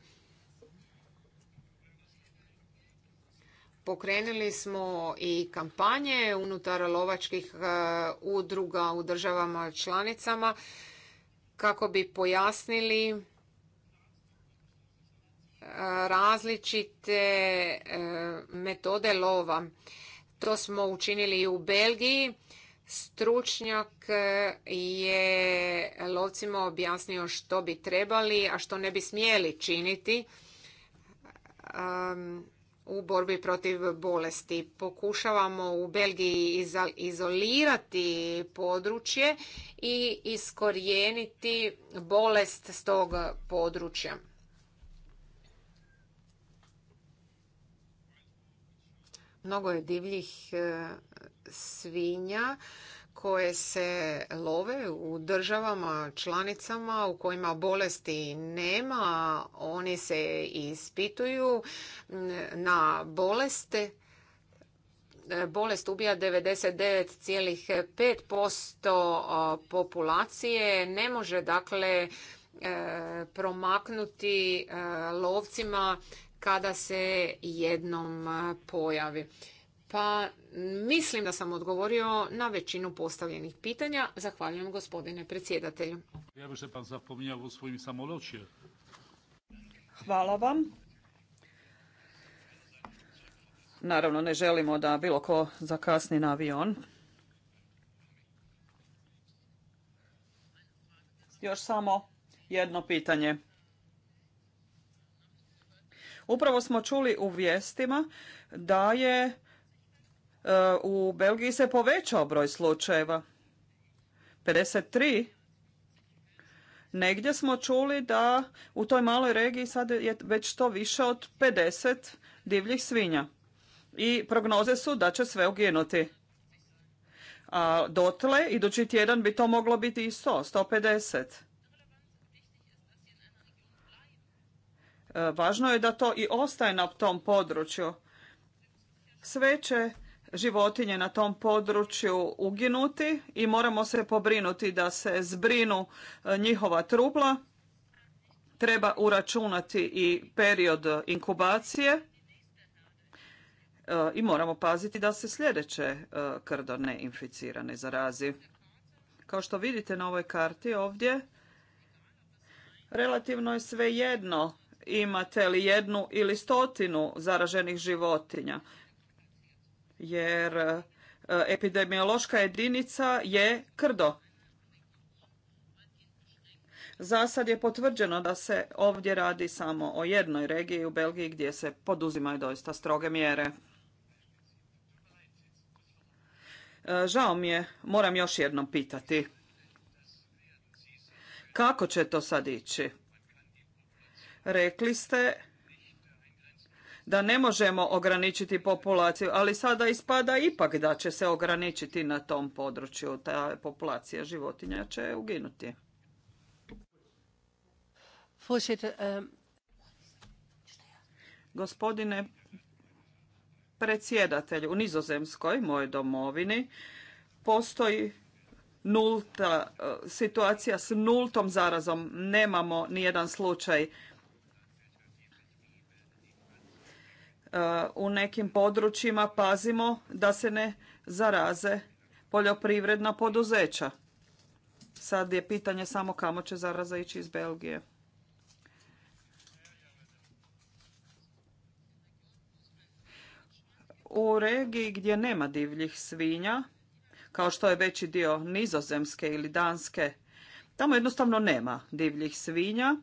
Speaker 3: Pokrenuli smo i kampanje unutar lovačkih udruga u državama članicama kako bi pojasnili različite e, metode lova. To smo učinili i u Belgiji. Stručnjak je lovcima objasnio što bi trebali, a što ne bi smjeli činiti um, u borbi protiv bolesti. Pokušavamo u Belgiji izolirati područje i iskorijeniti bolest s tog područja. Mnogo je divljih e, svinja koje se love u državama, članicama u kojima bolesti nema. Oni se ispituju na boleste. E, bolest ubija 99,5% populacije. Ne može dakle e, promaknuti lovcima kada se jednom pojavi. Pa mislim da sam odgovorio na većinu postavljenih pitanja. Zahvaljujem gospodine predsjedatelju.
Speaker 2: Ja bih pa o svojim
Speaker 3: Hvala vam.
Speaker 4: Naravno, ne želimo da bilo ko zakasni na avion. Još samo jedno pitanje. Upravo smo čuli u vijestima da je e, u Belgiji se povećao broj slučajeva. 53. Negdje smo čuli da u toj maloj regiji sad je već to više od 50 divljih svinja. I prognoze su da će sve uginuti. A dotle, idući tjedan bi to moglo biti i 100, 150. E, važno je da to i ostaje na tom području. Sve će životinje na tom području uginuti i moramo se pobrinuti da se zbrinu e, njihova trubla. Treba uračunati i period inkubacije e, i moramo paziti da se sljedeće krdo ne inficira, zarazi. Kao što vidite na ovoj karti ovdje, relativno je svejedno imate li jednu ili stotinu zaraženih životinja. Jer e, epidemiološka jedinica je krdo. Za sad je potvrđeno da se ovdje radi samo o jednoj regiji u Belgiji gdje se poduzimaju doista stroge mjere. E, žao mi je, moram još jednom pitati. Kako će to sad ići? rekli ste da ne možemo ograničiti populaciju, ali sada ispada ipak da će se ograničiti na tom području. Ta populacija životinja će uginuti. Ehm, Gospodine predsjedatelju, u Nizozemskoj, mojoj domovini, postoji nulta e, situacija s nultom zarazom. Nemamo nijedan slučaj u nekim područjima pazimo da se ne zaraze poljoprivredna poduzeća. Sad je pitanje samo kamo će zaraza ići iz Belgije. U regiji gdje nema divljih svinja, kao što je veći dio nizozemske ili danske, tamo jednostavno nema divljih svinja,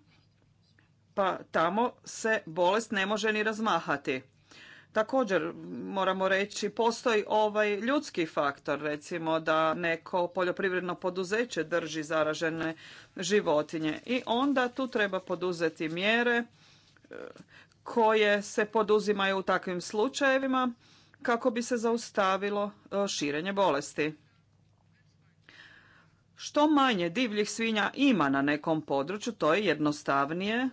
Speaker 4: pa tamo se bolest ne može ni razmahati. Također moramo reći postoji ovaj ljudski faktor, recimo da neko poljoprivredno poduzeće drži zaražene životinje i onda tu treba poduzeti mjere e, koje se poduzimaju u takvim slučajevima kako bi se zaustavilo e, širenje bolesti. Što manje divljih svinja ima na nekom području, to je jednostavnije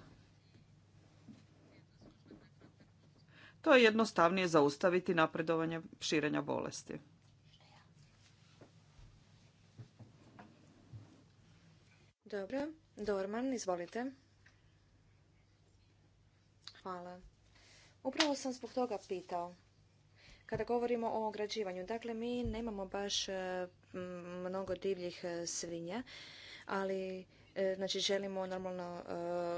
Speaker 4: To je jednostavnije zaustaviti napredovanje širenja bolesti.
Speaker 1: Dobro, Dorman, izvolite. Hvala. Upravo sam zbog toga pitao. Kada govorimo o ograđivanju, dakle mi nemamo baš eh, mnogo divljih eh, svinja, ali E, znači želimo normalno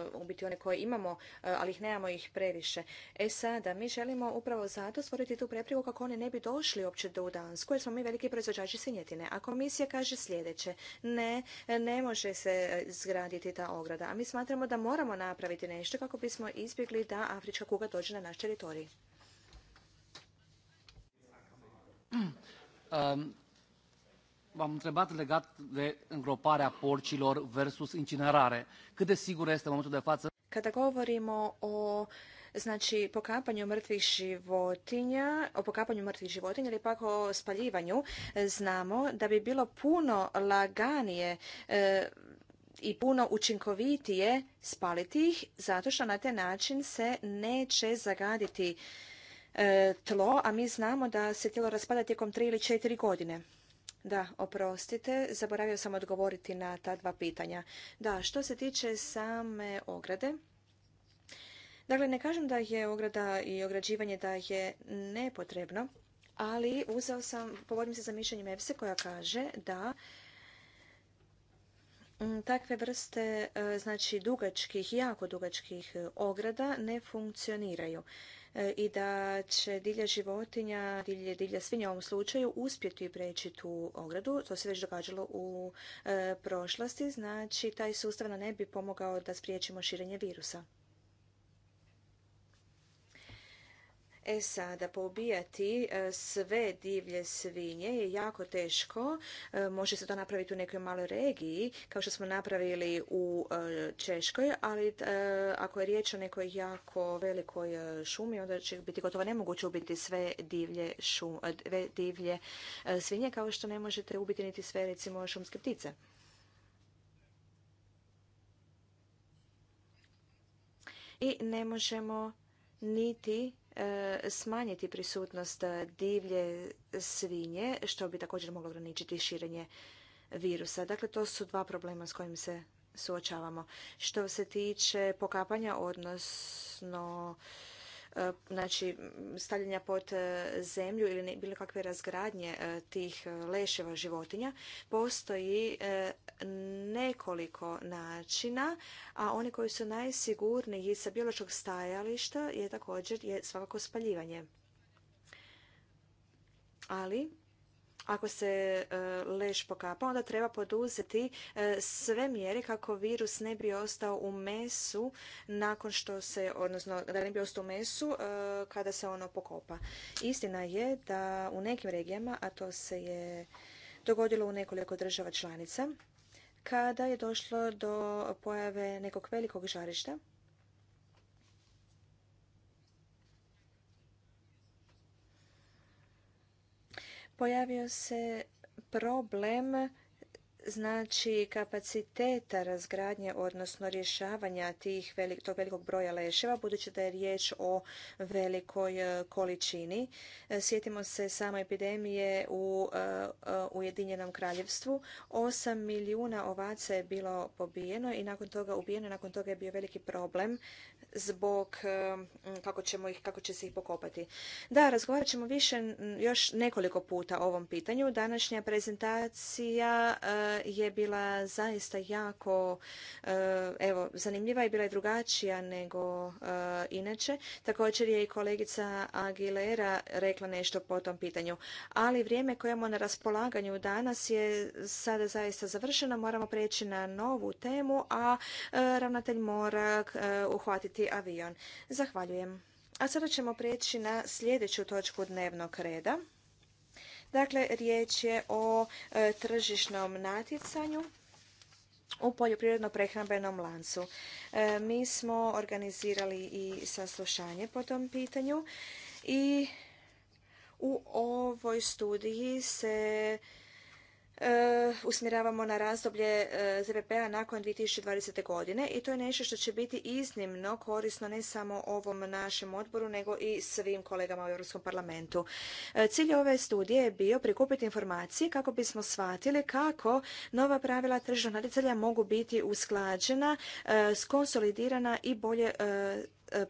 Speaker 1: e, ubiti one koje imamo, e, ali ih nemamo ih previše. E sada, mi želimo upravo zato stvoriti tu prepreku kako oni ne bi došli uopće do u Dansku, jer smo mi veliki proizvođači svinjetine. A komisija kaže sljedeće, ne, ne može se zgraditi ta ograda, a mi smatramo da moramo napraviti nešto kako bismo izbjegli da afrička kuga dođe na naš teritorij.
Speaker 4: Um, v-am întrebat legat
Speaker 2: de îngroparea porcilor versus incinerare. Cât de sigur este momentul de față?
Speaker 1: Kada govorimo o znači pokapanju mrtvih životinja, o pokapanju mrtvih životinja ili pak o spaljivanju, znamo da bi bilo puno laganije e, i puno učinkovitije spaliti ih zato što na taj način se neće zagaditi e, tlo, a mi znamo da se tijelo raspada tijekom tri ili četiri godine. Da, oprostite, zaboravio sam odgovoriti na ta dva pitanja. Da, što se tiče same ograde, dakle ne kažem da je ograda i ograđivanje da je nepotrebno, ali uzeo sam, povodim se za mišljenje EFSE koja kaže da mm, takve vrste e, znači dugačkih, jako dugačkih ograda ne funkcioniraju. E, i da će divlja životinja, dilje divlja svinja u ovom slučaju, uspjeti preći tu ogradu. To se već događalo u e, prošlosti. Znači, taj sustav nam ne bi pomogao da spriječimo širenje virusa. E sada, poubijati e, sve divlje svinje je jako teško. E, može se to napraviti u nekoj maloj regiji, kao što smo napravili u e, Češkoj, ali ako je riječ o nekoj jako velikoj šumi, onda će biti gotovo nemoguće ubiti sve divlje, divlje svinje, kao što ne možete ubiti niti sve, recimo, šumske ptice. I ne možemo niti E, smanjiti prisutnost divlje svinje, što bi također moglo ograničiti širenje virusa. Dakle, to su dva problema s kojim se suočavamo. Što se tiče pokapanja, odnosno E, znači stavljanja pod e, zemlju ili bilo kakve razgradnje e, tih leševa životinja, postoji nekoliko načina, a oni koji su najsigurniji sa biološkog stajališta je također je svakako spaljivanje. Ali ako se e, leš pokapa, onda treba poduzeti e, sve mjere kako virus ne bi ostao u mesu nakon što se, odnosno da ne bi ostao u mesu e, kada se ono pokopa. Istina je da u nekim regijama, a to se je dogodilo u nekoliko država članica, kada je došlo do pojave nekog velikog žarišta, pojavio se problem znači kapaciteta razgradnje, odnosno rješavanja tih tog velikog broja leševa, budući da je riječ o velikoj e, količini. E, sjetimo se samo epidemije u e, Ujedinjenom kraljevstvu. 8 milijuna ovaca je bilo pobijeno i nakon toga ubijeno, nakon toga je bio veliki problem zbog kako, ćemo ih, kako će se ih pokopati. Da, razgovarat ćemo više još nekoliko puta o ovom pitanju. Današnja prezentacija je bila zaista jako e, evo, zanimljiva i bila je drugačija nego e, inače. Također je i kolegica Aguilera rekla nešto po tom pitanju. Ali vrijeme koje imamo na raspolaganju danas je sada zaista završeno. Moramo preći na novu temu, a e, ravnatelj mora uhvatiti avion. Zahvaljujem. A sada ćemo preći na sljedeću točku dnevnog reda. Dakle, riječ je o e, tržišnom natjecanju u poljoprivredno-prehrambenom lancu. E, mi smo organizirali i saslušanje po tom pitanju i u ovoj studiji se E, usmjeravamo na razdoblje e, ZPP-a nakon 2020. godine i to je nešto što će biti iznimno korisno ne samo ovom našem odboru nego i svim kolegama u Europskom parlamentu. E, cilj ove studije je bio prikupiti informacije kako bismo shvatili kako nova pravila tržnog natjecanja mogu biti usklađena, skonsolidirana i bolje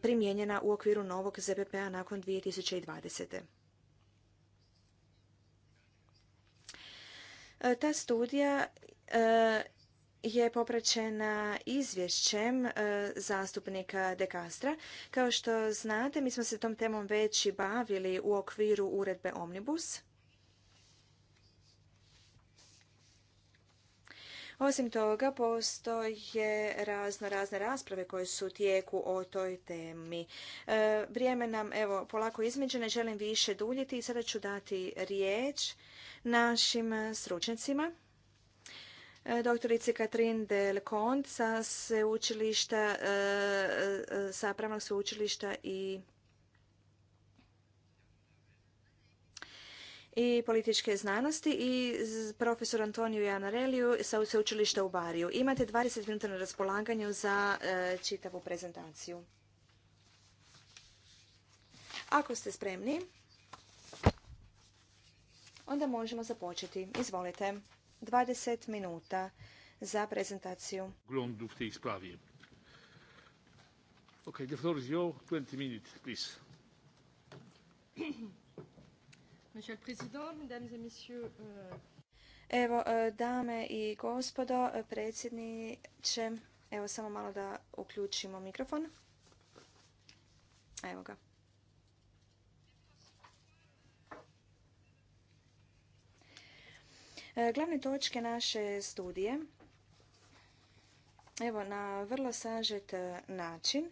Speaker 1: primijenjena u okviru novog ZPP-a nakon 2020. E, ta studija e, je popraćena izvješćem e, zastupnika De Castra. Kao što znate, mi smo se tom temom već i bavili u okviru uredbe Omnibus. Osim toga, postoje razno razne rasprave koje su u tijeku o toj temi. E, vrijeme nam evo polako izmeđene, želim više duljiti i sada ću dati riječ našim stručnjacima e, doktorici Katrin Del Cont sa sveučilišta, e, sa pravnog sveučilišta i i političke znanosti i profesor Antoniju Janareliju sa sveučilišta u Bariju. Imate 20 minuta na raspolaganju za e, čitavu prezentaciju. Ako ste spremni, onda možemo započeti. Izvolite. 20 minuta za prezentaciju.
Speaker 2: 20 minutes, please.
Speaker 3: Euh,
Speaker 1: evo, e, dame i gospodo, predsjedniče, evo samo malo da uključimo mikrofon. Evo ga. E, glavne točke naše studije, evo na vrlo sažet e, način,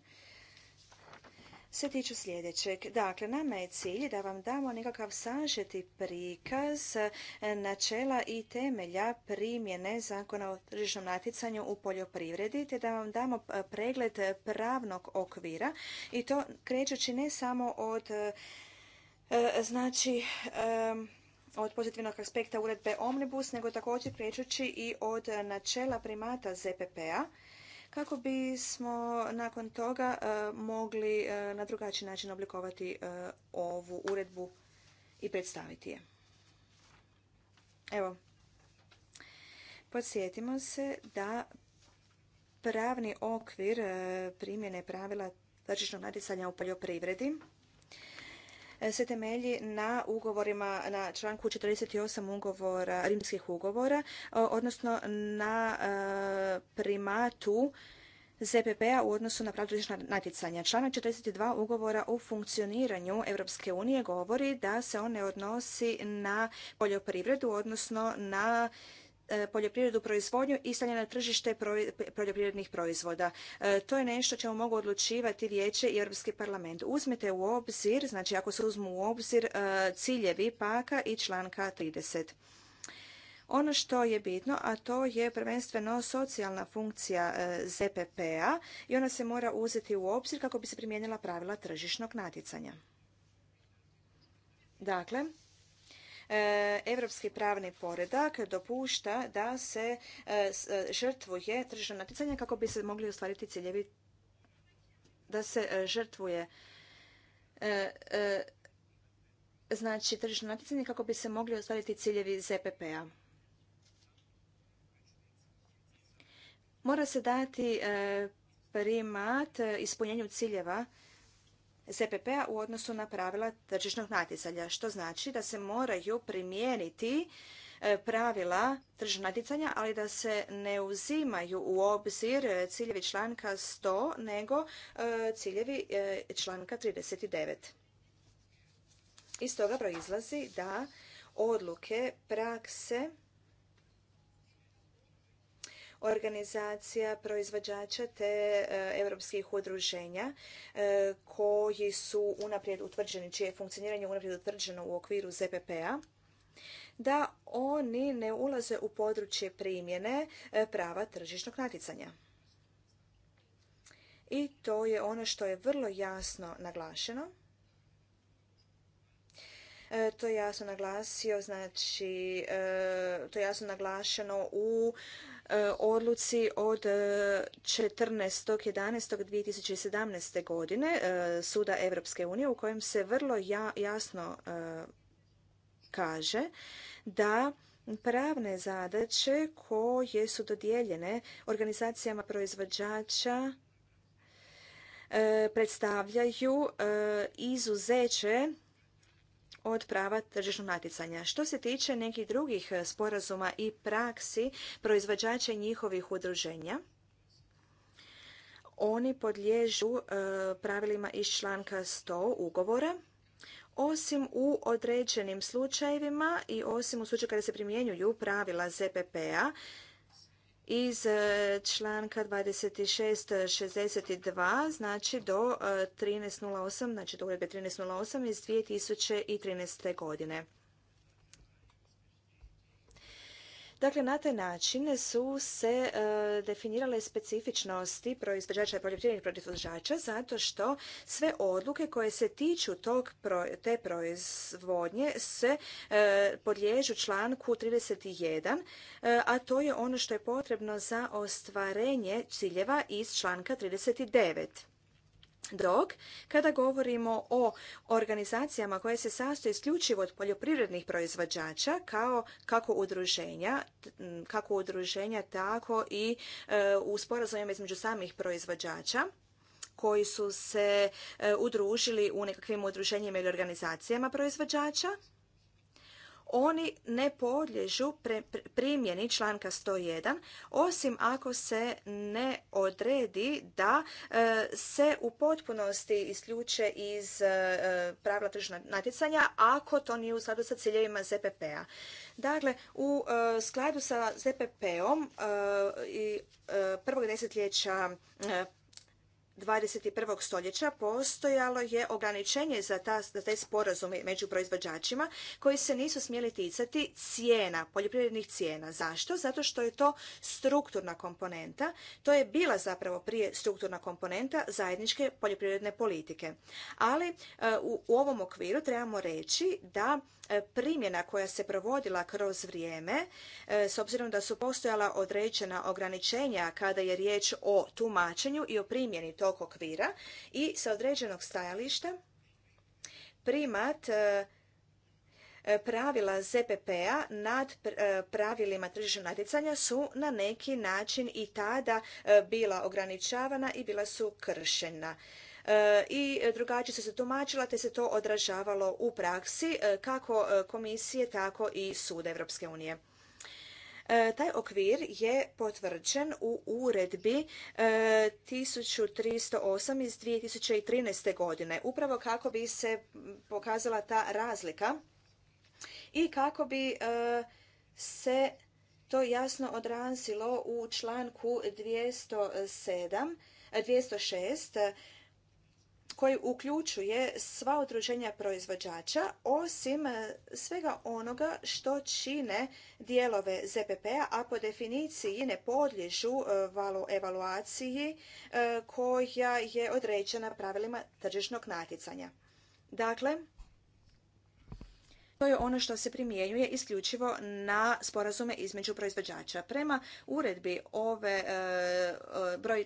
Speaker 1: se tiču sljedećeg. Dakle, nama je cilj da vam damo nekakav sažeti prikaz e, načela i temelja primjene zakona o tržišnom natjecanju u poljoprivredi, te da vam damo e, pregled pravnog okvira i to krećući ne samo od e, znači od pozitivnog aspekta uredbe Omnibus, nego također krećući i od načela primata ZPP-a kako bismo nakon toga e, mogli e, na drugačiji način oblikovati e, ovu uredbu i predstaviti je. Evo, podsjetimo se da pravni okvir primjene pravila tržišnog natjecanja u poljoprivredi E, se temelji na ugovorima, na članku 48 ugovora, rimskih ugovora, odnosno na e, primatu ZPP-a u odnosu na pravdolična natjecanja. Članak 42 ugovora o funkcioniranju Europske unije govori da se on ne odnosi na poljoprivredu, odnosno na E, poljoprivrednu proizvodnju i stavlja na tržište poljoprivrednih proizvoda. E, to je nešto čemu mogu odlučivati Vijeće i Europski parlament. Uzmite u obzir, znači ako se uzmu u obzir e, ciljevi paka i članka 30. Ono što je bitno, a to je prvenstveno socijalna funkcija ZPP-a i ona se mora uzeti u obzir kako bi se primijenila pravila tržišnog natjecanja. Dakle, Europski pravni poredak dopušta da se e, e, žrtvuje tržišno natjecanje kako bi se mogli ostvariti ciljevi da se e, žrtvuje znači tržišno natjecanje kako bi se mogli ostvariti ciljevi ZPP-a. Mora se dati primat ispunjenju ciljeva ZPP-a u odnosu na pravila tržišnog natjecanja, što znači da se moraju primijeniti e, pravila tržišnog natjecanja, ali da se ne uzimaju u obzir e, ciljevi članka 100, nego e, ciljevi članka 39. Iz toga proizlazi da odluke, prakse organizacija proizvođača te europskih udruženja e, koji su unaprijed utvrđeni, čije je funkcioniranje unaprijed utvrđeno u okviru ZPP-a da oni ne ulaze u područje primjene e, prava tržišnog natjecanja. I to je ono što je vrlo jasno naglašeno. E, to je jasno naglasio, znači, to je jasno naglašeno u E, odluci od 14.11.2017. E, godine e, Suda Europske unije u kojem se vrlo jasno kaže da pravne zadaće koje su dodijeljene organizacijama proizvođača predstavljaju izuzeće od prava tržišnog natjecanja. Što se tiče nekih drugih e, sporazuma i praksi proizvođača njihovih udruženja, oni podliježu e, pravilima iz članka 100 ugovora, osim u određenim slučajevima i osim u slučaju kada se primjenjuju pravila ZPP-a iz e, članka 2662, e, znači do 13.08, e, znači do uredbe 13.08 iz 2013. godine. Dakle, na taj način su se e, definirale specifičnosti proizvođača i poljoprivrednih proizvođača zato što sve odluke koje se tiču te proizvodnje se e, podliježu članku 31, e, a to je ono što je potrebno za ostvarenje ciljeva iz članka 39. Dok, kada govorimo o organizacijama koje se sastoje isključivo od poljoprivrednih proizvođača, kao kako udruženja, kako udruženja, tako i e, u sporazumima između samih proizvođača, koji su se e, udružili u nekakvim udruženjima ili organizacijama proizvođača, oni ne podliježu primjeni članka 101 osim ako se ne odredi da e, se u potpunosti isključe iz e, pravila tržišnog natjecanja ako to nije u skladu sa ciljevima ZPP-a. Dakle, u e, skladu sa ZPP-om i prvog desetljeća 21. stoljeća postojalo je ograničenje za, te sporazume među proizvođačima koji se nisu smjeli ticati cijena, poljoprivrednih cijena. Zašto? Zato što je to strukturna komponenta. To je bila zapravo prije strukturna komponenta zajedničke poljoprivredne politike. Ali e, u, u ovom okviru trebamo reći da e, primjena koja se provodila kroz vrijeme, e, s obzirom da su postojala određena ograničenja kada je riječ o tumačenju i o primjeni tog okvira i sa određenog stajališta primat e, e, pravila ZPP-a nad e, pravilima tržišnog natjecanja su na neki način i tada bila ograničavana i bila su kršena i drugačije su se tumačila te se to odražavalo u praksi kako komisije tako i suda Europske unije. E, taj okvir je potvrđen u uredbi 1308 e, iz 2013. godine, upravo kako bi se pokazala ta razlika i kako bi e, se to jasno odrazilo u članku 207 206 koji uključuje sva udruženja proizvođača osim e, svega onoga što čine dijelove ZPP-a, a po definiciji ne podliježu e, evaluaciji e, koja je određena pravilima tržišnog natjecanja. Dakle, to je ono što se primjenjuje isključivo na sporazume između proizvođača. Prema uredbi ove broj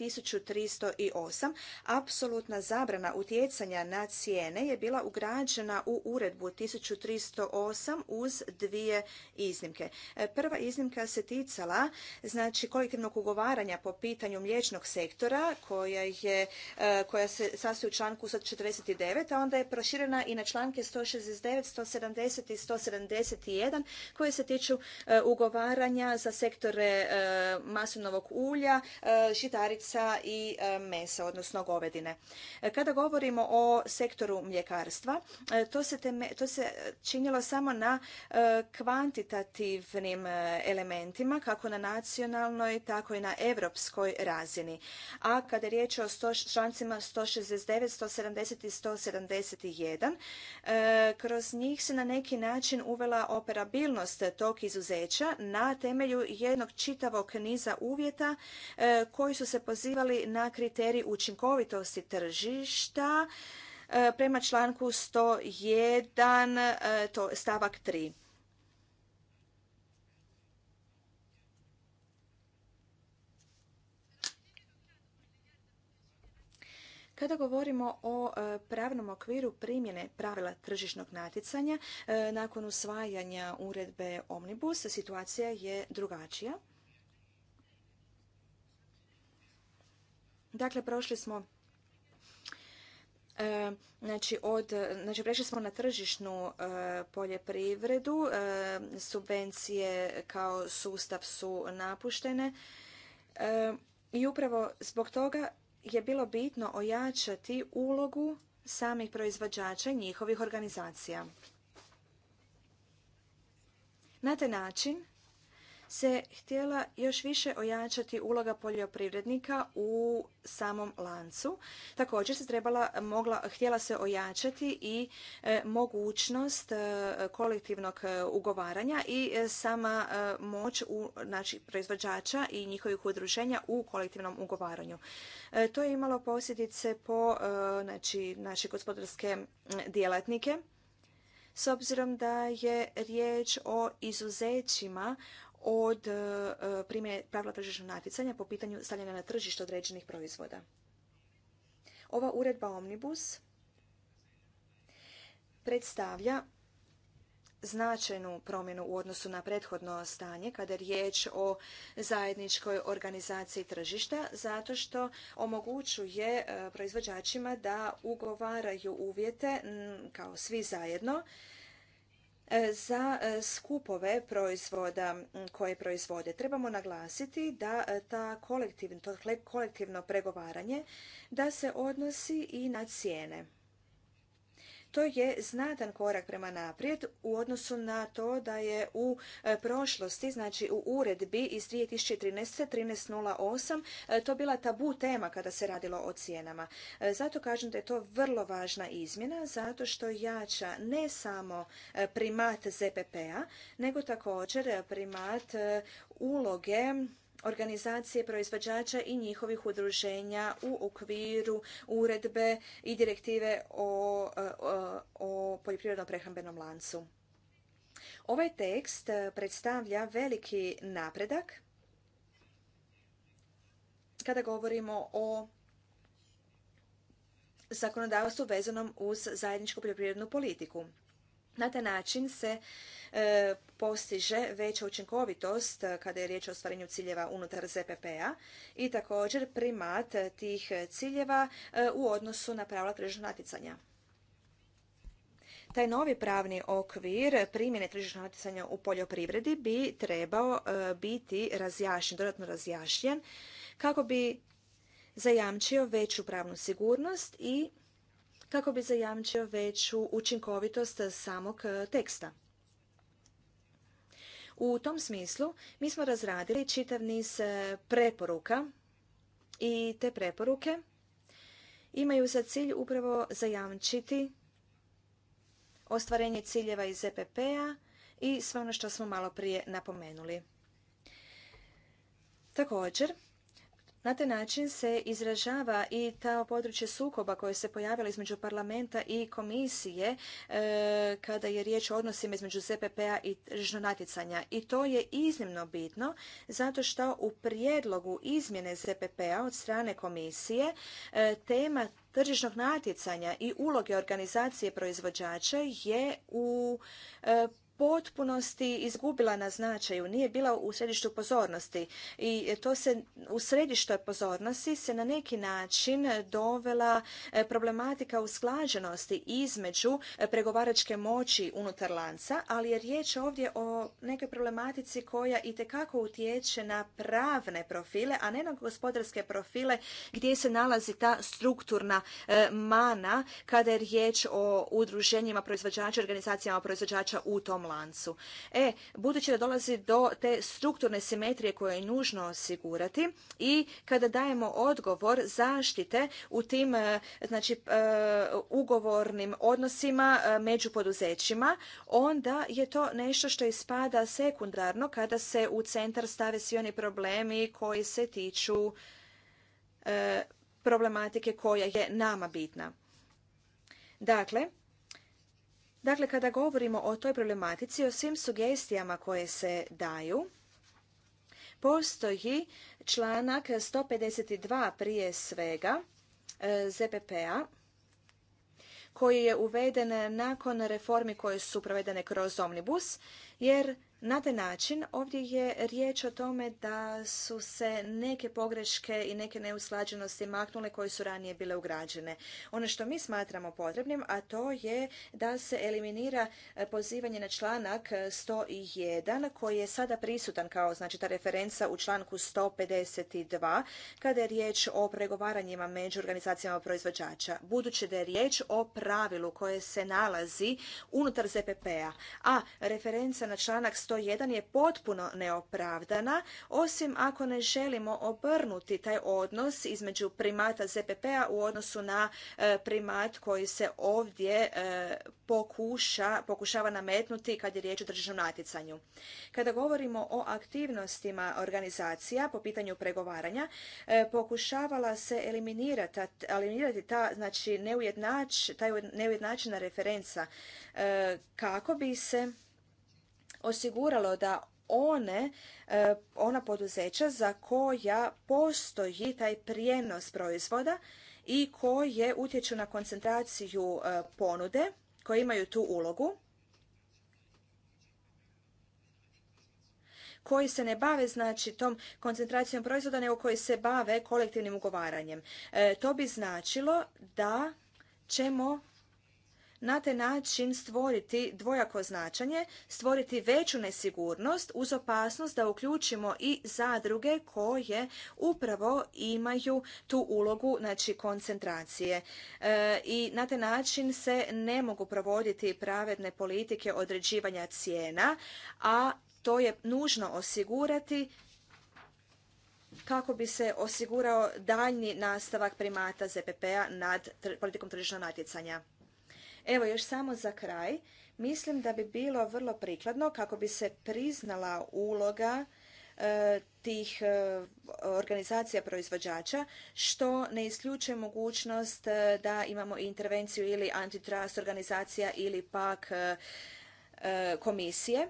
Speaker 1: 1308 apsolutna zabrana utjecanja na cijene je bila ugrađena u uredbu 1308 uz dvije iznimke. E, prva iznimka se ticala znači kolektivnog ugovaranja po pitanju mliječnog sektora koja je e, koja se sastoji u članku 149, a onda je proširena i na članke 169, 170 i 171 koje se tiču e, ugovaranja za sektore maslinovog ulja, žitarica sa i e, mesa, odnosno govedine. E, kada govorimo o sektoru mljekarstva, e, to se, činilo samo na kvantitativnim elementima, kako na nacionalnoj, tako i na europskoj razini. A kada je riječ o sto, člancima 169, 170 i 171, kroz njih se na neki način uvela operabilnost tog izuzeća na temelju jednog čitavog niza uvjeta koji su se pozivali pozivali na kriterij učinkovitosti tržišta e, prema članku 101 e, to stavak 3. Kada govorimo o e, pravnom okviru primjene pravila tržišnog natjecanja, nakon usvajanja uredbe Omnibus situacija je drugačija. Dakle, prošli smo e, Znači, od, znači prešli smo na tržišnu e, poljoprivredu, e, subvencije kao sustav su napuštene i upravo zbog toga je bilo bitno ojačati ulogu samih proizvođača i njihovih organizacija. Na taj način se htjela još više ojačati uloga poljoprivrednika u samom lancu. Također se trebala, htjela se ojačati i e, mogućnost e, kolektivnog e, ugovaranja i sama moć u, znači, proizvođača i njihovih udruženja u kolektivnom ugovaranju. To je imalo posljedice po znači, naše gospodarske djelatnike s obzirom da je riječ o izuzećima od e, primjene pravila tržišnog natjecanja po pitanju stavljanja na tržište određenih proizvoda. Ova uredba Omnibus predstavlja značajnu promjenu u odnosu na prethodno stanje kada je riječ o zajedničkoj organizaciji tržišta zato što omogućuje e, proizvođačima da ugovaraju uvjete kao svi zajedno za e, skupove proizvoda koje proizvode. Trebamo naglasiti da e, ta kolektivno, to kolektivno pregovaranje da se odnosi i na cijene. To je znatan korak prema naprijed u odnosu na to da je u e, prošlosti, znači u uredbi iz 2013. 1308, e, to bila tabu tema kada se radilo o cijenama. E, zato kažem da je to vrlo važna izmjena, zato što jača ne samo primat ZPP-a, nego također primat uloge organizacije proizvođača i njihovih udruženja u okviru uredbe i direktive o, e, o, poljoprivredno-prehrambenom lancu. Ovaj tekst e, predstavlja veliki napredak kada govorimo o zakonodavstvu vezanom uz zajedničku poljoprivrednu politiku. Na taj način se e, postiže veća učinkovitost e, kada je riječ o ostvarenju ciljeva unutar ZPP-a i također primat tih ciljeva e, u odnosu na pravila tržišnog natjecanja. Taj novi pravni okvir primjene tržišnog natjecanja u poljoprivredi bi trebao biti razjašnjen, dodatno razjašnjen kako bi zajamčio veću pravnu sigurnost i kako bi zajamčio veću učinkovitost samog e, teksta. U tom smislu mi smo razradili čitav niz e, preporuka i te preporuke imaju za cilj upravo zajamčiti ostvarenje ciljeva iz EPP-a i sve ono što smo malo prije napomenuli. Također, na taj način se izražava i ta područje sukoba koje se pojavilo između parlamenta i komisije e, kada je riječ o odnosima između ZPP-a i tržišnog natjecanja. I to je iznimno bitno zato što u prijedlogu izmjene ZPP-a od strane komisije e, tema tržišnog natjecanja i uloge organizacije proizvođača je u e, potpunosti izgubila na značaju, nije bila u središtu pozornosti i to se u središtu pozornosti se na neki način dovela e, problematika usklađenosti između e, pregovaračke moći unutar lanca, ali je riječ ovdje o nekoj problematici koja i tekako utječe na pravne profile, a ne na gospodarske profile gdje se nalazi ta strukturna e, mana kada je riječ o udruženjima proizvođača, organizacijama proizvođača u tom lancu. E, budući da dolazi do te strukturne simetrije koje je nužno osigurati i kada dajemo odgovor zaštite u tim e, znači, e, ugovornim odnosima e, među poduzećima, onda je to nešto što ispada sekundarno kada se u centar stave svi oni problemi koji se tiču problematike koja je nama bitna. Dakle, Dakle, kada govorimo o toj problematici, o svim sugestijama koje se daju, postoji članak 152 prije svega e, ZPP-a koji je uveden nakon reformi koje su provedene kroz Omnibus, jer na taj način ovdje je riječ o tome da su se neke pogreške i neke neusklađenosti maknule koje su ranije bile ugrađene. Ono što mi smatramo potrebnim, a to je da se eliminira e, pozivanje na članak 101 e, koji je sada prisutan kao znači ta referenca u članku 152 kada je riječ o pregovaranjima među organizacijama proizvođača. Budući da je riječ o pravilu koje se nalazi unutar ZPP-a, a referenca na članak jedan je potpuno neopravdana, osim ako ne želimo obrnuti taj odnos između primata ZPP-a u odnosu na e, primat koji se ovdje e, pokušava nametnuti kad je riječ o državnom natjecanju. Kada govorimo o aktivnostima organizacija po pitanju pregovaranja, e, pokušavala se eliminirati, ta, znači, ta neujednačena referenca kako bi se osiguralo da one, e, ona poduzeća za koja postoji taj prijenos proizvoda i koje utječu na koncentraciju e, ponude, koje imaju tu ulogu, koji se ne bave znači tom koncentracijom proizvoda nego koji se bave kolektivnim ugovaranjem. E, to bi značilo da ćemo na taj način stvoriti dvojako značenje, stvoriti veću nesigurnost uz opasnost da uključimo i zadruge koje upravo imaju tu ulogu znači koncentracije. E, I na taj način se ne mogu provoditi pravedne politike određivanja cijena, a to je nužno osigurati kako bi se osigurao daljnji nastavak primata ZPP-a nad politikom tržišnog natjecanja. Evo još samo za kraj, mislim da bi bilo vrlo prikladno kako bi se priznala uloga e, tih e, organizacija proizvođača, što ne isključuje mogućnost e, da imamo intervenciju ili antitrust organizacija ili pak komisije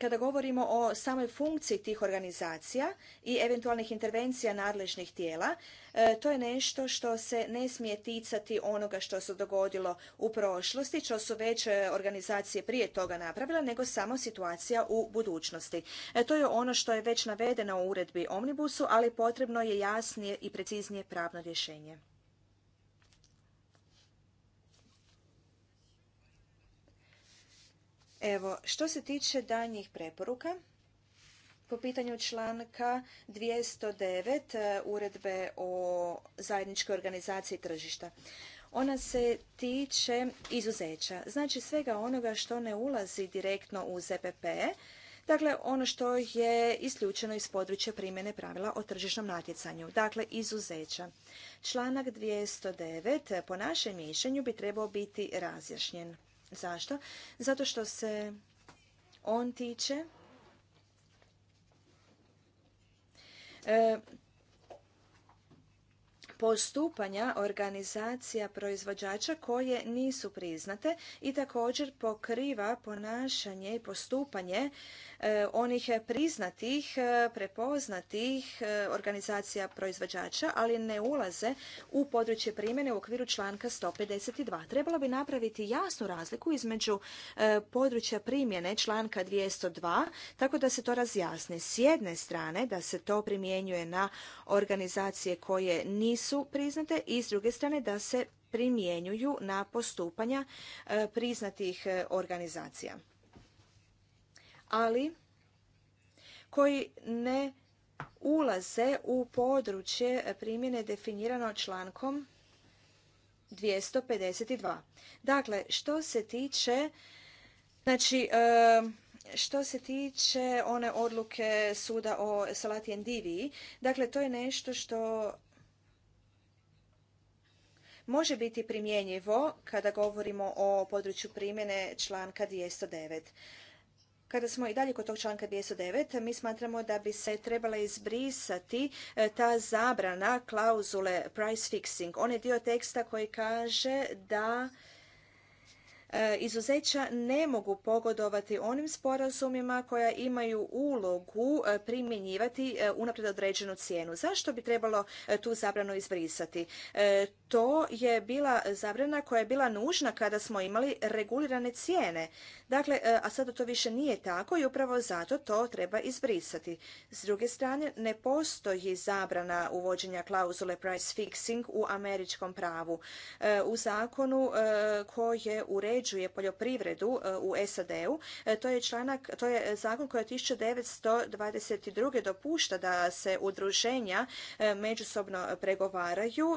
Speaker 1: kada govorimo o samoj funkciji tih organizacija i eventualnih intervencija nadležnih tijela, e, to je nešto što se ne smije ticati onoga što se dogodilo u prošlosti, što su već e, organizacije prije toga napravile, nego samo situacija u budućnosti. E, to je ono što je već navedeno u uredbi Omnibusu, ali potrebno je jasnije i preciznije pravno rješenje. Evo, što se tiče danjih preporuka, po pitanju članka 209 e, uredbe o zajedničkoj organizaciji tržišta. Ona se tiče izuzeća, znači svega onoga što ne ulazi direktno u ZPP, dakle ono što je isključeno iz područja primjene pravila o tržišnom natjecanju, dakle izuzeća. Članak 209 e, po našem mišljenju bi trebao biti razjašnjen. Zašto? Zato što se on tiče e, postupanja organizacija proizvođača koje nisu priznate i također pokriva ponašanje i postupanje E, onih priznatih, e, prepoznatih e, organizacija proizvođača, ali ne ulaze u područje primjene u okviru članka 152. Trebalo bi napraviti jasnu razliku između područja primjene članka 202, tako da se to razjasni. S jedne strane da se to primjenjuje na organizacije koje nisu priznate i s druge strane da se primjenjuju na postupanja priznatih organizacija ali koji ne ulaze u područje primjene definirano člankom 252. Dakle, što se tiče znači što se tiče one odluke suda o Salatijen Diviji, dakle to je nešto što može biti primjenjivo kada govorimo o području primjene članka 209. Kada smo i dalje kod tog članka 209, mi smatramo da bi se trebala izbrisati e, ta zabrana klauzule price fixing. On je dio teksta koji kaže da E, izuzeća ne mogu pogodovati onim sporazumima koja imaju ulogu e, primjenjivati e, unaprijed određenu cijenu. Zašto bi trebalo tu zabranu izbrisati? To je bila zabrana koja je bila nužna kada smo imali regulirane cijene. Dakle, a sada to više nije tako i upravo zato to treba izbrisati. S druge strane, ne postoji zabrana uvođenja klauzule price fixing u američkom pravu. U zakonu koje uređuje uređuje poljoprivredu e, u SAD-u. E, to je članak, to je zakon koji twenty 1922. dopušta da se udruženja e, međusobno pregovaraju,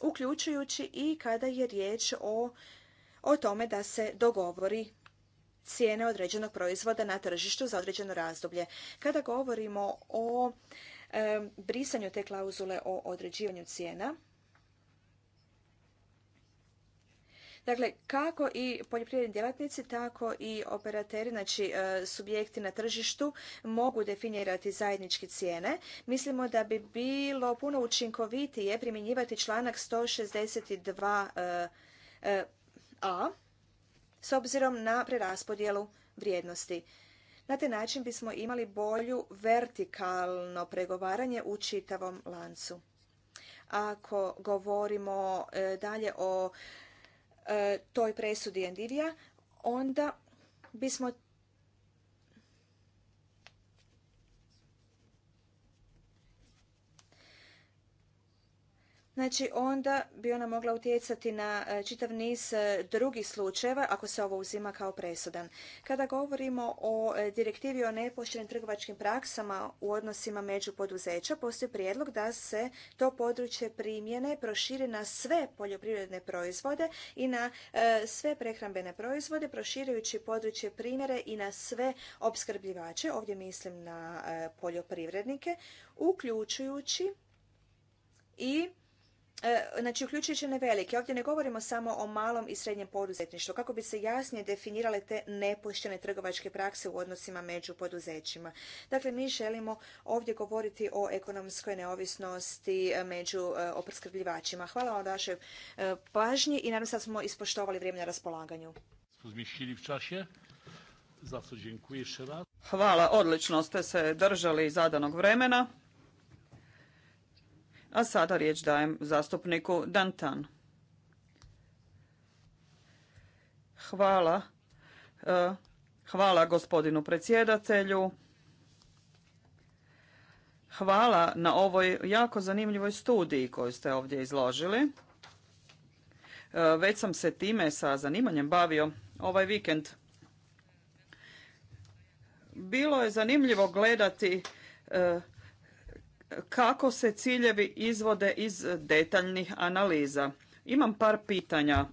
Speaker 1: uključujući i kada je riječ o, o tome da se dogovori cijene određenog proizvoda na tržištu za određeno razdoblje. Kada govorimo o brisanju te klauzule o određivanju cijena, Dakle, kako i poljoprivredni djelatnici, tako i operateri, znači e, subjekti na tržištu mogu definirati zajedničke cijene. Mislimo da bi bilo puno učinkovitije primjenjivati članak 162 e, e, a s obzirom na preraspodjelu vrijednosti. Na taj način bismo imali bolju vertikalno pregovaranje u čitavom lancu. Ako govorimo dalje o E, toj presudi Endivija, onda bismo Znači, onda bi ona mogla utjecati na e, čitav niz e, drugih slučajeva ako se ovo uzima kao presudan. Kada govorimo o e, direktivi o nepoštenim trgovačkim praksama u odnosima među poduzeća, postoji prijedlog da se to područje primjene proširi na sve poljoprivredne proizvode i na sve prehrambene proizvode, proširujući područje primjere i na sve opskrbljivače, ovdje mislim na poljoprivrednike, uključujući i E, znači uključujući one velike. Ovdje ne govorimo samo o malom i srednjem poduzetništvu, kako bi se jasnije definirale te nepoštene trgovačke prakse u odnosima među poduzećima. Dakle, mi želimo ovdje govoriti o ekonomskoj neovisnosti e, među e, oprskrbljivačima. Hvala vam vašoj pažnji i nadam se smo ispoštovali vrijeme na raspolaganju.
Speaker 4: Hvala, odlično ste se držali zadanog vremena. A sada riječ dajem zastupniku Dantan. Hvala. E, hvala gospodinu predsjedatelju. Hvala na ovoj jako zanimljivoj studiji koju ste ovdje izložili. E, već sam se time sa zanimanjem bavio ovaj vikend. Bilo je zanimljivo gledati e, kako se ciljevi izvode iz detaljnih analiza. Imam par pitanja.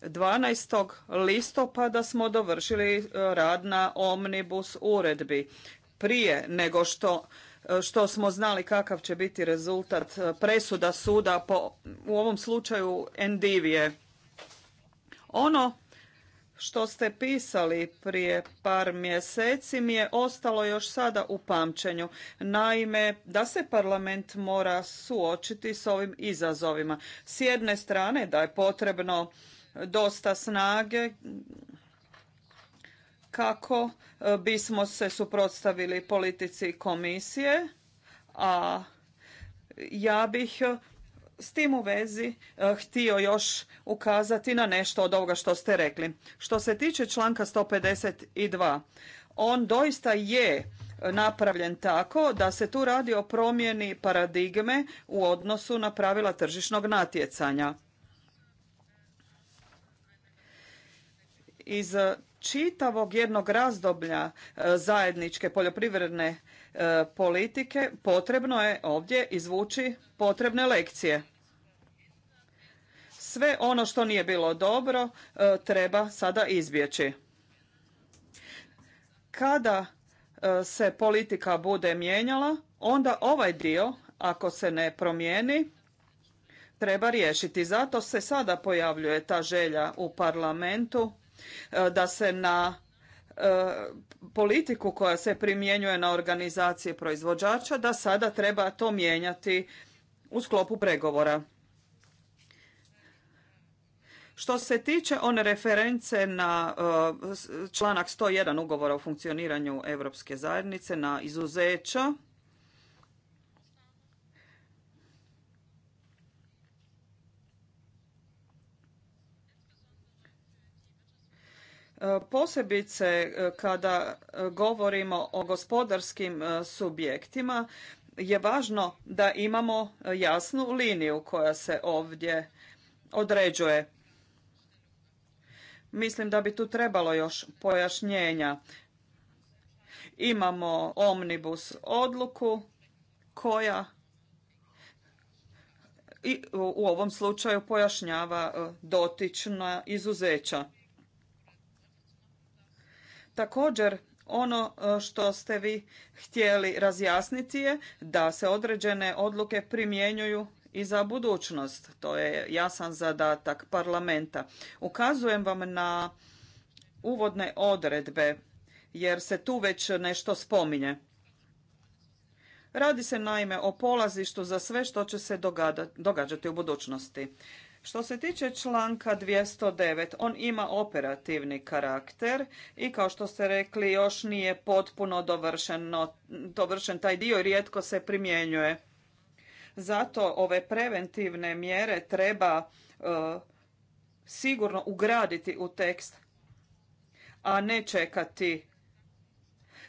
Speaker 4: 12. listopada smo dovršili e, rad na Omnibus uredbi. Prije nego što e, što smo znali kakav će biti rezultat e, presuda suda po, u ovom slučaju Endivije. Ono što ste pisali prije par mjeseci mi je ostalo još sada u pamćenju. Naime, da se parlament mora suočiti s ovim izazovima. S jedne strane da je potrebno dosta snage kako e, bismo se suprotstavili politici komisije, a ja bih s tim u vezi e, htio još ukazati na nešto od ovoga što ste rekli. Što se tiče članka 152, on doista je napravljen tako da se tu radi o promjeni paradigme u odnosu na pravila tržišnog natjecanja. Iz čitavog jednog razdoblja e, zajedničke poljoprivredne E, politike, potrebno je ovdje izvući potrebne lekcije. Sve ono što nije bilo dobro e, treba sada izbjeći. Kada e, se politika bude mijenjala, onda ovaj dio, ako se ne promijeni, treba riješiti. Zato se sada pojavljuje ta želja u parlamentu da se na E, politiku koja se primjenjuje na organizacije proizvođača da sada treba to mijenjati u sklopu pregovora. Što se tiče one reference na e, članak 101 ugovora o funkcioniranju Europske zajednice na izuzeća, E, posebice e, kada e, govorimo o gospodarskim subjektima je važno da imamo jasnu liniju koja se ovdje određuje. Mislim da bi tu trebalo još pojašnjenja. Imamo omnibus odluku koja i u ovom slučaju pojašnjava dotična izuzeća. Također, ono e, što ste vi htjeli razjasniti je da se određene odluke primjenjuju i za budućnost. To je jasan zadatak parlamenta. Ukazujem vam na uvodne odredbe jer se tu već nešto spominje. Radi se naime o polazištu za sve što će se događati u budućnosti. Što se tiče članka 209, on ima operativni karakter i kao što ste rekli još nije potpuno dovršen taj dio i rijetko se primjenjuje. Zato ove preventivne mjere treba e, sigurno ugraditi u tekst, a ne čekati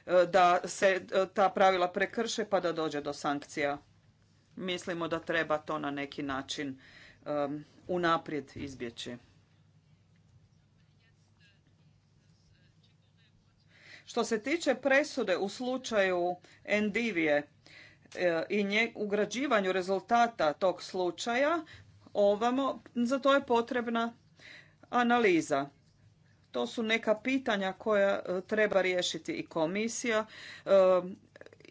Speaker 4: e, da se e, ta pravila prekrše pa da dođe do sankcija. Mislimo da treba to na neki način Um, unaprijed izbjeći. Što se tiče presude u slučaju Endivije e, i ugrađivanju rezultata tog slučaja, ovamo, za to je potrebna analiza. To su neka pitanja koja e, treba riješiti i komisija. E,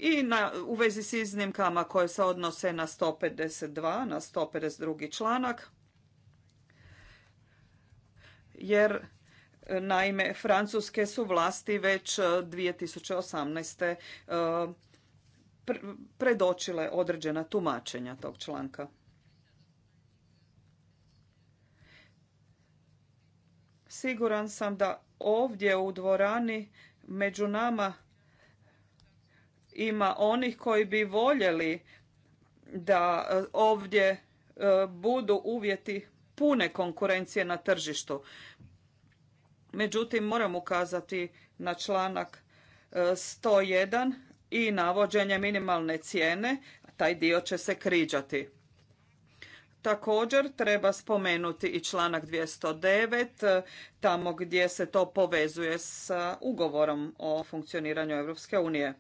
Speaker 4: i na, u vezi s iznimkama koje se odnose na 152, na 152. članak, jer e, naime francuske su vlasti već 2018. E, e, predočile određena tumačenja tog članka. Siguran sam da ovdje u dvorani među nama ima onih koji bi voljeli da e, ovdje e, budu uvjeti pune konkurencije na tržištu. Međutim, moram ukazati na članak 101 e, i navođenje minimalne cijene, taj dio će se kriđati. Također treba spomenuti i članak 209, tamo gdje se to povezuje sa ugovorom o funkcioniranju Europske unije.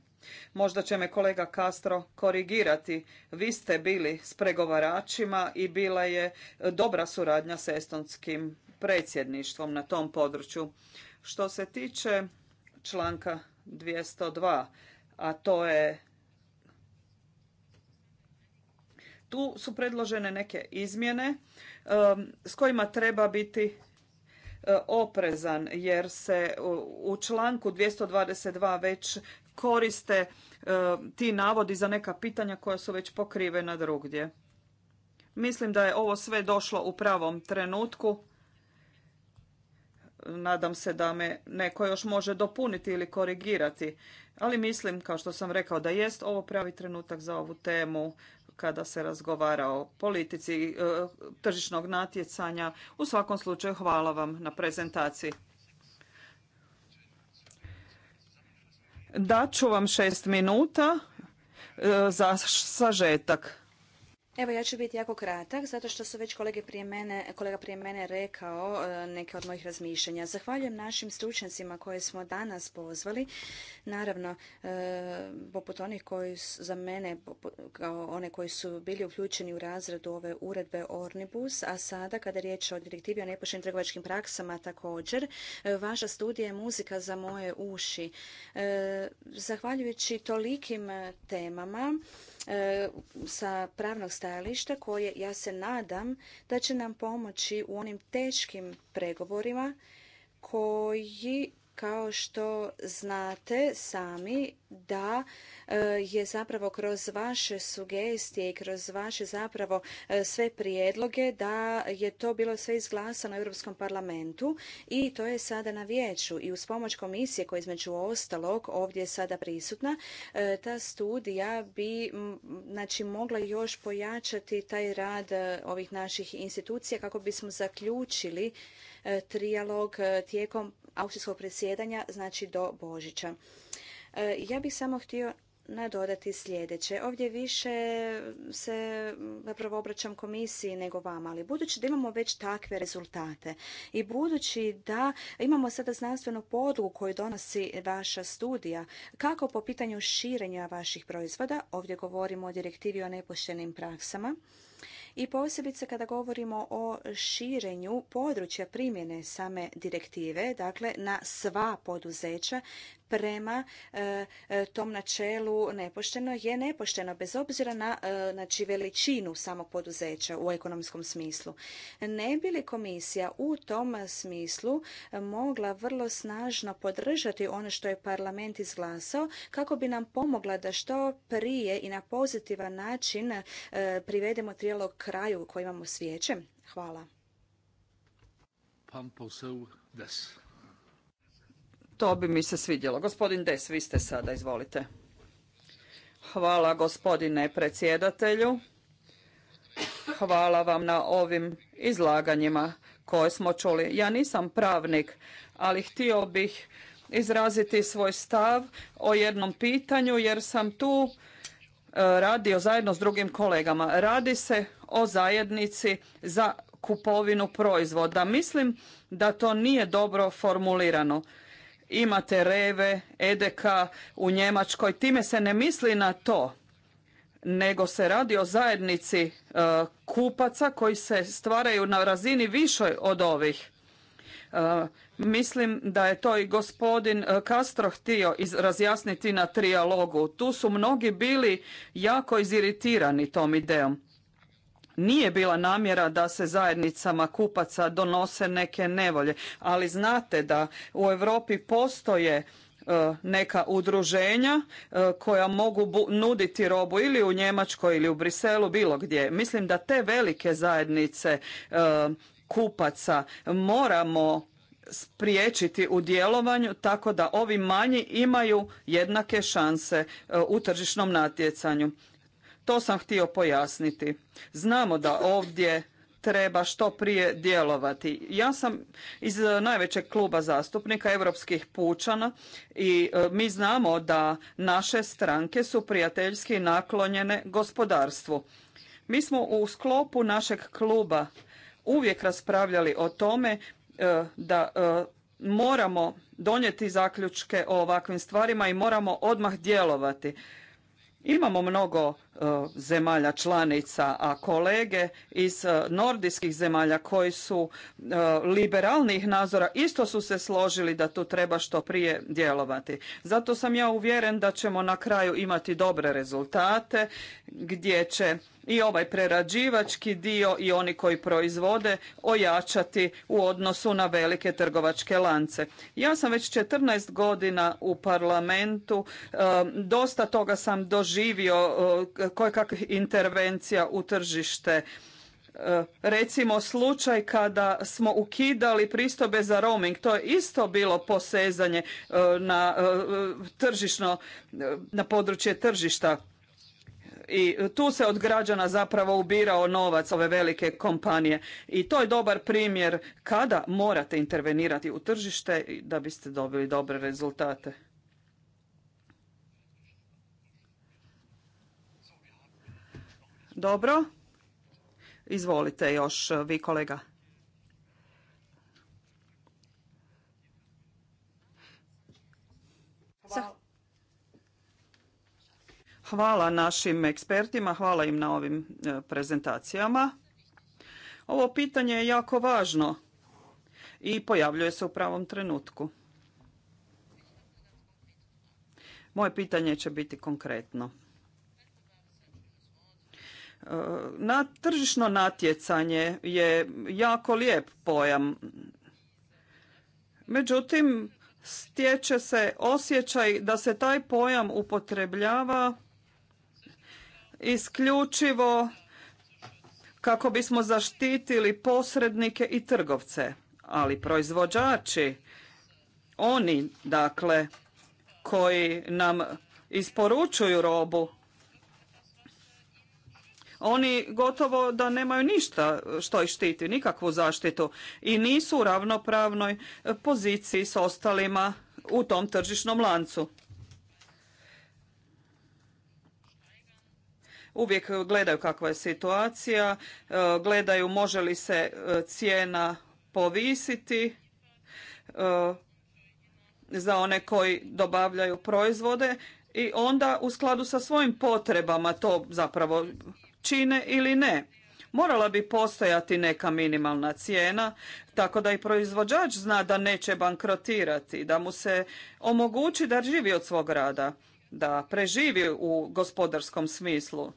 Speaker 4: Možda će me kolega Castro korigirati. Vi ste bili s pregovaračima i bila je dobra suradnja s estonskim predsjedništvom na tom području. Što se tiče članka 202, a to je tu su predložene neke izmjene um, s kojima treba biti uh, oprezan jer se u članku 222 već koriste e, ti navodi za neka pitanja koja su već pokrivena drugdje. Mislim da je ovo sve došlo u pravom trenutku. Nadam se da me neko još može dopuniti ili korigirati. Ali mislim, kao što sam rekao, da jest ovo pravi trenutak za ovu temu kada se razgovara o politici e, tržišnog natjecanja. U svakom slučaju hvala vam na prezentaciji. Daću vam šest minuta e, za sažetak.
Speaker 1: Evo ja ću biti jako kratak zato što su već kolege prije mene, kolega prije mene rekao e, neke od mojih razmišljanja. Zahvaljujem našim stručnjacima koje smo danas pozvali. Naravno, e, poput onih koji za mene, kao one koji su bili uključeni u razradu ove uredbe Ornibus, a sada kada je riječ o direktivi o nepoštenim trgovačkim praksama također, e, vaša studija je muzika za moje uši. Zahvaljujući tolikim temama, E, sa pravnog stajališta koje ja se nadam da će nam pomoći u onim teškim pregovorima koji kao što znate sami da e, je zapravo kroz vaše sugestije i kroz vaše zapravo e, sve prijedloge da je to bilo sve izglasano u Europskom parlamentu i to je sada na vijeću i uz pomoć komisije koja između ostalog ovdje sada prisutna e, ta studija bi znači mogla još pojačati taj rad ovih naših institucija kako bismo zaključili E, trijalog e, tijekom austrijskog predsjedanja, znači do Božića. E, ja bih samo htio nadodati sljedeće. Ovdje više se zapravo obraćam komisiji nego vama, ali budući da imamo već takve rezultate i budući da imamo sada znanstvenu podlogu koju donosi vaša studija, kako po pitanju širenja vaših proizvoda, ovdje govorimo o direktivi o nepoštenim praksama, i posebice kada govorimo o širenju područja primjene same direktive, dakle na sva poduzeća prema e, e, tom načelu nepošteno je nepošteno bez obzira na e, znači veličinu samog poduzeća u ekonomskom smislu. Ne bi li komisija u tom smislu mogla vrlo snažno podržati ono što je parlament izglasao kako bi nam pomogla da što prije i na pozitivan način privedemo trijelog kraju koji imamo svijećem? Hvala.
Speaker 4: Pan Des. To bi mi se svidjelo. Gospodin Des, vi ste sada, izvolite. Hvala gospodine predsjedatelju. Hvala vam na ovim izlaganjima koje smo čuli. Ja nisam pravnik, ali htio bih izraziti svoj stav o jednom pitanju jer sam tu e, radio zajedno s drugim kolegama. Radi se o zajednici za kupovinu proizvoda. Mislim da to nije dobro formulirano imate Reve, Edeka u Njemačkoj, time se ne misli na to, nego se radi o zajednici e, kupaca koji se stvaraju na razini višoj od ovih. E, mislim da je to i gospodin e, Castro htio razjasniti na trijalogu. Tu su mnogi bili jako iziritirani tom idejom nije bila namjera da se zajednicama kupaca donose neke nevolje, ali znate da u Europi postoje e, neka udruženja e, koja mogu nuditi robu ili u Njemačkoj ili u Briselu, bilo gdje. Mislim da te velike zajednice e, kupaca moramo spriječiti u djelovanju tako da ovi manji imaju jednake šanse u tržišnom natjecanju. To sam htio pojasniti. Znamo da ovdje treba što prije djelovati. Ja sam iz najvećeg kluba zastupnika europskih pučana i e, mi znamo da naše stranke su prijateljski naklonjene gospodarstvu. Mi smo u sklopu našeg kluba uvijek raspravljali o tome e, da e, moramo donijeti zaključke o ovakvim stvarima i moramo odmah djelovati. Imamo mnogo E, zemalja članica, a kolege iz e, nordijskih zemalja koji su e, liberalnih nazora isto su se složili da tu treba što prije djelovati. Zato sam ja uvjeren da ćemo na kraju imati dobre rezultate gdje će i ovaj prerađivački dio i oni koji proizvode ojačati u odnosu na velike trgovačke lance. Ja sam već 14 godina u parlamentu, dosta toga sam doživio kakvih intervencija u tržište. E, recimo slučaj kada smo ukidali pristobe za roaming, to je isto bilo posezanje e, na e, tržišno, na područje tržišta i tu se od građana zapravo ubirao novac ove velike kompanije i to je dobar primjer kada morate intervenirati u tržište da biste dobili dobre rezultate. Dobro. Izvolite još vi kolega. Hvala. našim ekspertima, hvala im na ovim e, prezentacijama. Ovo pitanje je jako važno i pojavljuje se u pravom trenutku. Moje pitanje će biti konkretno. Na tržišno natjecanje je jako lijep pojam. Međutim, stječe se osjećaj da se taj pojam upotrebljava isključivo kako bismo zaštitili posrednike i trgovce, ali proizvođači, oni dakle koji nam isporučuju robu, oni gotovo da nemaju ništa što ih štiti, nikakvu zaštitu i nisu u ravnopravnoj e, poziciji s ostalima u tom tržišnom lancu. Uvijek gledaju kakva je situacija, e, gledaju može li se e, cijena povisiti za one koji dobavljaju proizvode i onda u skladu sa svojim potrebama to zapravo čine ili ne. Morala bi postojati neka minimalna cijena, tako da i proizvođač zna da neće bankrotirati, da mu se omogući da živi od svog rada, da preživi u gospodarskom smislu.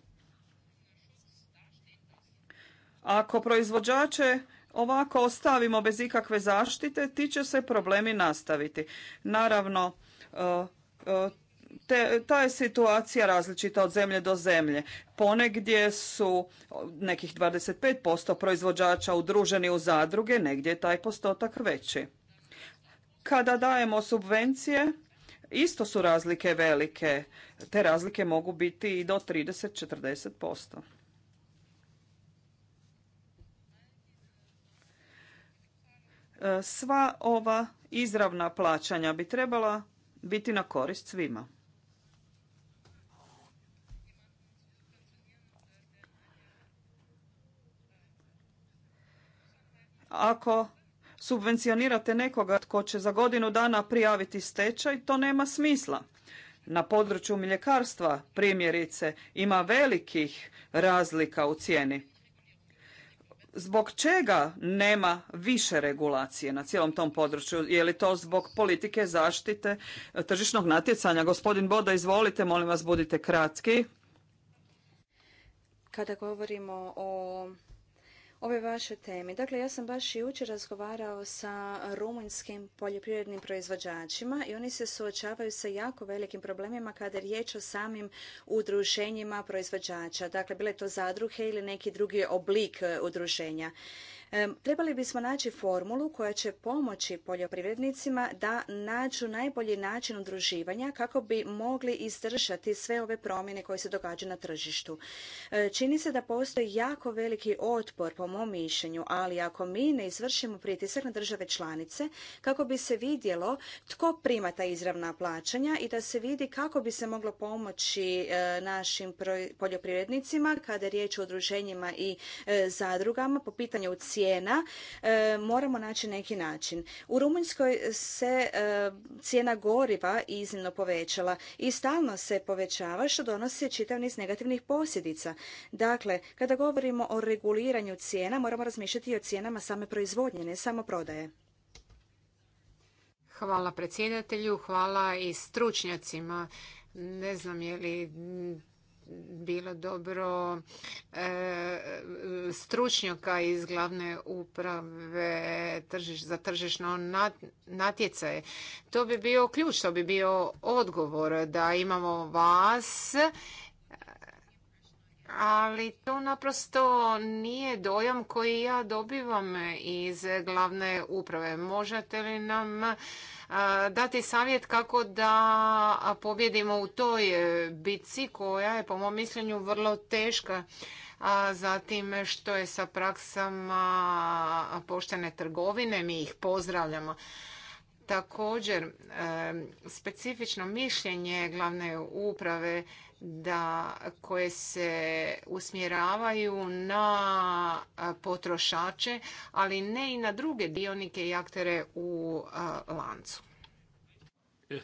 Speaker 4: Ako proizvođače ovako ostavimo bez ikakve zaštite, ti će se problemi nastaviti. Naravno, e, e, ta je situacija različita od zemlje do zemlje. Ponegdje su nekih 25% proizvođača udruženi u zadruge, negdje je taj postotak veći. Kada dajemo subvencije, isto su razlike velike. Te razlike mogu biti i do 30-40%. Sva ova izravna plaćanja bi trebala biti na korist svima. Ako subvencionirate nekoga tko će za godinu dana prijaviti stečaj, to nema smisla. Na području mljekarstva, primjerice, ima velikih razlika u cijeni. Zbog čega nema više regulacije na cijelom tom području? Je li to zbog politike zaštite tržišnog natjecanja? Gospodin Boda, izvolite, molim vas, budite kratki.
Speaker 1: Kada govorimo o ove vaše temi. Dakle, ja sam baš i jučer razgovarao sa rumunjskim poljoprivrednim proizvođačima i oni se suočavaju sa jako velikim problemima kada je riječ o samim udruženjima proizvođača. Dakle, bile to zadruhe ili neki drugi oblik e, udruženja. Trebali bismo naći formulu koja će pomoći poljoprivrednicima da nađu najbolji način udruživanja kako bi mogli izdržati sve ove promjene koje se događaju na tržištu. E, čini se da postoji jako veliki otpor po mom mišljenju, ali ako mi ne izvršimo pritisak na države članice kako bi se vidjelo tko prima ta izravna plaćanja i da se vidi kako bi se moglo pomoći e, našim poljoprivrednicima kada je riječ o udruženjima i e, zadrugama po pitanju cijena cijena e, moramo naći neki način. U Rumunjskoj se e, cijena goriva iznimno povećala i stalno se povećava što donosi čitav niz negativnih posljedica. Dakle, kada govorimo o reguliranju cijena moramo razmišljati i o cijenama same proizvodnje, ne samo prodaje.
Speaker 3: Hvala predsjedatelju, hvala i stručnjacima. Ne znam je li bilo dobro e, stručnjaka iz glavne uprave za tržišno natjecaje. To bi bio ključ, to bi bio odgovor da imamo vas ali to naprosto nije dojam koji ja dobivam iz glavne uprave. Možete li nam dati savjet kako da pobjedimo u toj e, bitci koja je po mom mišljenju vrlo teška a zatim što je sa praksama poštene trgovine, mi ih pozdravljamo. Također, e, specifično mišljenje glavne uprave da koje se usmjeravaju na potrošače, ali ne i na druge dionike i aktere u lancu.
Speaker 2: Eh,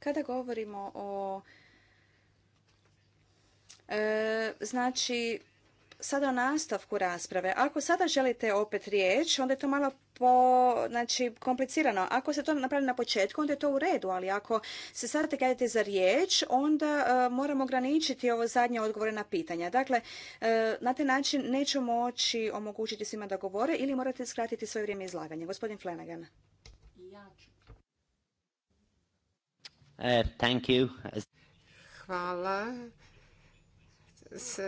Speaker 1: Kada govorimo o e, znači sada o nastavku rasprave. Ako sada želite opet riječ, onda je to malo po, znači, komplicirano. Ako se to napravi na početku, onda je to u redu, ali ako se sada tegajete za riječ, onda e, moramo ograničiti ovo zadnje odgovore na pitanja. Dakle, e, na taj način neću moći omogućiti svima da govore ili morate skratiti svoje vrijeme izlaganja. Gospodin Flanagan.
Speaker 3: Ja e, thank you. Hvala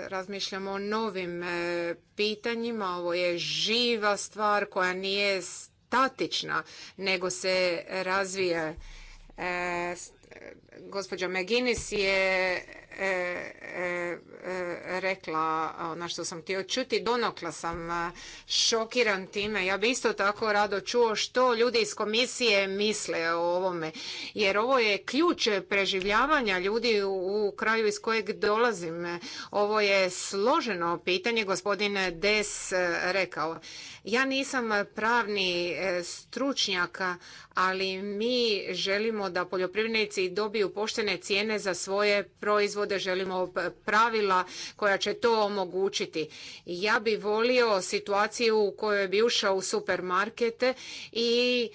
Speaker 3: razmišljamo o novim e, pitanjima. Ovo je živa stvar koja nije statična, nego se razvija e, gospođa Meginis je e, e, e, rekla ono što sam htio čuti. Donokla sam šokiran time. Ja bi isto tako rado čuo što ljudi iz komisije misle o ovome. Jer ovo je ključ preživljavanja ljudi u, kraju iz kojeg dolazim. Ovo je složeno pitanje, gospodin Des rekao. Ja nisam pravni stručnjaka, ali mi želimo da poljoprivrednici dobiju upoštene poštene cijene za svoje proizvode, želimo pravila koja će to omogućiti. Ja bi volio situaciju u kojoj bi ušao u supermarkete i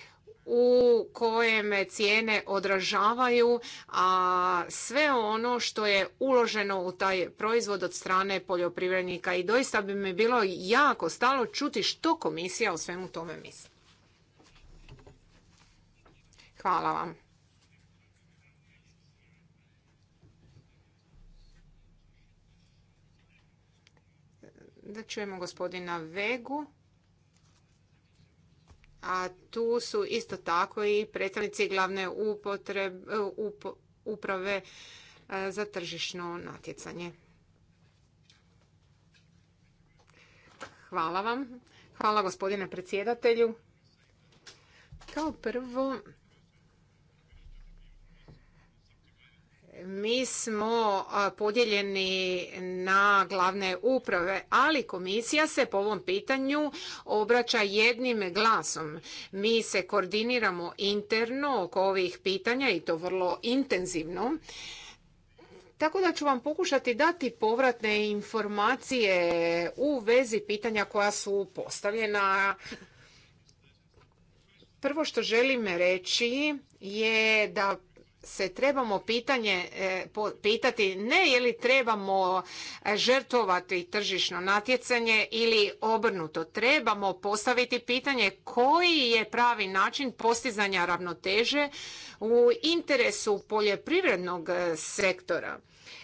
Speaker 3: u kojem cijene odražavaju a sve ono što je uloženo u taj proizvod od strane poljoprivrednika i doista bi mi bilo jako stalo čuti što komisija o svemu tome misli. Hvala vam. Da čujemo gospodina Vegu. A tu su isto tako i predstavnici glavne uh, uprave uh, za tržišno natjecanje. Hvala vam. Hvala gospodine predsjedatelju. Kao prvo mi smo podijeljeni na glavne uprave, ali komisija se po ovom pitanju obraća jednim glasom. Mi se koordiniramo interno oko ovih pitanja i to vrlo intenzivno. Tako da ću vam pokušati dati povratne informacije u vezi pitanja koja su postavljena. Prvo što želim reći je da se trebamo pitanje e, pitati ne je li trebamo e, žrtvovati tržišno natjecanje ili obrnuto. Trebamo postaviti pitanje koji je pravi način postizanja ravnoteže u interesu poljoprivrednog e, sektora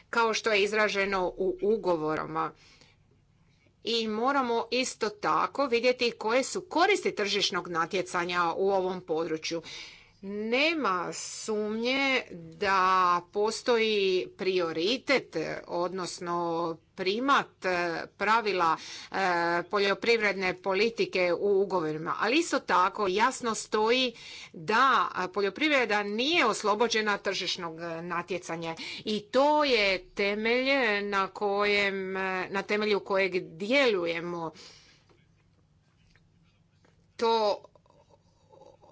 Speaker 3: kao što je izraženo u ugovorama i moramo isto tako vidjeti koje su koristi tržišnog natjecanja u ovom području nema sumnje da postoji prioritet, odnosno primat e, pravila e, poljoprivredne politike u ugovorima. Ali isto tako jasno stoji da poljoprivreda nije oslobođena tržišnog natjecanja i to je temelj na, kojem, e, na temelju kojeg djelujemo. To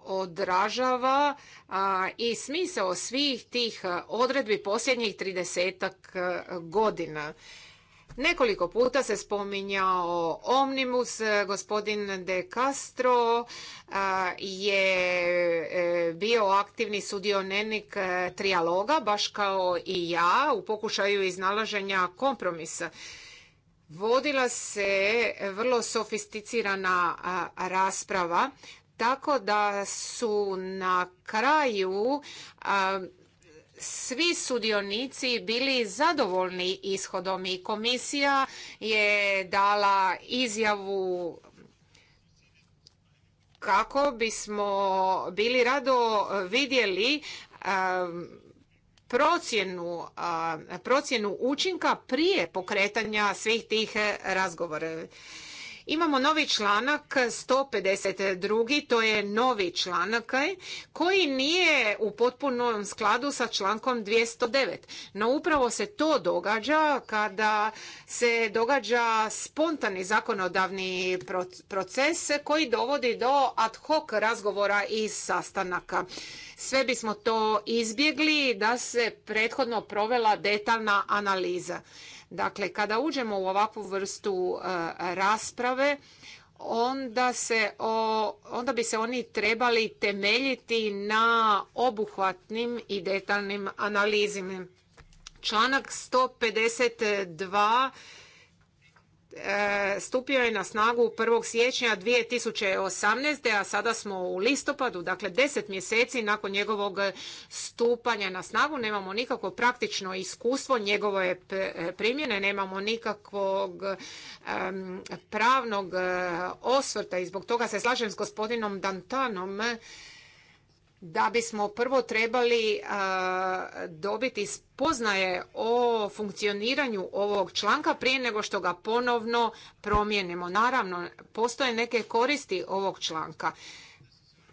Speaker 3: odražava i smisao svih tih odredbi posljednjih 30 godina. Nekoliko puta se spominjao omnimus, gospodin De Castro je e, bio aktivni sudionenik e, trijaloga, baš kao i ja, u pokušaju iznalaženja kompromisa. Vodila se vrlo sofisticirana rasprava tako da su na kraju svi sudionici bili zadovoljni ishodom i komisija je dala izjavu kako bismo bili rado vidjeli procjenu, procjenu učinka prije pokretanja svih tih razgovora. Imamo novi članak 152. To je novi članak koji nije u potpunom skladu sa člankom 209. No upravo se to događa kada se događa spontani zakonodavni proces koji dovodi do ad hoc razgovora i sastanaka. Sve bismo to izbjegli da se prethodno provela detaljna analiza. Dakle, kada uđemo u ovakvu vrstu e, rasprave, onda, se o, onda bi se oni trebali temeljiti na obuhvatnim i detaljnim analizima. Članak 152 E, stupio je na snagu 1. siječnja 2018. a sada smo u listopadu, dakle 10 mjeseci nakon njegovog stupanja na snagu. Nemamo nikakvo praktično iskustvo njegove primjene, nemamo nikakvog pravnog e, osvrta i zbog toga se slažem s gospodinom Dantanom da bismo prvo trebali dobiti spoznaje o funkcioniranju ovog članka prije nego što ga ponovno promijenimo. Naravno, postoje neke koristi ovog članka.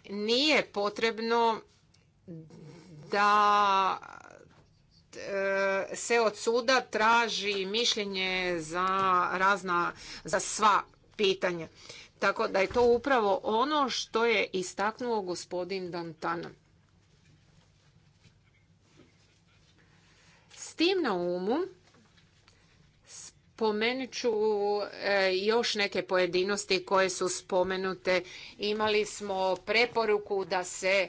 Speaker 3: Nije potrebno da e, se od suda traži mišljenje za razna, za sva pitanja. Tako da je to upravo ono što je istaknuo gospodin Dantan. S tim na umu spomenut ću e, još neke pojedinosti koje su spomenute. Imali smo preporuku da se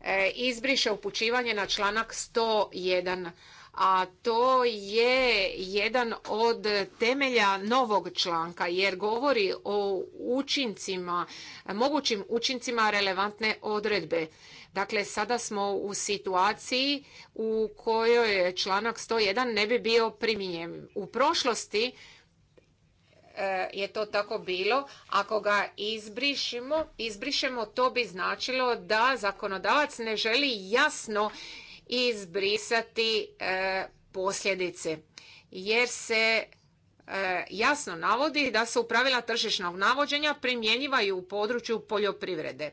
Speaker 3: e, izbriše upućivanje na članak 101 a to je jedan od temelja novog članka jer govori o učincima, mogućim učincima relevantne odredbe. Dakle, sada smo u situaciji u kojoj članak 101 ne bi bio primijenjen. U prošlosti e, je to tako bilo. Ako ga izbrišimo, izbrišemo, to bi značilo da zakonodavac ne želi jasno izbrisati e, posljedice jer se e, jasno navodi da su pravila tržišnog navođenja primjenjivaju u području poljoprivrede.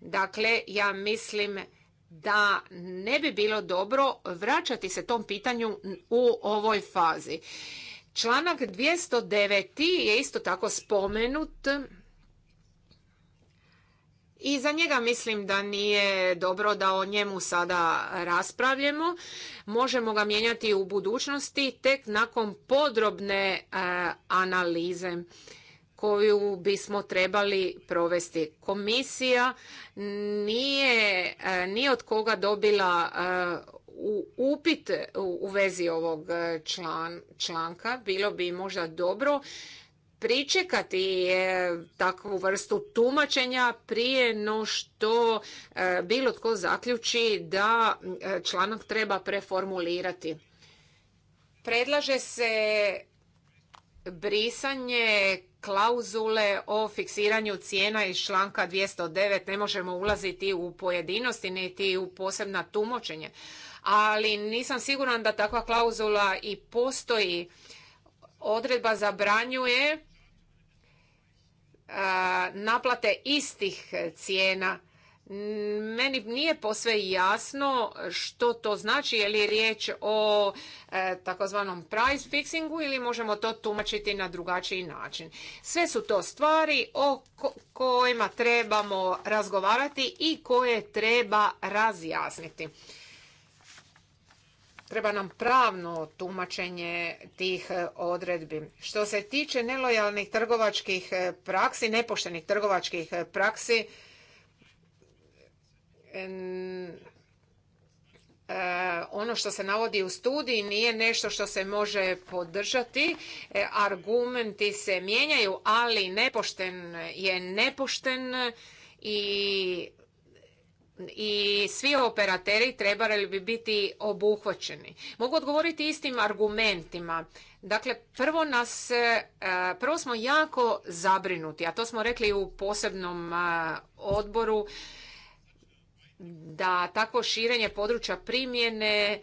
Speaker 3: Dakle, ja mislim da ne bi bilo dobro vraćati se tom pitanju u ovoj fazi. Članak 209. je isto tako spomenut i za njega mislim da nije dobro da o njemu sada raspravljamo. Možemo ga mijenjati u budućnosti tek nakon podrobne e, analize koju bismo trebali provesti. Komisija nije e, ni od koga dobila e, upit u vezi ovog članka. Bilo bi možda dobro pričekati takvu vrstu tumačenja prije no što e, bilo tko zaključi da e, članak treba preformulirati. Predlaže se brisanje klauzule o fiksiranju cijena iz članka 209. Ne možemo ulaziti u pojedinosti niti u posebna tumačenje. ali nisam siguran da takva klauzula i postoji odredba zabranjuje naplate istih cijena. Meni nije posve jasno što to znači, je li riječ o e, takozvanom price fixingu ili možemo to tumačiti na drugačiji način. Sve su to stvari o kojima trebamo razgovarati i koje treba razjasniti. Treba nam pravno tumačenje tih e, odredbi. Što se tiče nelojalnih trgovačkih e, praksi, nepoštenih trgovačkih e, praksi, ono što se navodi u studiji nije nešto što se može podržati. Argumenti se mijenjaju, ali nepošten je nepošten i i svi operateri trebali bi biti obuhvaćeni. Mogu odgovoriti istim argumentima. Dakle, prvo, nas, e, prvo smo jako zabrinuti, a to smo rekli u posebnom e, odboru, da takvo širenje područja primjene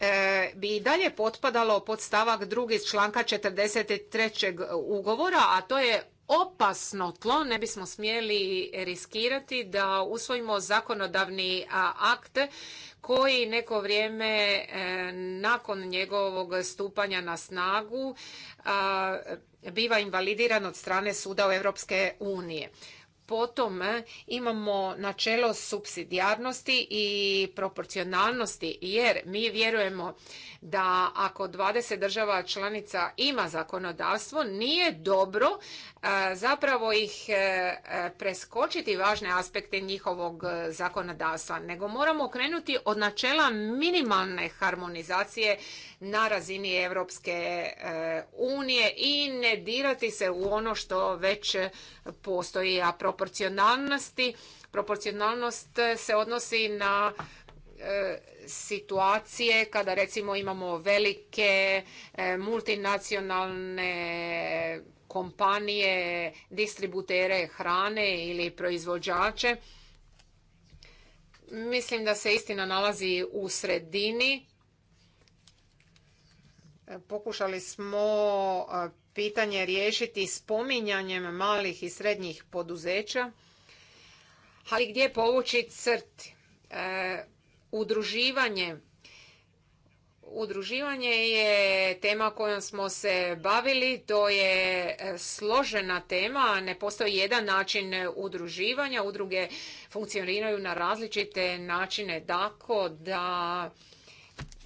Speaker 3: e, bi i dalje potpadalo pod stavak drugi članka 43. ugovora, a to je opasno tlo, ne bismo smjeli riskirati da usvojimo zakonodavni akt koji neko vrijeme e, nakon njegovog stupanja na snagu biva invalidiran od strane Suda Europske unije. Potom imamo načelo subsidijarnosti i proporcionalnosti jer mi vjerujemo da ako 20 država članica ima zakonodavstvo nije dobro e, zapravo ih e, preskočiti važne aspekte njihovog e, zakonodavstva, nego moramo krenuti od načela minimalne harmonizacije na razini Europske unije i ne dirati se u ono što već postoji, a proporcionalnosti. Proporcionalnost se odnosi na e, situacije kada recimo imamo velike e, multinacionalne kompanije, distributere hrane ili proizvođače. Mislim da se istina nalazi u sredini. E, pokušali smo pitanje riješiti spominjanjem malih i srednjih poduzeća, ali gdje povući crt? E, udruživanje. Udruživanje je tema kojom smo se bavili, to je e, složena tema, ne postoji jedan način udruživanja, udruge funkcioniraju na različite načine, tako da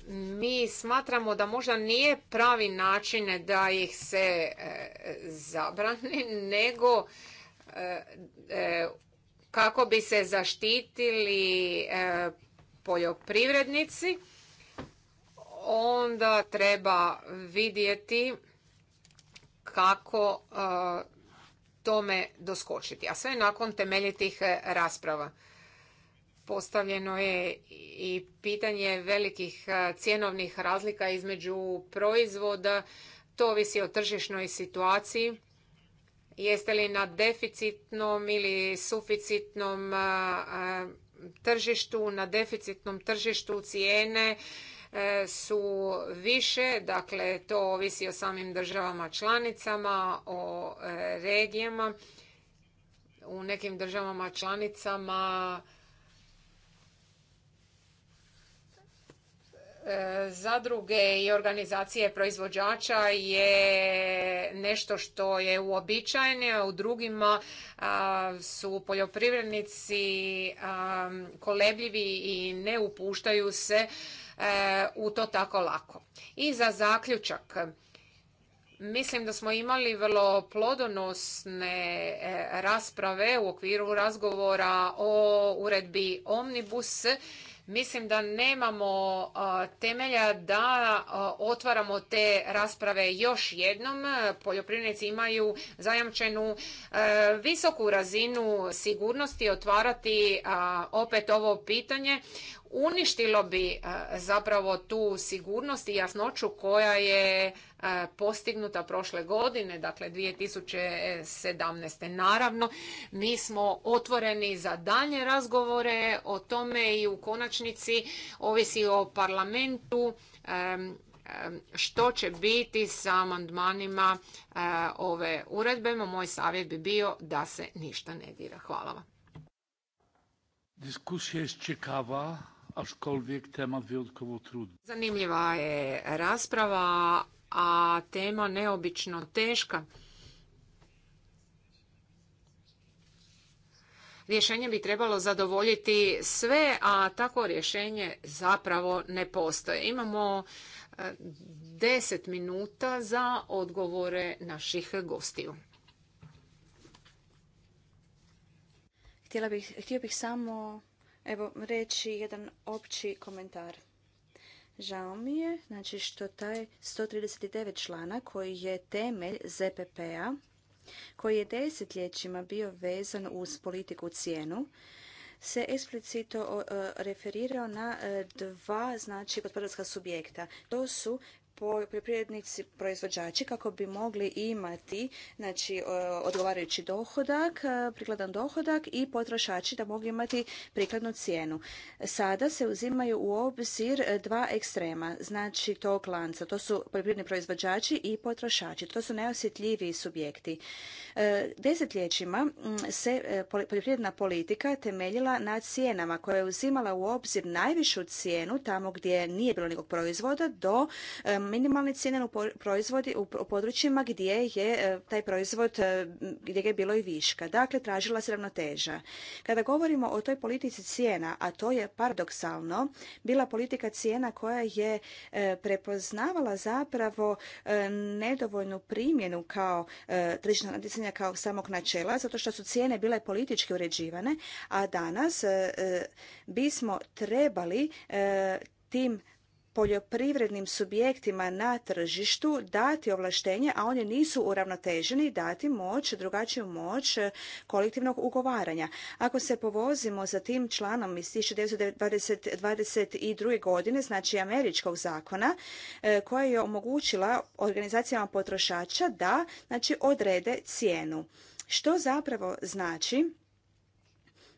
Speaker 3: mi smatramo da možda nije pravi način da ih se e, zabrani, nego e, e, kako bi se zaštitili poljoprivrednici, onda treba vidjeti kako tome doskočiti. A sve nakon temeljitih rasprava. Postavljeno je i pitanje velikih cjenovnih razlika između proizvoda. To ovisi o tržišnoj situaciji. Jeste li na deficitnom ili suficitnom tržištu? Na deficitnom tržištu cijene e, su više, dakle to ovisi o samim državama članicama, o e, regijama. U nekim državama članicama E, zadruge i organizacije proizvođača je nešto što je uobičajeno, u drugima su poljoprivrednici kolebljivi i ne upuštaju se e, u to tako lako. I za zaključak, Mislim da smo imali vrlo plodonosne e, rasprave u okviru razgovora o uredbi Omnibus Mislim da nemamo temelja da otvaramo te rasprave još jednom. Poljoprivrednici imaju zajamčenu e, visoku razinu sigurnosti otvarati opet ovo pitanje uništilo bi e, zapravo tu sigurnost i jasnoću koja je e, postignuta prošle godine, dakle 2017. Naravno, mi smo otvoreni za dalje razgovore o tome i u konačnici ovisi o parlamentu što će biti sa amandmanima e, ove uredbe. Moj savjet bi bio da se ništa ne dira. Hvala vam.
Speaker 2: Diskusija je čekava.
Speaker 3: Zanimljiva je rasprava, a tema neobično teška. Rješenje bi trebalo zadovoljiti sve, a tako rješenje zapravo ne postoje. Imamo e, deset minuta za odgovore naših gostiju. htio
Speaker 1: bih samo evo reći jedan opći komentar. Žao mi je znači što taj 139 člana koji je temelj ZPP-a, koji je desetljećima bio vezan uz politiku cijenu, se eksplicito e, referirao na e, dva znači gospodarska subjekta. To su poljoprivrednici proizvođači kako bi mogli imati znači odgovarajući dohodak, e, prikladan dohodak i potrošači da mogu imati prikladnu cijenu. Sada se uzimaju u obzir e, dva ekstrema, znači tog lanca. To su poljoprivredni proizvođači i potrošači. To su najosjetljiviji subjekti. E, desetljećima se poljoprivredna politika temeljila na cijenama koja je uzimala u obzir najvišu cijenu tamo gdje nije bilo nikog proizvoda do minimalne cijene u proizvodi u područjima gdje je e, taj proizvod, e, gdje je bilo i viška. Dakle, tražila se ravnoteža. Kada govorimo o toj politici cijena, a to je paradoksalno, bila politika cijena koja je e, prepoznavala zapravo nedovoljnu primjenu kao tržišna natjecanja kao samog načela, zato što su cijene bile politički uređivane, a danas bismo trebali tim poljoprivrednim subjektima na tržištu dati ovlaštenje, a oni nisu uravnoteženi, dati moć, drugačiju moć e, kolektivnog ugovaranja. Ako se povozimo za tim članom iz 1922. godine, znači američkog zakona, e, koja je omogućila organizacijama potrošača da znači, odrede cijenu. Što zapravo znači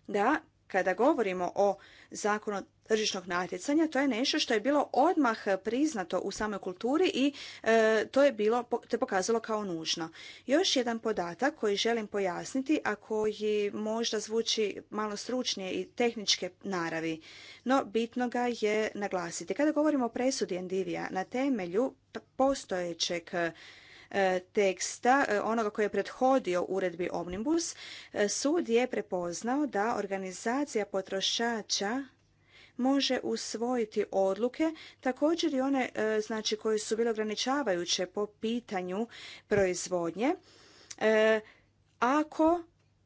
Speaker 1: da kada govorimo o zakonu tržišnog natjecanja, to je nešto što je bilo odmah priznato u samoj kulturi i e, to je bilo, te pokazalo kao nužno. Još jedan podatak koji želim pojasniti, a koji možda zvuči malo stručnije i tehničke naravi, no bitno ga je naglasiti. Kada govorimo o presudi Endivija, na temelju postojećeg e, teksta, e, onoga koji je prethodio uredbi Omnibus, sud je prepoznao da organizacija potrošača može usvojiti odluke, također i one e, znači, koje su bile ograničavajuće po pitanju proizvodnje, e, ako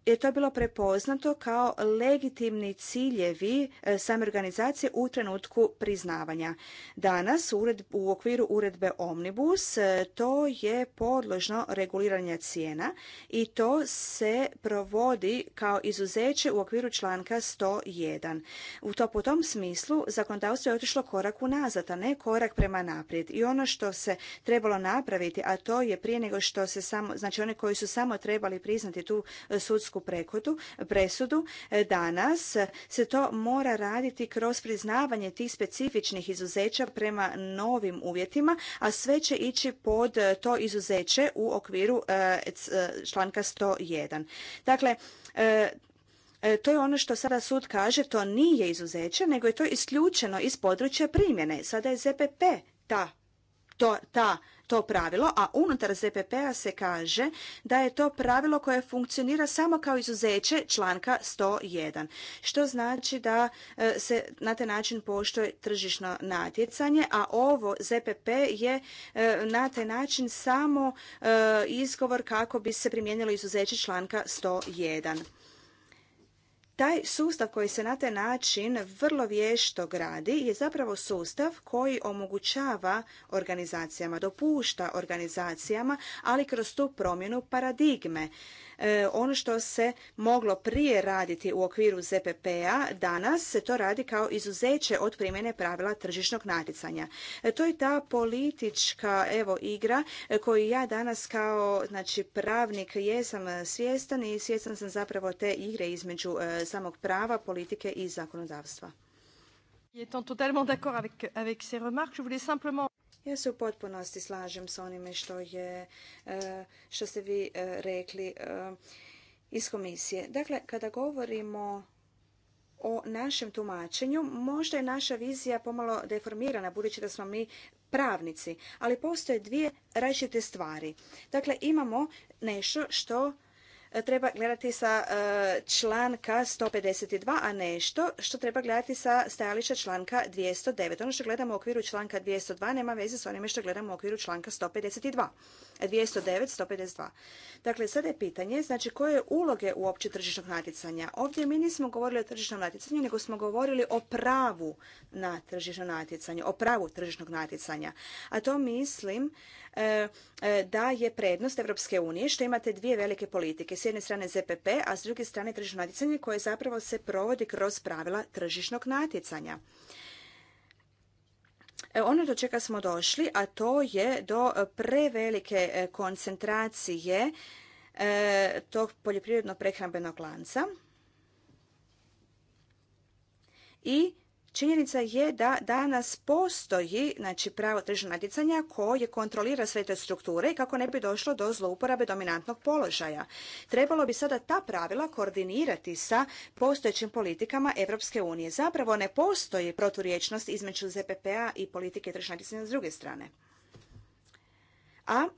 Speaker 1: je to bilo prepoznato kao legitimni ciljevi e, same organizacije u trenutku priznavanja. Danas u okviru uredbe Omnibus e, to je podložno reguliranje cijena i to se provodi kao izuzeće u okviru članka 101. U to po tom smislu zakonodavstvo je otišlo korak unazad, a ne korak prema naprijed. I ono što se trebalo napraviti, a to je prije nego što se samo, znači oni koji su samo trebali priznati tu sudsku sudsku presudu. E, danas se to mora raditi kroz priznavanje tih specifičnih izuzeća prema novim uvjetima, a sve će ići pod e, to izuzeće u okviru e, članka 101. Dakle, to je ono što sada sud kaže, to nije izuzeće, nego je to isključeno iz područja primjene. Sada je ZPP ta, to, ta to pravilo, a unutar ZPP-a se kaže da je to pravilo koje funkcionira samo kao izuzeće članka 101. Što znači da e, se na taj način poštuje tržišno natjecanje, a ovo ZPP je e, na taj način samo e, izgovor kako bi se primijenilo izuzeće članka 101. Taj sustav koji se na taj način vrlo vješto gradi je zapravo sustav koji omogućava organizacijama, dopušta organizacijama, ali kroz tu promjenu paradigme E, ono što se moglo prije raditi u okviru ZPP-a, danas se to radi kao izuzeće od primjene pravila tržišnog natjecanja. E, to je ta politička evo igra e, koju ja danas kao znači pravnik jesam svjestan i svjestan sam zapravo te igre između samog prava, politike i zakonodavstva. je ja se u potpunosti slažem s onime što, je, e, što ste vi e, rekli e, iz komisije. Dakle, kada govorimo o našem tumačenju, možda je naša vizija pomalo deformirana, budući da smo mi pravnici, ali postoje dvije različite stvari. Dakle, imamo nešto što E, treba gledati sa e, članka 152, a nešto što treba gledati sa stajališta članka 209. Ono što gledamo u okviru članka 202 nema veze s onime što gledamo u okviru članka 152. 209, 152. Dakle, sada je pitanje, znači, koje uloge uopće tržišnog natjecanja? Ovdje mi nismo govorili o tržišnom natjecanju, nego smo govorili o pravu na tržišno natjecanje, o pravu tržišnog natjecanja. A to mislim E, e, da je prednost Europske unije što imate dvije velike politike. S jedne strane ZPP, a s druge strane tržišno natjecanje koje zapravo se provodi kroz pravila tržišnog natjecanja. E, ono do čega smo došli, a to je do prevelike koncentracije tog poljoprivredno prehrambenog lanca i Činjenica je da danas postoji znači, pravo tržnog natjecanja koje kontrolira sve te strukture i kako ne bi došlo do zlouporabe dominantnog položaja. Trebalo bi sada ta pravila koordinirati sa postojećim politikama Europske unije. Zapravo ne postoji proturječnost između ZPP-a i politike tržnog natjecanja s druge strane. A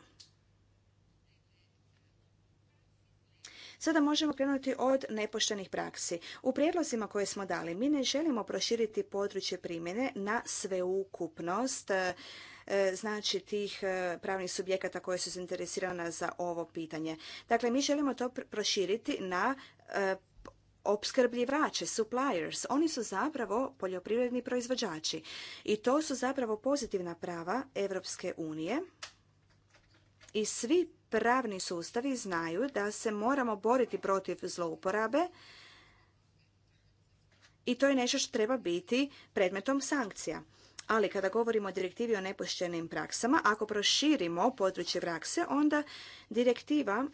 Speaker 1: Sada možemo krenuti od nepoštenih praksi. U prijedlozima koje smo dali mi ne želimo proširiti područje primjene na sveukupnost e, znači tih e, pravnih subjekata koje su zainteresirana za ovo pitanje. Dakle, mi želimo to proširiti na e, opskrbljivače, suppliers, oni su zapravo poljoprivredni proizvođači i to su zapravo pozitivna prava Europske unije i svi pravni sustavi znaju da se moramo boriti protiv zlouporabe i to je nešto što treba biti predmetom sankcija. Ali kada govorimo o direktivi o nepoštenim praksama, ako proširimo područje prakse, onda direktiva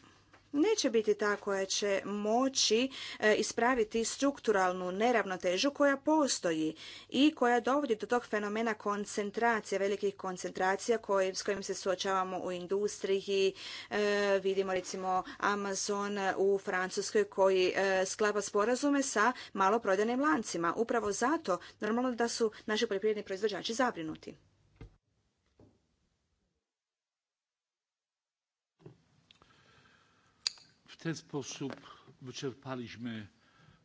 Speaker 1: neće biti ta koja će moći e, ispraviti strukturalnu neravnotežu koja postoji i koja dovodi do tog fenomena koncentracije, velikih koncentracija s kojim se suočavamo u industriji. E, vidimo recimo Amazon u Francuskoj koji e, sklapa sporazume sa maloprodajnim lancima. Upravo zato normalno da su naši poljoprivredni proizvođači zabrinuti.
Speaker 2: ten sposób wyczerpaliśmy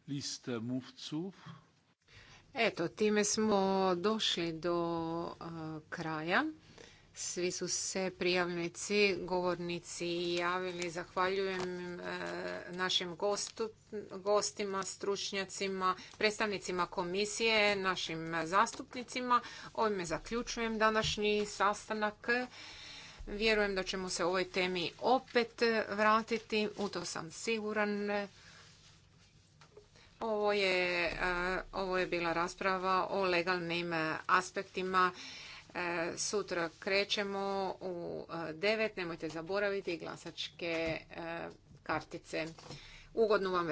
Speaker 2: listę mówców.
Speaker 3: Eto, time smo došli do e, kraja. Svi su se prijavnici, govornici javili. Zahvaljujem uh, našim gostu, gostima, stručnjacima, predstavnicima komisije, našim zastupnicima. Ovime zaključujem današnji sastanak. Vjerujem da ćemo se ovoj temi opet vratiti, u to sam siguran. Ovo je, e, ovo je bila rasprava o legalnim aspektima. E, sutra krećemo u e, devet, nemojte zaboraviti glasačke kartice. Ugodno vam večer.